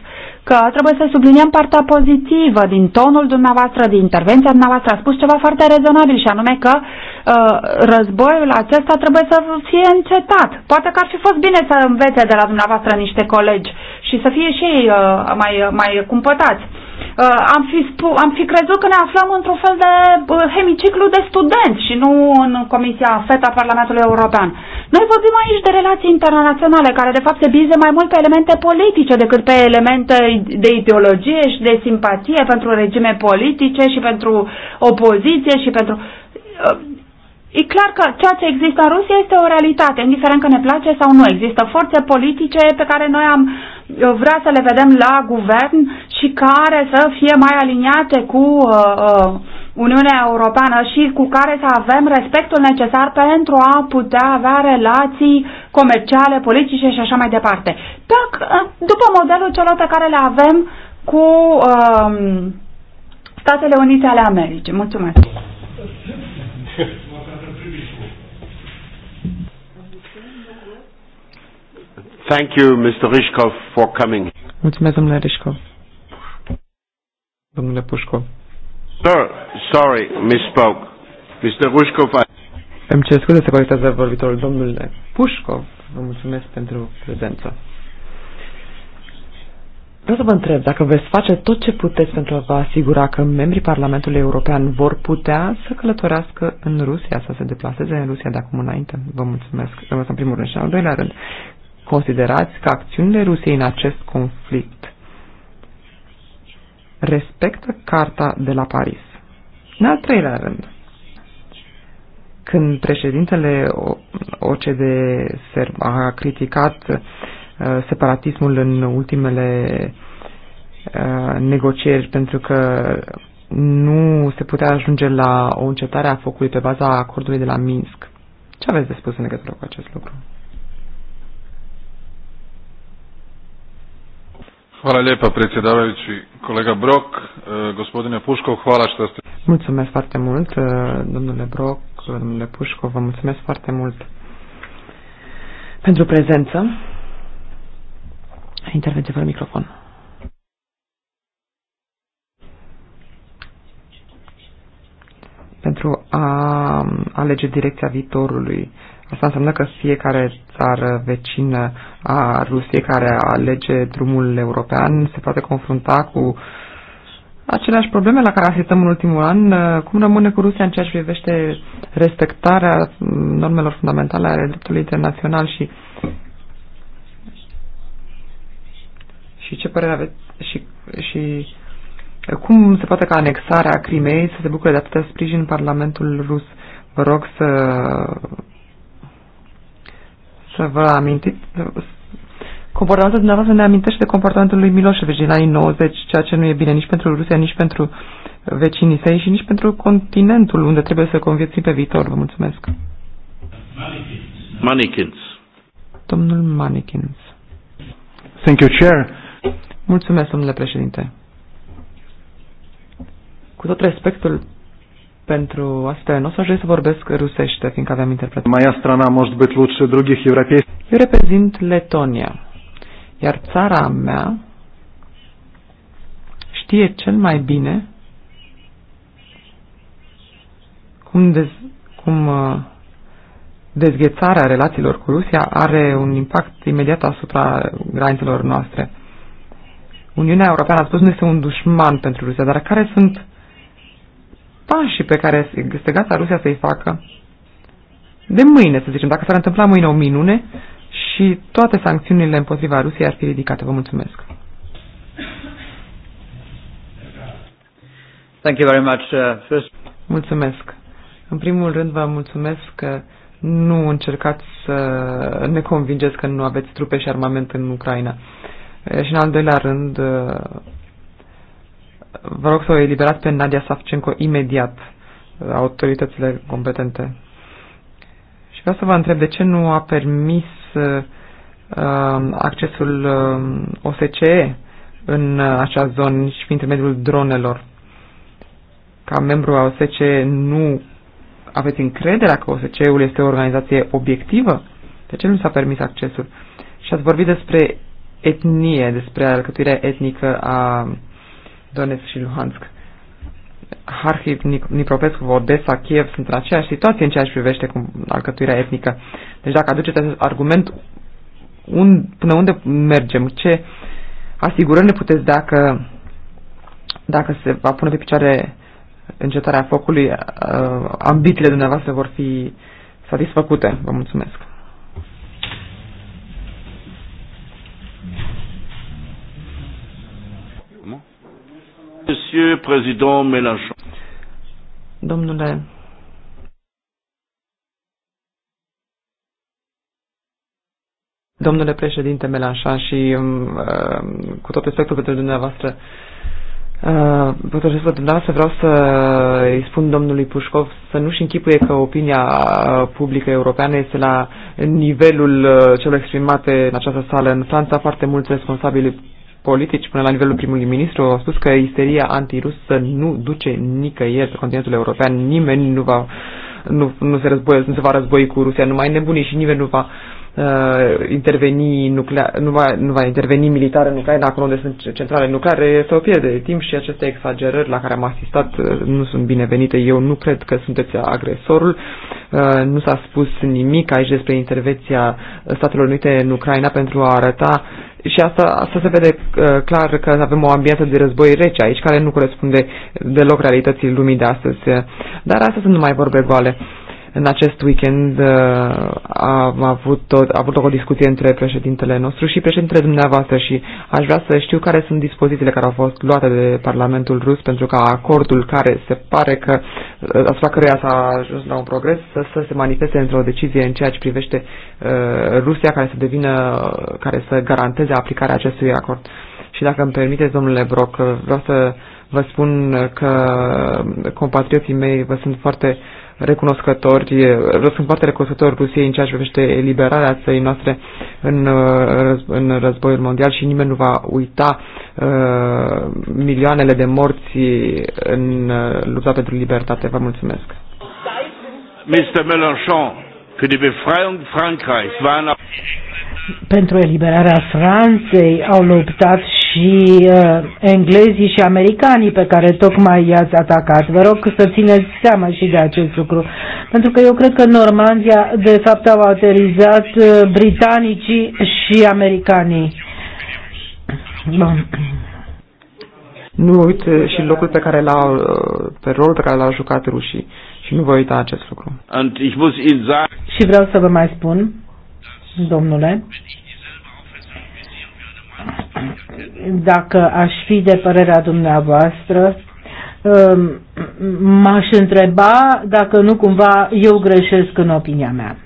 că trebuie să subliniem partea pozitivă din tonul dumneavoastră, din intervenția dumneavoastră. A spus ceva foarte rezonabil și anume că uh, războiul acesta trebuie să fie încetat. Poate că ar fi fost bine să învețe de la dumneavoastră niște colegi și să fie și ei uh, mai, mai cumpătați. Uh, am fi, spu- am fi crezut că ne aflăm într-un fel de uh, hemiciclu de studenți și nu în Comisia FETA Parlamentului European. Noi vorbim aici de relații internaționale, care de fapt se bize mai mult pe elemente politice decât pe elemente de ideologie și de simpatie pentru regime politice și pentru opoziție și pentru uh, E clar că ceea ce există în Rusia este o realitate, indiferent că ne place sau nu. Există forțe politice pe care noi am vrea să le vedem la guvern și care să fie mai aliniate cu uh, uh, Uniunea Europeană și cu care să avem respectul necesar pentru a putea avea relații comerciale, politice și așa mai departe. Dacă, uh, după modelul celor pe care le avem cu uh, Statele Unite ale Americii. Mulțumesc! Thank you, Mr. Rishkov, for coming. Mulțumesc, domnule Rishkov. Domnule Pușcov. Sir, sorry, misspoke. Mr. Rushkov, I... Îmi cer scuze, să corectează vorbitorul domnule Pușcov. Vă mulțumesc pentru prezență. Vreau să vă întreb dacă veți face tot ce puteți pentru a vă asigura că membrii Parlamentului European vor putea să călătorească în Rusia, să se deplaseze în Rusia de acum înainte. Vă mulțumesc. Vă mulțumesc în primul rând și în al doilea rând. Considerați că acțiunile Rusiei în acest conflict respectă Carta de la Paris. În al treilea rând, când președintele OCDE a criticat uh, separatismul în ultimele uh, negocieri pentru că nu se putea ajunge la o încetare a focului pe baza acordului de la Minsk. Ce aveți de spus în legătură cu acest lucru? Hvala lijepa predsjedavajući kolega Brok, gospodine Puškov, hvala što ste... Mulțumesc foarte mult, domnule Brok, domnule Pușcov, vă mulțumesc foarte mult pentru prezență. Intervenție fără microfon. Pentru a alege direcția viitorului Asta înseamnă că fiecare țară vecină a Rusiei care alege drumul european se poate confrunta cu aceleași probleme la care asistăm în ultimul an. Cum rămâne cu Rusia în ceea ce privește respectarea normelor fundamentale ale dreptului internațional și și ce părere aveți și, și cum se poate ca anexarea Crimei să se bucure de atâta sprijin în Parlamentul rus? Vă rog să să vă amintiți, comportamentul dumneavoastră ne amintește comportamentul lui Milosevic din anii 90, ceea ce nu e bine nici pentru Rusia, nici pentru vecinii săi și nici pentru continentul unde trebuie să conviețim pe viitor. Vă mulțumesc. Manikins. Domnul Manikins. Thank you, Chair. Mulțumesc, domnule președinte. Cu tot respectul pentru asta nu o să ajung să vorbesc rusește, fiindcă aveam interpretare. Моя страна может быть лучше других европейских. Eu reprezint Letonia, iar țara mea știe cel mai bine cum, dez, cum uh, dezghețarea relațiilor cu Rusia are un impact imediat asupra granițelor noastre. Uniunea Europeană, a spus, nu este un dușman pentru Rusia, dar care sunt pașii pe care este gata Rusia să-i facă de mâine, să zicem, dacă s-ar întâmpla mâine o minune și toate sancțiunile împotriva Rusiei ar fi ridicate. Vă mulțumesc. Thank you very much. Uh, first... Mulțumesc. În primul rând vă mulțumesc că nu încercați să ne convingeți că nu aveți trupe și armament în Ucraina. Uh, și în al doilea rând uh, Vă rog să o eliberați pe Nadia Savchenko imediat, autoritățile competente. Și vreau să vă întreb de ce nu a permis uh, accesul uh, OSCE în uh, acea zonă și prin intermediul dronelor. Ca membru a OSCE nu aveți încrederea că OSCE-ul este o organizație obiectivă? De ce nu s-a permis accesul? Și ați vorbit despre etnie, despre alcătuirea etnică a Donetsk și Luhansk. Harkiv, Nipropescu, Odessa, Kiev sunt în aceeași situație în ceea ce privește cu alcătuirea etnică. Deci dacă aduceți acest argument, un, până unde mergem? Ce asigurări ne puteți dacă, dacă se va pune pe picioare încetarea focului, uh, ambițiile dumneavoastră vor fi satisfăcute? Vă mulțumesc. Monsieur Président Mélenchon. Domnule Domnule președinte Melanșan și uh, cu tot respectul pentru dumneavoastră, uh, pentru respectul dumneavoastră vreau să îi spun domnului Pușcov să nu-și închipuie că opinia uh, publică europeană este la nivelul uh, celor exprimate în această sală. În Franța foarte mulți responsabili politici până la nivelul primului ministru au spus că isteria antirusă nu duce nicăieri pe continentul european, nimeni nu va nu, nu, se război, nu se va război cu Rusia, numai nebunii și nimeni nu va uh, uh, interveni nuclear, nu, va, nu va interveni militar în Ucraina, acolo unde sunt centrale nucleare, este o pierde de timp și aceste exagerări la care am asistat uh, nu sunt binevenite. Eu nu cred că sunteți agresorul. Uh, nu s-a spus nimic aici despre intervenția Statelor Unite în Ucraina pentru a arăta și asta, asta se vede uh, clar că avem o ambianță de război rece aici, care nu corespunde deloc realității lumii de astăzi. Dar astea sunt numai vorbe goale. Uh, în acest weekend uh, am avut, tot, a avut o discuție între președintele nostru și președintele dumneavoastră și aș vrea să știu care sunt dispozițiile care au fost luate de Parlamentul rus pentru ca acordul care se pare că uh, asupra căruia s-a ajuns la un progres să, să se manifeste într-o decizie în ceea ce privește uh, Rusia care să devină, care să garanteze aplicarea acestui acord. Și dacă îmi permiteți, domnule Broc, uh, vreau să vă spun că compatrioții mei vă sunt foarte uh, recunoscători, eh, sunt foarte recunoscători Rusiei în ceea ce privește eliberarea țării noastre în, eh, în războiul mondial și nimeni nu va uita uh, milioanele de morți în lupta pentru libertate. Vă mulțumesc. Mr. Mélenchon. Pentru eliberarea Franței au luptat și uh, englezii și americanii pe care tocmai i-ați atacat. Vă rog să țineți seama și de acest lucru. Pentru că eu cred că Normandia, de fapt, au aterizat uh, britanicii și americanii. Bun. Nu uit uh, și locul pe care l-au, uh, pe rol pe care l-au jucat rușii. Uh, și nu voi uita acest lucru. Și vreau să vă mai spun, domnule, dacă aș fi de părerea dumneavoastră, um, m-aș întreba dacă nu cumva eu greșesc în opinia mea.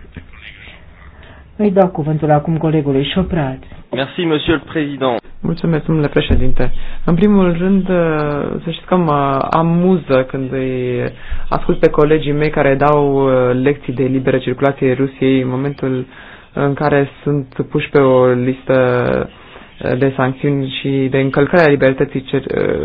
Îi dau cuvântul acum colegului Șoprat. Merci, Monsieur le Président. Mulțumesc, domnule președinte. În primul rând, uh, să știți că mă amuză când îi ascult pe colegii mei care dau uh, lecții de liberă circulație Rusiei în momentul în care sunt puși pe o listă uh, de sancțiuni și de încălcarea libertății cir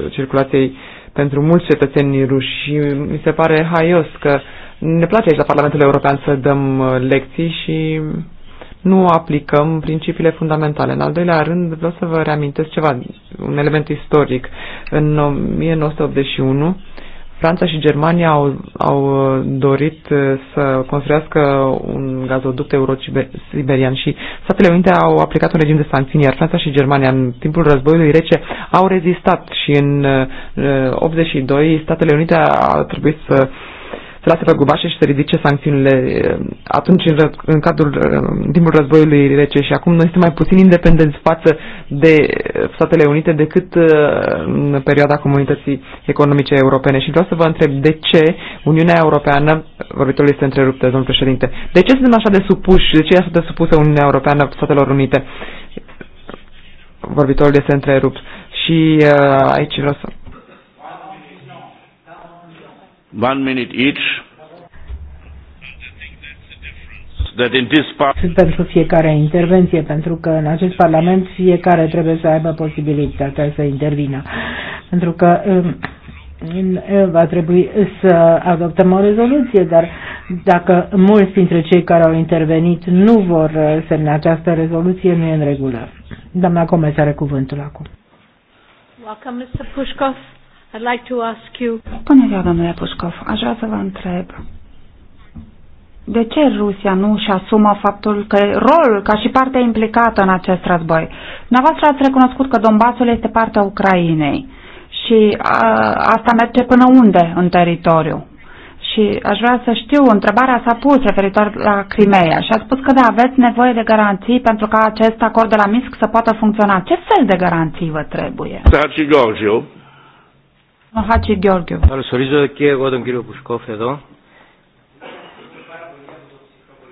circulației pentru mulți cetățeni ruși. Și mi se pare haios că ne place aici la Parlamentul European să dăm lecții și nu aplicăm principiile fundamentale. În al doilea rând, vreau să vă reamintesc ceva, un element istoric. În 1981, Franța și Germania au, au dorit uh, să construiască un gazoduct euro-siberian și Statele Unite au aplicat un regim de sancțiuni, iar Franța și Germania în timpul războiului rece au rezistat și în 82 uh, Statele Unite a trebuit să uh, lasă gubașe și să ridice sancțiunile eh, atunci în, în cadrul în eh, timpul războiului rece și acum noi suntem mai puțin independenți față de eh, Statele Unite decât în perioada comunității economice europene și vreau să vă întreb de ce Uniunea Europeană, vorbitorul este întreruptă, domnul președinte, de ce suntem așa de supuși, de ce e așa de supusă Uniunea Europeană Statelor Unite? Vorbitorul este întrerupt. Și uh, aici vreau să one minute each. Pentru fiecare intervenție, pentru că în acest Parlament fiecare trebuie să aibă posibilitatea să intervină. Pentru că um, uh, va trebui să adoptăm o rezoluție, dar dacă mulți dintre cei care au intervenit nu vor uh, semna această rezoluție, nu e în regulă. Doamna Comes are cuvântul acum. Welcome, Mr. Pushkov. I'd like to ask you... Bună ziua, domnule Pușcov. Aș vrea să vă întreb. De ce Rusia nu își asumă faptul că rolul ca și partea implicată în acest război? Dumneavoastră ați recunoscut că Donbasul este partea Ucrainei și a, asta merge până unde în teritoriu? Și aș vrea să știu, întrebarea s-a pus referitor la Crimea și a spus că da, aveți nevoie de garanții pentru ca acest acord de la Minsk să poată funcționa. Ce fel de garanții vă trebuie? Sarcigogio, Χατζη Γεώργιο.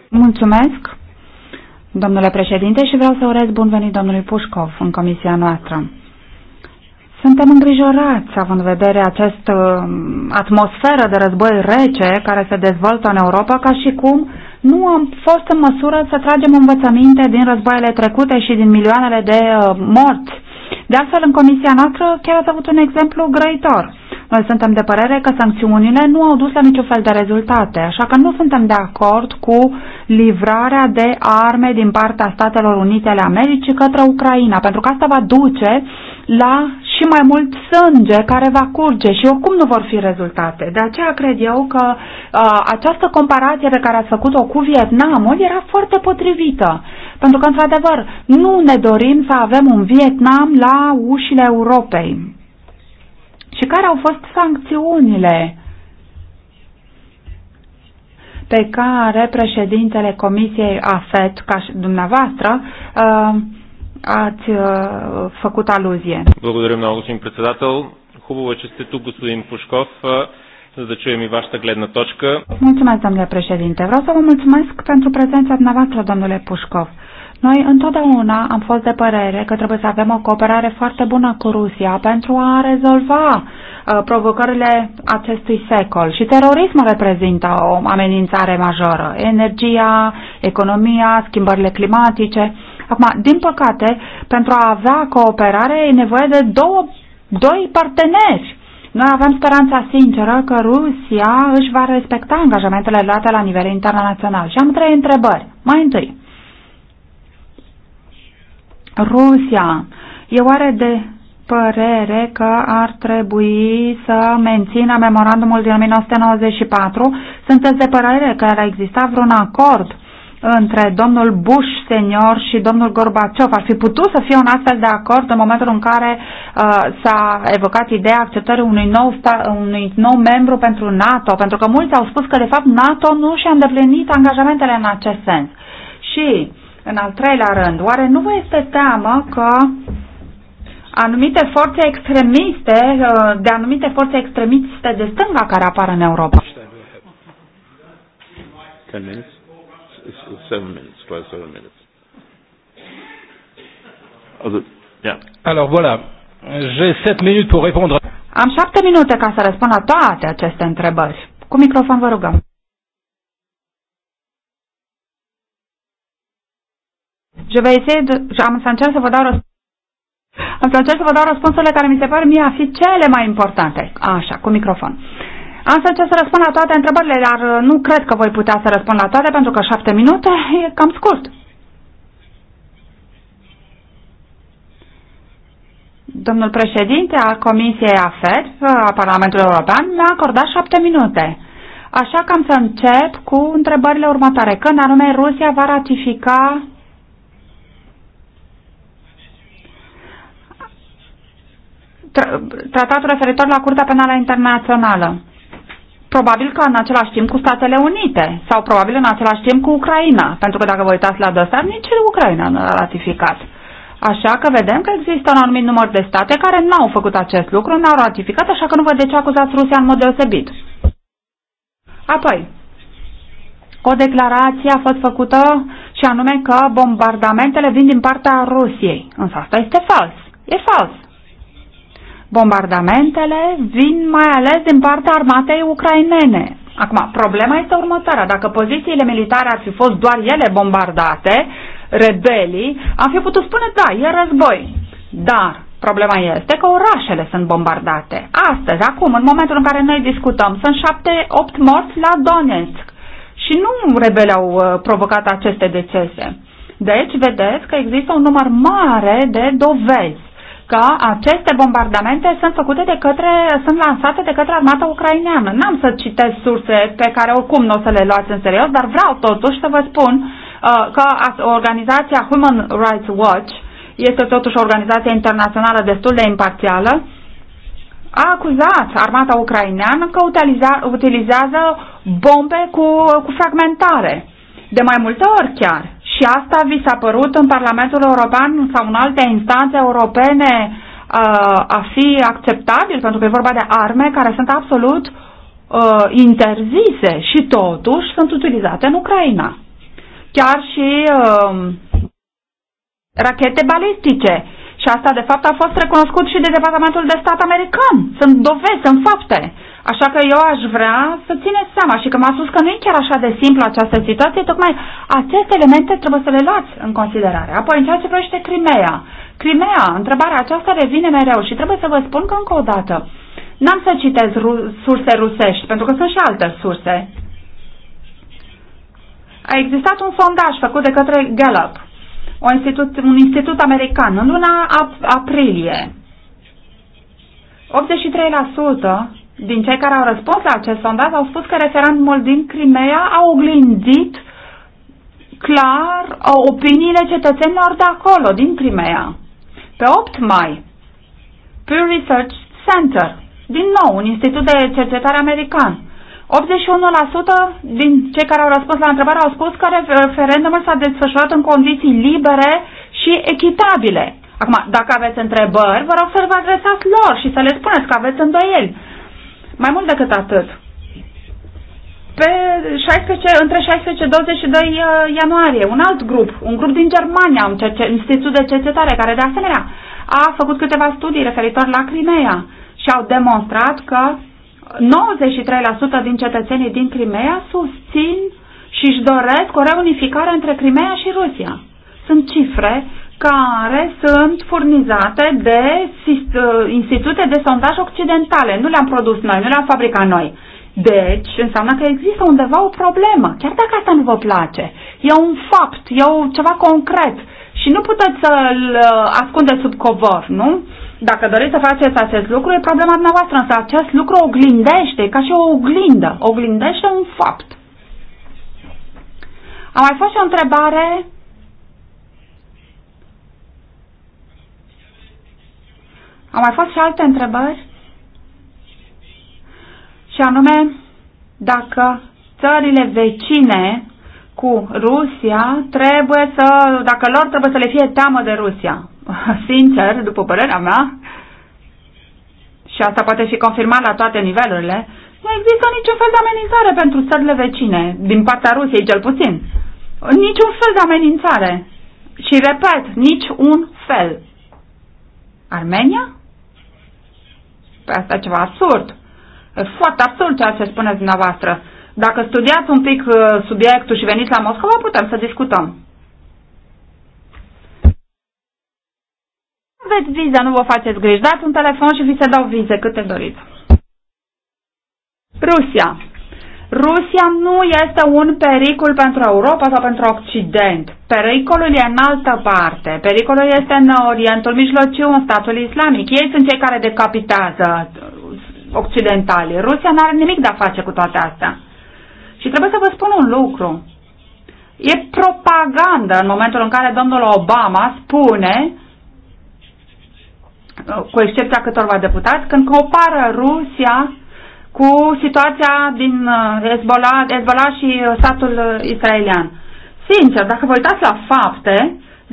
Mulțumesc, domnule președinte, și vreau să urez bun venit domnului Pușcov în comisia noastră. Suntem îngrijorați, având în vedere această um, atmosferă de război rece care se dezvoltă în Europa, ca și cum nu am fost în măsură să tragem învățăminte din războaiele trecute și din milioanele de uh, morți de altfel, în comisia noastră chiar ați avut un exemplu grăitor. Noi suntem de părere că sancțiunile nu au dus la niciun fel de rezultate, așa că nu suntem de acord cu livrarea de arme din partea Statelor Unite ale Americii către Ucraina, pentru că asta va duce la și mai mult sânge care va curge și oricum nu vor fi rezultate. De aceea cred eu că uh, această comparație pe care ați făcut-o cu Vietnamul era foarte potrivită. Pentru că, într-adevăr, nu ne dorim să avem un Vietnam la ușile Europei. Și care au fost sancțiunile pe care președintele Comisiei AFET, ca și dumneavoastră, uh, ați uh, făcut aluzie. Благодарим много, господин председател. Хубаво е, че сте тук, господин Пушков, за да чуем и вашата гледна точка. Mulțumesc, domnule președinte. Vreau să vă mulțumesc pentru prezența dumneavoastră, domnule Pușcov. Noi întotdeauna am fost de părere că trebuie să avem o cooperare foarte bună cu Rusia pentru a rezolva uh, provocările acestui secol. Și terorismul reprezintă o amenințare majoră. Energia, economia, schimbările climatice. Acum, din păcate, pentru a avea cooperare e nevoie de două, doi parteneri. Noi avem speranța sinceră că Rusia își va respecta angajamentele luate la nivel internațional. Și am trei întrebări. Mai întâi, Rusia e oare de părere că ar trebui să mențină memorandumul din 1994? Sunteți de părere că ar exista vreun acord între domnul Bush senior și domnul Gorbaciov. Ar fi putut să fie un astfel de acord în momentul în care uh, s-a evocat ideea acceptării unui nou, unui nou membru pentru NATO, pentru că mulți au spus că de fapt NATO nu și-a îndeplinit angajamentele în acest sens. Și, în al treilea rând, oare nu vă este teamă că anumite forțe extremiste, uh, de anumite forțe extremiste de stânga care apar în Europa? 10 minutes it's, seven minutes, twelve, seven minutes. Also, yeah. Alors voilà, j'ai sept minutes pour répondre. Am șapte minute ca să răspund la toate aceste întrebări. Cu microfon vă rugăm. Je vais essayer de... Am să încerc să vă dau răspuns. Am să încerc să vă dau răspunsurile care mi se par mie a fi cele mai importante. Așa, cu microfon. Uh, să încerc să răspund la toate întrebările, dar uh, nu cred că voi putea să răspund la toate, pentru că șapte minute e cam scurt. Domnul președinte al Comisiei AFET uh, a Parlamentului European mi-a acordat șapte minute. Așa că am să încep cu întrebările următoare. Când anume Rusia va ratifica tratatul referitor la Curtea Penală Internațională? probabil că în același timp cu Statele Unite sau probabil în același timp cu Ucraina, pentru că dacă vă uitați la dosar, nici Ucraina nu a ratificat. Așa că vedem că există un anumit număr de state care nu au făcut acest lucru, nu au ratificat, așa că nu văd de ce acuzați Rusia în mod deosebit. Apoi, o declarație a fost făcută și anume că bombardamentele vin din partea Rusiei. Însă asta este fals. E fals. Bombardamentele vin mai ales din partea armatei ucrainene. Acum, problema este următoarea. Dacă pozițiile militare ar fi fost doar ele bombardate, rebelii, am fi putut spune, da, e război. Dar Problema este că orașele sunt bombardate. Astăzi, acum, în momentul în care noi discutăm, sunt șapte, opt morți la Donetsk. Și nu rebelii au uh, provocat aceste decese. Deci, vedeți că există un număr mare de dovezi că aceste bombardamente sunt făcute de către, sunt lansate de către armata ucraineană. N-am să citesc surse pe care oricum nu o să le luați în serios, dar vreau totuși să vă spun uh, că organizația Human Rights Watch este totuși o organizație internațională destul de imparțială, a acuzat armata ucraineană că utiliza, utilizează bombe cu, cu fragmentare. De mai multe ori chiar și asta vi s-a părut în Parlamentul European sau în alte instanțe europene uh, a fi acceptabil, pentru că e vorba de arme care sunt absolut uh, interzise și totuși sunt utilizate în Ucraina. Chiar și uh, rachete balistice. Și asta, de fapt, a fost recunoscut și de Departamentul de Stat american. Sunt dovezi, sunt fapte. Uh, Așa că eu aș vrea să țineți seama și că m-a spus că nu e chiar așa de simplu această situație, tocmai aceste elemente trebuie să le luați în considerare. Apoi, în ceea ce privește Crimea. Crimea, întrebarea aceasta revine mereu și trebuie să vă spun că încă o dată. N-am să citez ru- surse rusești, pentru că sunt și alte surse. A existat un sondaj făcut de către Gallup, un institut, un institut american, în luna ap- aprilie. 83% din cei care au răspuns la acest sondaj au spus că referendumul din Crimea a oglindit clar opiniile cetățenilor de acolo, din Crimea. Pe 8 mai, Pew Research Center, din nou un institut de cercetare american, 81% din cei care au răspuns la întrebare au spus că referendumul s-a desfășurat în condiții libere și echitabile. Acum, dacă aveți întrebări, vă rog să vă adresați lor și să le spuneți că aveți îndoieli. Mai mult decât atât, pe 16, între 16 și 22 uh, ianuarie, un alt grup, un grup din Germania, un cerce, institut de cercetare care de asemenea a făcut câteva studii referitor la Crimea și au demonstrat că 93% din cetățenii din Crimea susțin și își doresc o reunificare între Crimea și Rusia. Sunt cifre care sunt furnizate de uh, institute de sondaj occidentale. Nu le-am produs noi, nu le-am fabricat noi. Deci, înseamnă că există undeva o problemă, chiar dacă asta nu vă place. E un fapt, e o, ceva concret și nu puteți să-l uh, ascundeți sub covor, nu? Dacă doriți să faceți acest lucru, e problema dumneavoastră, însă acest lucru oglindește, ca și o oglindă, oglindește un fapt. A mai fost și o întrebare Au mai fost și alte întrebări? Și anume, dacă țările vecine cu Rusia trebuie să, dacă lor trebuie să le fie teamă de Rusia. Sincer, după părerea mea, și asta poate fi confirmat la toate nivelurile, nu există niciun fel de amenințare pentru țările vecine, din partea Rusiei cel puțin. Niciun fel de amenințare. Și repet, nici un fel. Armenia? pe asta ceva absurd. E foarte absurd ceea ce spuneți dumneavoastră. Dacă studiați un pic uh, subiectul și veniți la Moscova, putem să discutăm. Aveți viză, nu vă faceți griji. Dați un telefon și vi se dau vize câte doriți. Rusia. Rusia nu este un pericol pentru Europa sau pentru Occident. Pericolul e în altă parte. Pericolul este în Orientul Mijlociu, în statul islamic. Ei sunt cei care decapitează occidentalii. Rusia nu are nimic de a face cu toate astea. Și trebuie să vă spun un lucru. E propagandă în momentul în care domnul Obama spune cu excepția câtorva deputați, când compară Rusia cu situația din uh, Hezbollah, Hezbollah și uh, statul uh, israelian. Sincer, dacă vă uitați la fapte,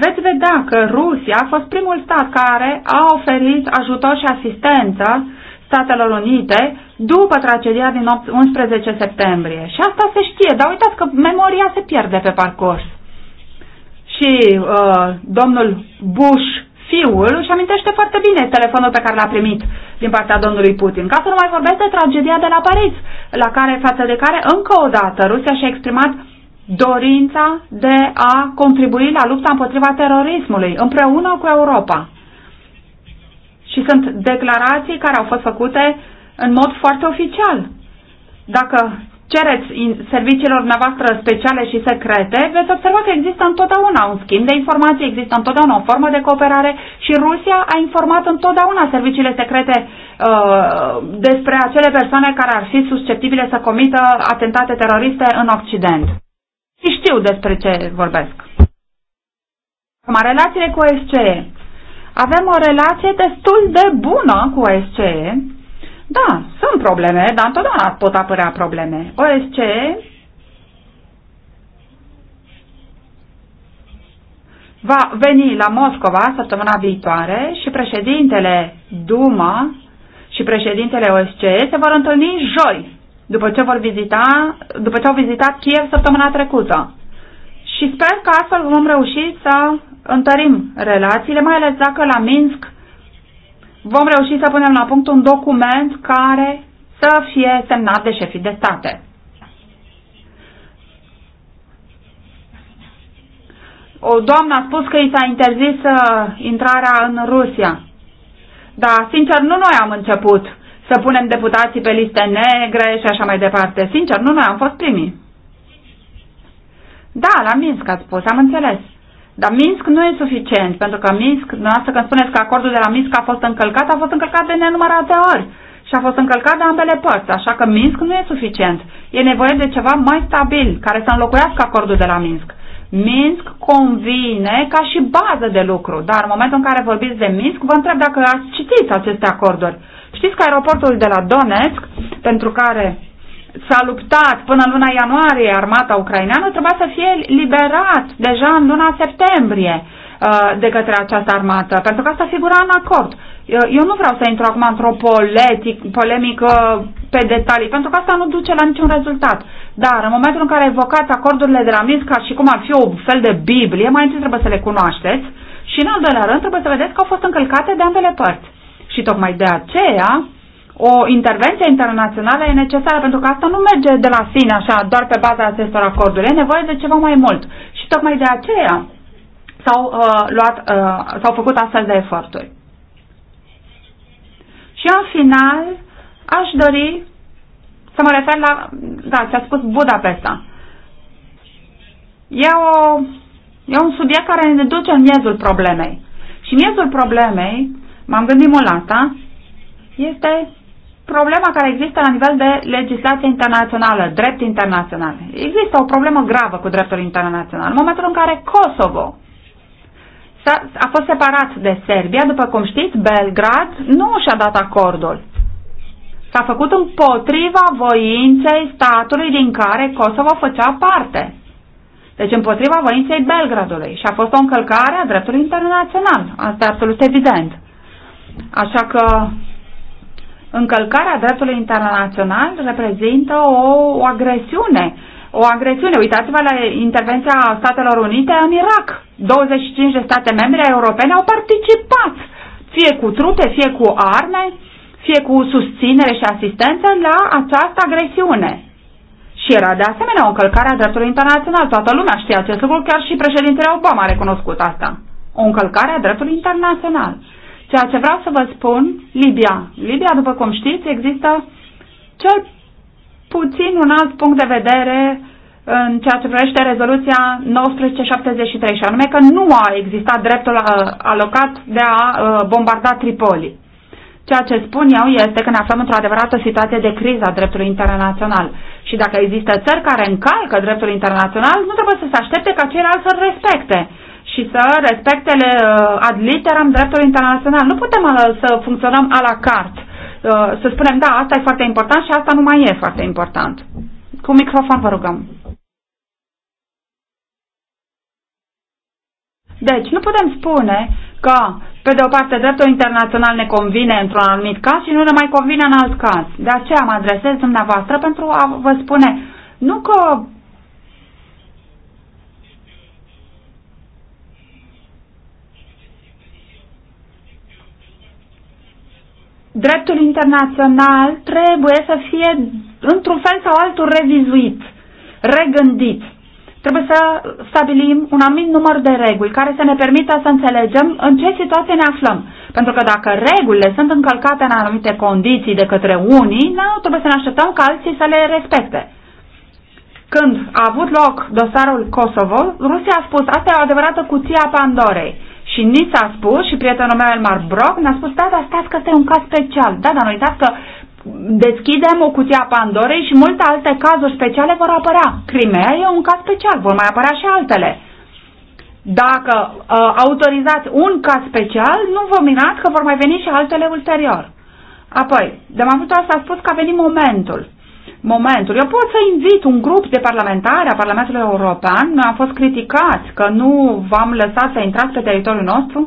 veți vedea că Rusia a fost primul stat care a oferit ajutor și asistență Statelor Unite după tragedia din 11 septembrie. Și asta se știe, dar uitați că memoria se pierde pe parcurs. Și uh, domnul Bush fiul își amintește foarte bine telefonul pe care l-a primit din partea domnului Putin. Ca să nu mai vorbesc de tragedia de la Paris, la care, față de care, încă o dată, Rusia și-a exprimat dorința de a contribui la lupta împotriva terorismului, împreună cu Europa. Și sunt declarații care au fost făcute în mod foarte oficial. Dacă cereți serviciilor dumneavoastră speciale și secrete, veți observa că există întotdeauna un schimb de informații, există întotdeauna o formă de cooperare și Rusia a informat întotdeauna serviciile secrete uh, despre acele persoane care ar fi susceptibile să comită atentate teroriste în Occident. Și știu despre ce vorbesc. Acum, relațiile cu OSCE. Avem o relație destul de bună cu OSCE, da, sunt probleme, dar întotdeauna pot apărea probleme. OSC va veni la Moscova săptămâna viitoare și președintele Duma și președintele OSC se vor întâlni joi, după ce, vor vizita, după ce au vizitat Kiev săptămâna trecută. Și sper că astfel vom reuși să întărim relațiile, mai ales dacă la Minsk vom reuși să punem la punct un document care să fie semnat de șefii de state. O doamnă a spus că i s-a interzis uh, intrarea în Rusia. Dar, sincer, nu noi am început să punem deputații pe liste negre și așa mai departe. Sincer, nu noi am fost primii. Da, la Minsk a spus, am înțeles. Dar Minsk nu e suficient, pentru că Minsk, dumneavoastră când spuneți că acordul de la Minsk a fost încălcat, a fost încălcat de nenumărate ori și a fost încălcat de ambele părți, așa că Minsk nu e suficient. E nevoie de ceva mai stabil, care să înlocuiască acordul de la Minsk. Minsk convine ca și bază de lucru, dar în momentul în care vorbiți de Minsk, vă întreb dacă ați citit aceste acorduri. Știți că aeroportul de la Donetsk, pentru care s-a luptat până în luna ianuarie armata ucraineană, trebuia să fie liberat deja în luna septembrie uh, de către această armată, pentru că asta figura în acord. Eu nu vreau să intru acum într-o polemică pe detalii, pentru că asta nu duce la niciun rezultat. Dar în momentul în care evocați acordurile de la Minsk ca și cum ar fi o fel de Biblie, mai întâi trebuie să le cunoașteți și în al doilea rând trebuie să vedeți că au fost încălcate de ambele părți. Și tocmai de aceea o intervenție internațională e necesară, pentru că asta nu merge de la sine așa, doar pe baza acestor acorduri. E nevoie de ceva mai mult. Și tocmai de aceea s-au, uh, luat, uh, s-au făcut astfel de eforturi. Și în final aș dori să mă refer la, da, ți-a spus Budapesta. E, o, e un subiect care ne duce în miezul problemei. Și miezul problemei, m-am gândit mult la asta, este problema care există la nivel de legislație internațională, drept internațional. Există o problemă gravă cu dreptul internațional. În momentul în care Kosovo a, a fost separat de Serbia, după cum știți, Belgrad nu și-a dat acordul. S-a făcut împotriva voinței statului din care Kosovo făcea parte. Deci împotriva voinței Belgradului și a fost o încălcare a dreptului internațional. Asta e absolut evident. Așa că încălcarea dreptului internațional reprezintă o, o agresiune. O agresiune. Uitați-vă la intervenția Statelor Unite în Irak. 25 de state membre europene au participat, fie cu trupe, fie cu arme, fie cu susținere și asistență la această agresiune. Și era de asemenea o încălcare a dreptului internațional. Toată lumea știe acest lucru, chiar și președintele Obama a recunoscut asta. O încălcare a dreptului internațional. Ceea ce vreau să vă spun, Libia. Libia, după cum știți, există cel puțin un alt punct de vedere în ceea ce privește rezoluția 1973, și anume că nu a existat dreptul uh, alocat de a uh, bombarda Tripoli. Ceea ce spun eu este că ne aflăm într-o adevărată situație de criză a dreptului internațional. Și dacă există țări care încalcă dreptul internațional, nu trebuie să se aștepte ca ceilalți să-l respecte și să respecte uh, ad literam dreptul internațional. Nu putem uh, să funcționăm a la carte, uh, să spunem, da, asta e foarte important și asta nu mai e foarte important. Cu microfon vă rugăm. Deci, nu putem spune că, pe de o parte, dreptul internațional ne convine într-un anumit caz și nu ne mai convine în alt caz. De aceea mă adresez dumneavoastră pentru a vă spune nu că dreptul internațional trebuie să fie într-un fel sau altul revizuit, regândit. Trebuie să stabilim un anumit număr de reguli care să ne permită să înțelegem în ce situație ne aflăm. Pentru că dacă regulile sunt încălcate în anumite condiții de către unii, nu trebuie să ne așteptăm ca alții să le respecte când a avut loc dosarul Kosovo, Rusia a spus, asta e o adevărată cuție a Pandorei. Și Nița a spus, și prietenul meu Elmar Brock ne-a spus, da, dar stați că este un caz special. Da, dar nu uitați că deschidem o cuție a Pandorei și multe alte cazuri speciale vor apărea. Crimea e un caz special, vor mai apărea și altele. Dacă uh, autorizați un caz special, nu vă minați că vor mai veni și altele ulterior. Apoi, de mai multe ori s-a spus că a venit momentul momentul. Eu pot să invit un grup de parlamentari a Parlamentului European, noi am fost criticați că nu v-am lăsat să intrați pe teritoriul nostru.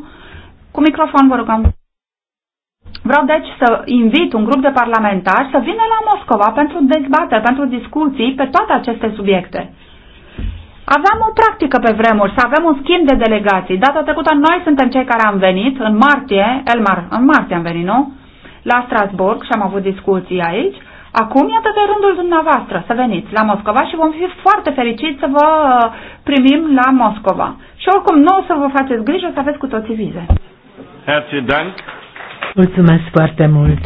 Cu microfon vă rugăm. Vreau deci să invit un grup de parlamentari să vină la Moscova pentru dezbateri, pentru discuții pe toate aceste subiecte. Aveam o practică pe vremuri, să avem un schimb de delegații. Data trecută noi suntem cei care am venit în martie, Elmar, în martie am venit, nu? La Strasburg și am avut discuții aici Acum, iată că rândul dumneavoastră să veniți la Moscova și vom fi foarte fericiți să vă uh, primim la Moscova. Și oricum, nu o să vă faceți grijă să aveți cu toții vize. Mulțumesc foarte mult.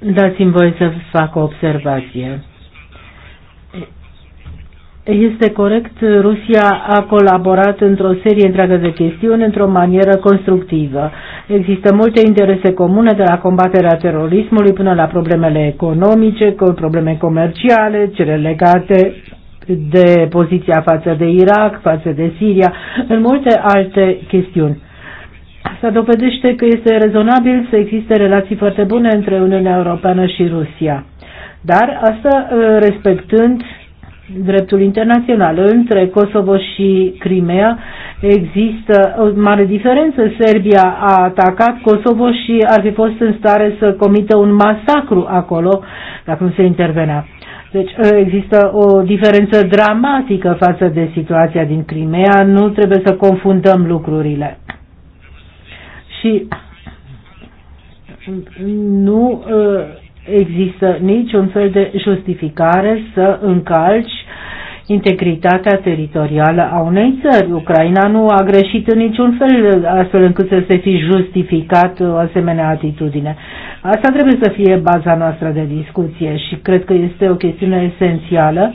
Dați-mi voi să fac o observație este corect, Rusia a colaborat într-o serie întreagă de chestiuni într-o manieră constructivă. Există multe interese comune de la combaterea terorismului până la problemele economice, probleme comerciale, cele legate de poziția față de Irak, față de Siria, în multe alte chestiuni. Asta dovedește că este rezonabil să existe relații foarte bune între Uniunea Europeană și Rusia. Dar asta ă, respectând dreptul internațional. Între Kosovo și Crimea există o mare diferență. Serbia a atacat Kosovo și ar fi fost în stare să comită un masacru acolo dacă nu se intervenea. Deci ă, există o diferență dramatică față de situația din Crimea, nu trebuie să confundăm lucrurile. Și nu ă, există niciun fel de justificare să încalci integritatea teritorială a unei țări. Ucraina nu a greșit în niciun fel astfel încât să se fi justificat o asemenea atitudine. Asta trebuie să fie baza noastră de discuție și cred că este o chestiune esențială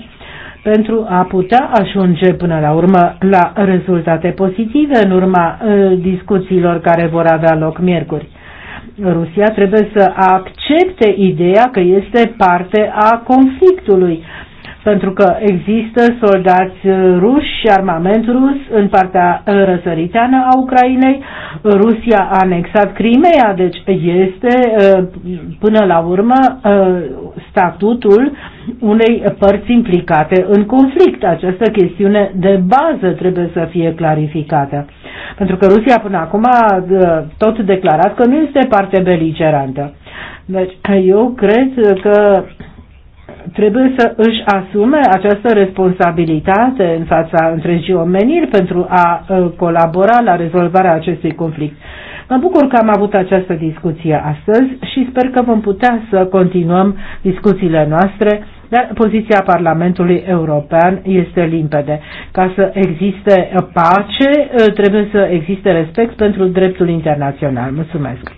pentru a putea ajunge până la urmă la rezultate pozitive în urma uh, discuțiilor care vor avea loc miercuri. Rusia trebuie să accepte ideea că este parte a conflictului, pentru că există soldați ruși și armament rus în partea răsăriteană a Ucrainei. Rusia a anexat Crimea, deci este până la urmă statutul unei părți implicate în conflict. Această chestiune de bază trebuie să fie clarificată. Pentru că Rusia până acum a uh, tot declarat că nu este parte beligerantă. Deci eu cred că trebuie să își asume această responsabilitate în fața întregii omeniri pentru a uh, colabora la rezolvarea acestui conflict. Mă bucur că am avut această discuție astăzi și sper că vom putea să continuăm discuțiile noastre, dar poziția Parlamentului European este limpede. Ca să existe pace, ă, trebuie să existe respect pentru dreptul internațional. Mulțumesc!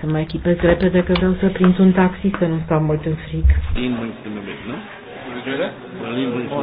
Să mă echipez repede că vreau să prind un taxi să nu stau mult în frig.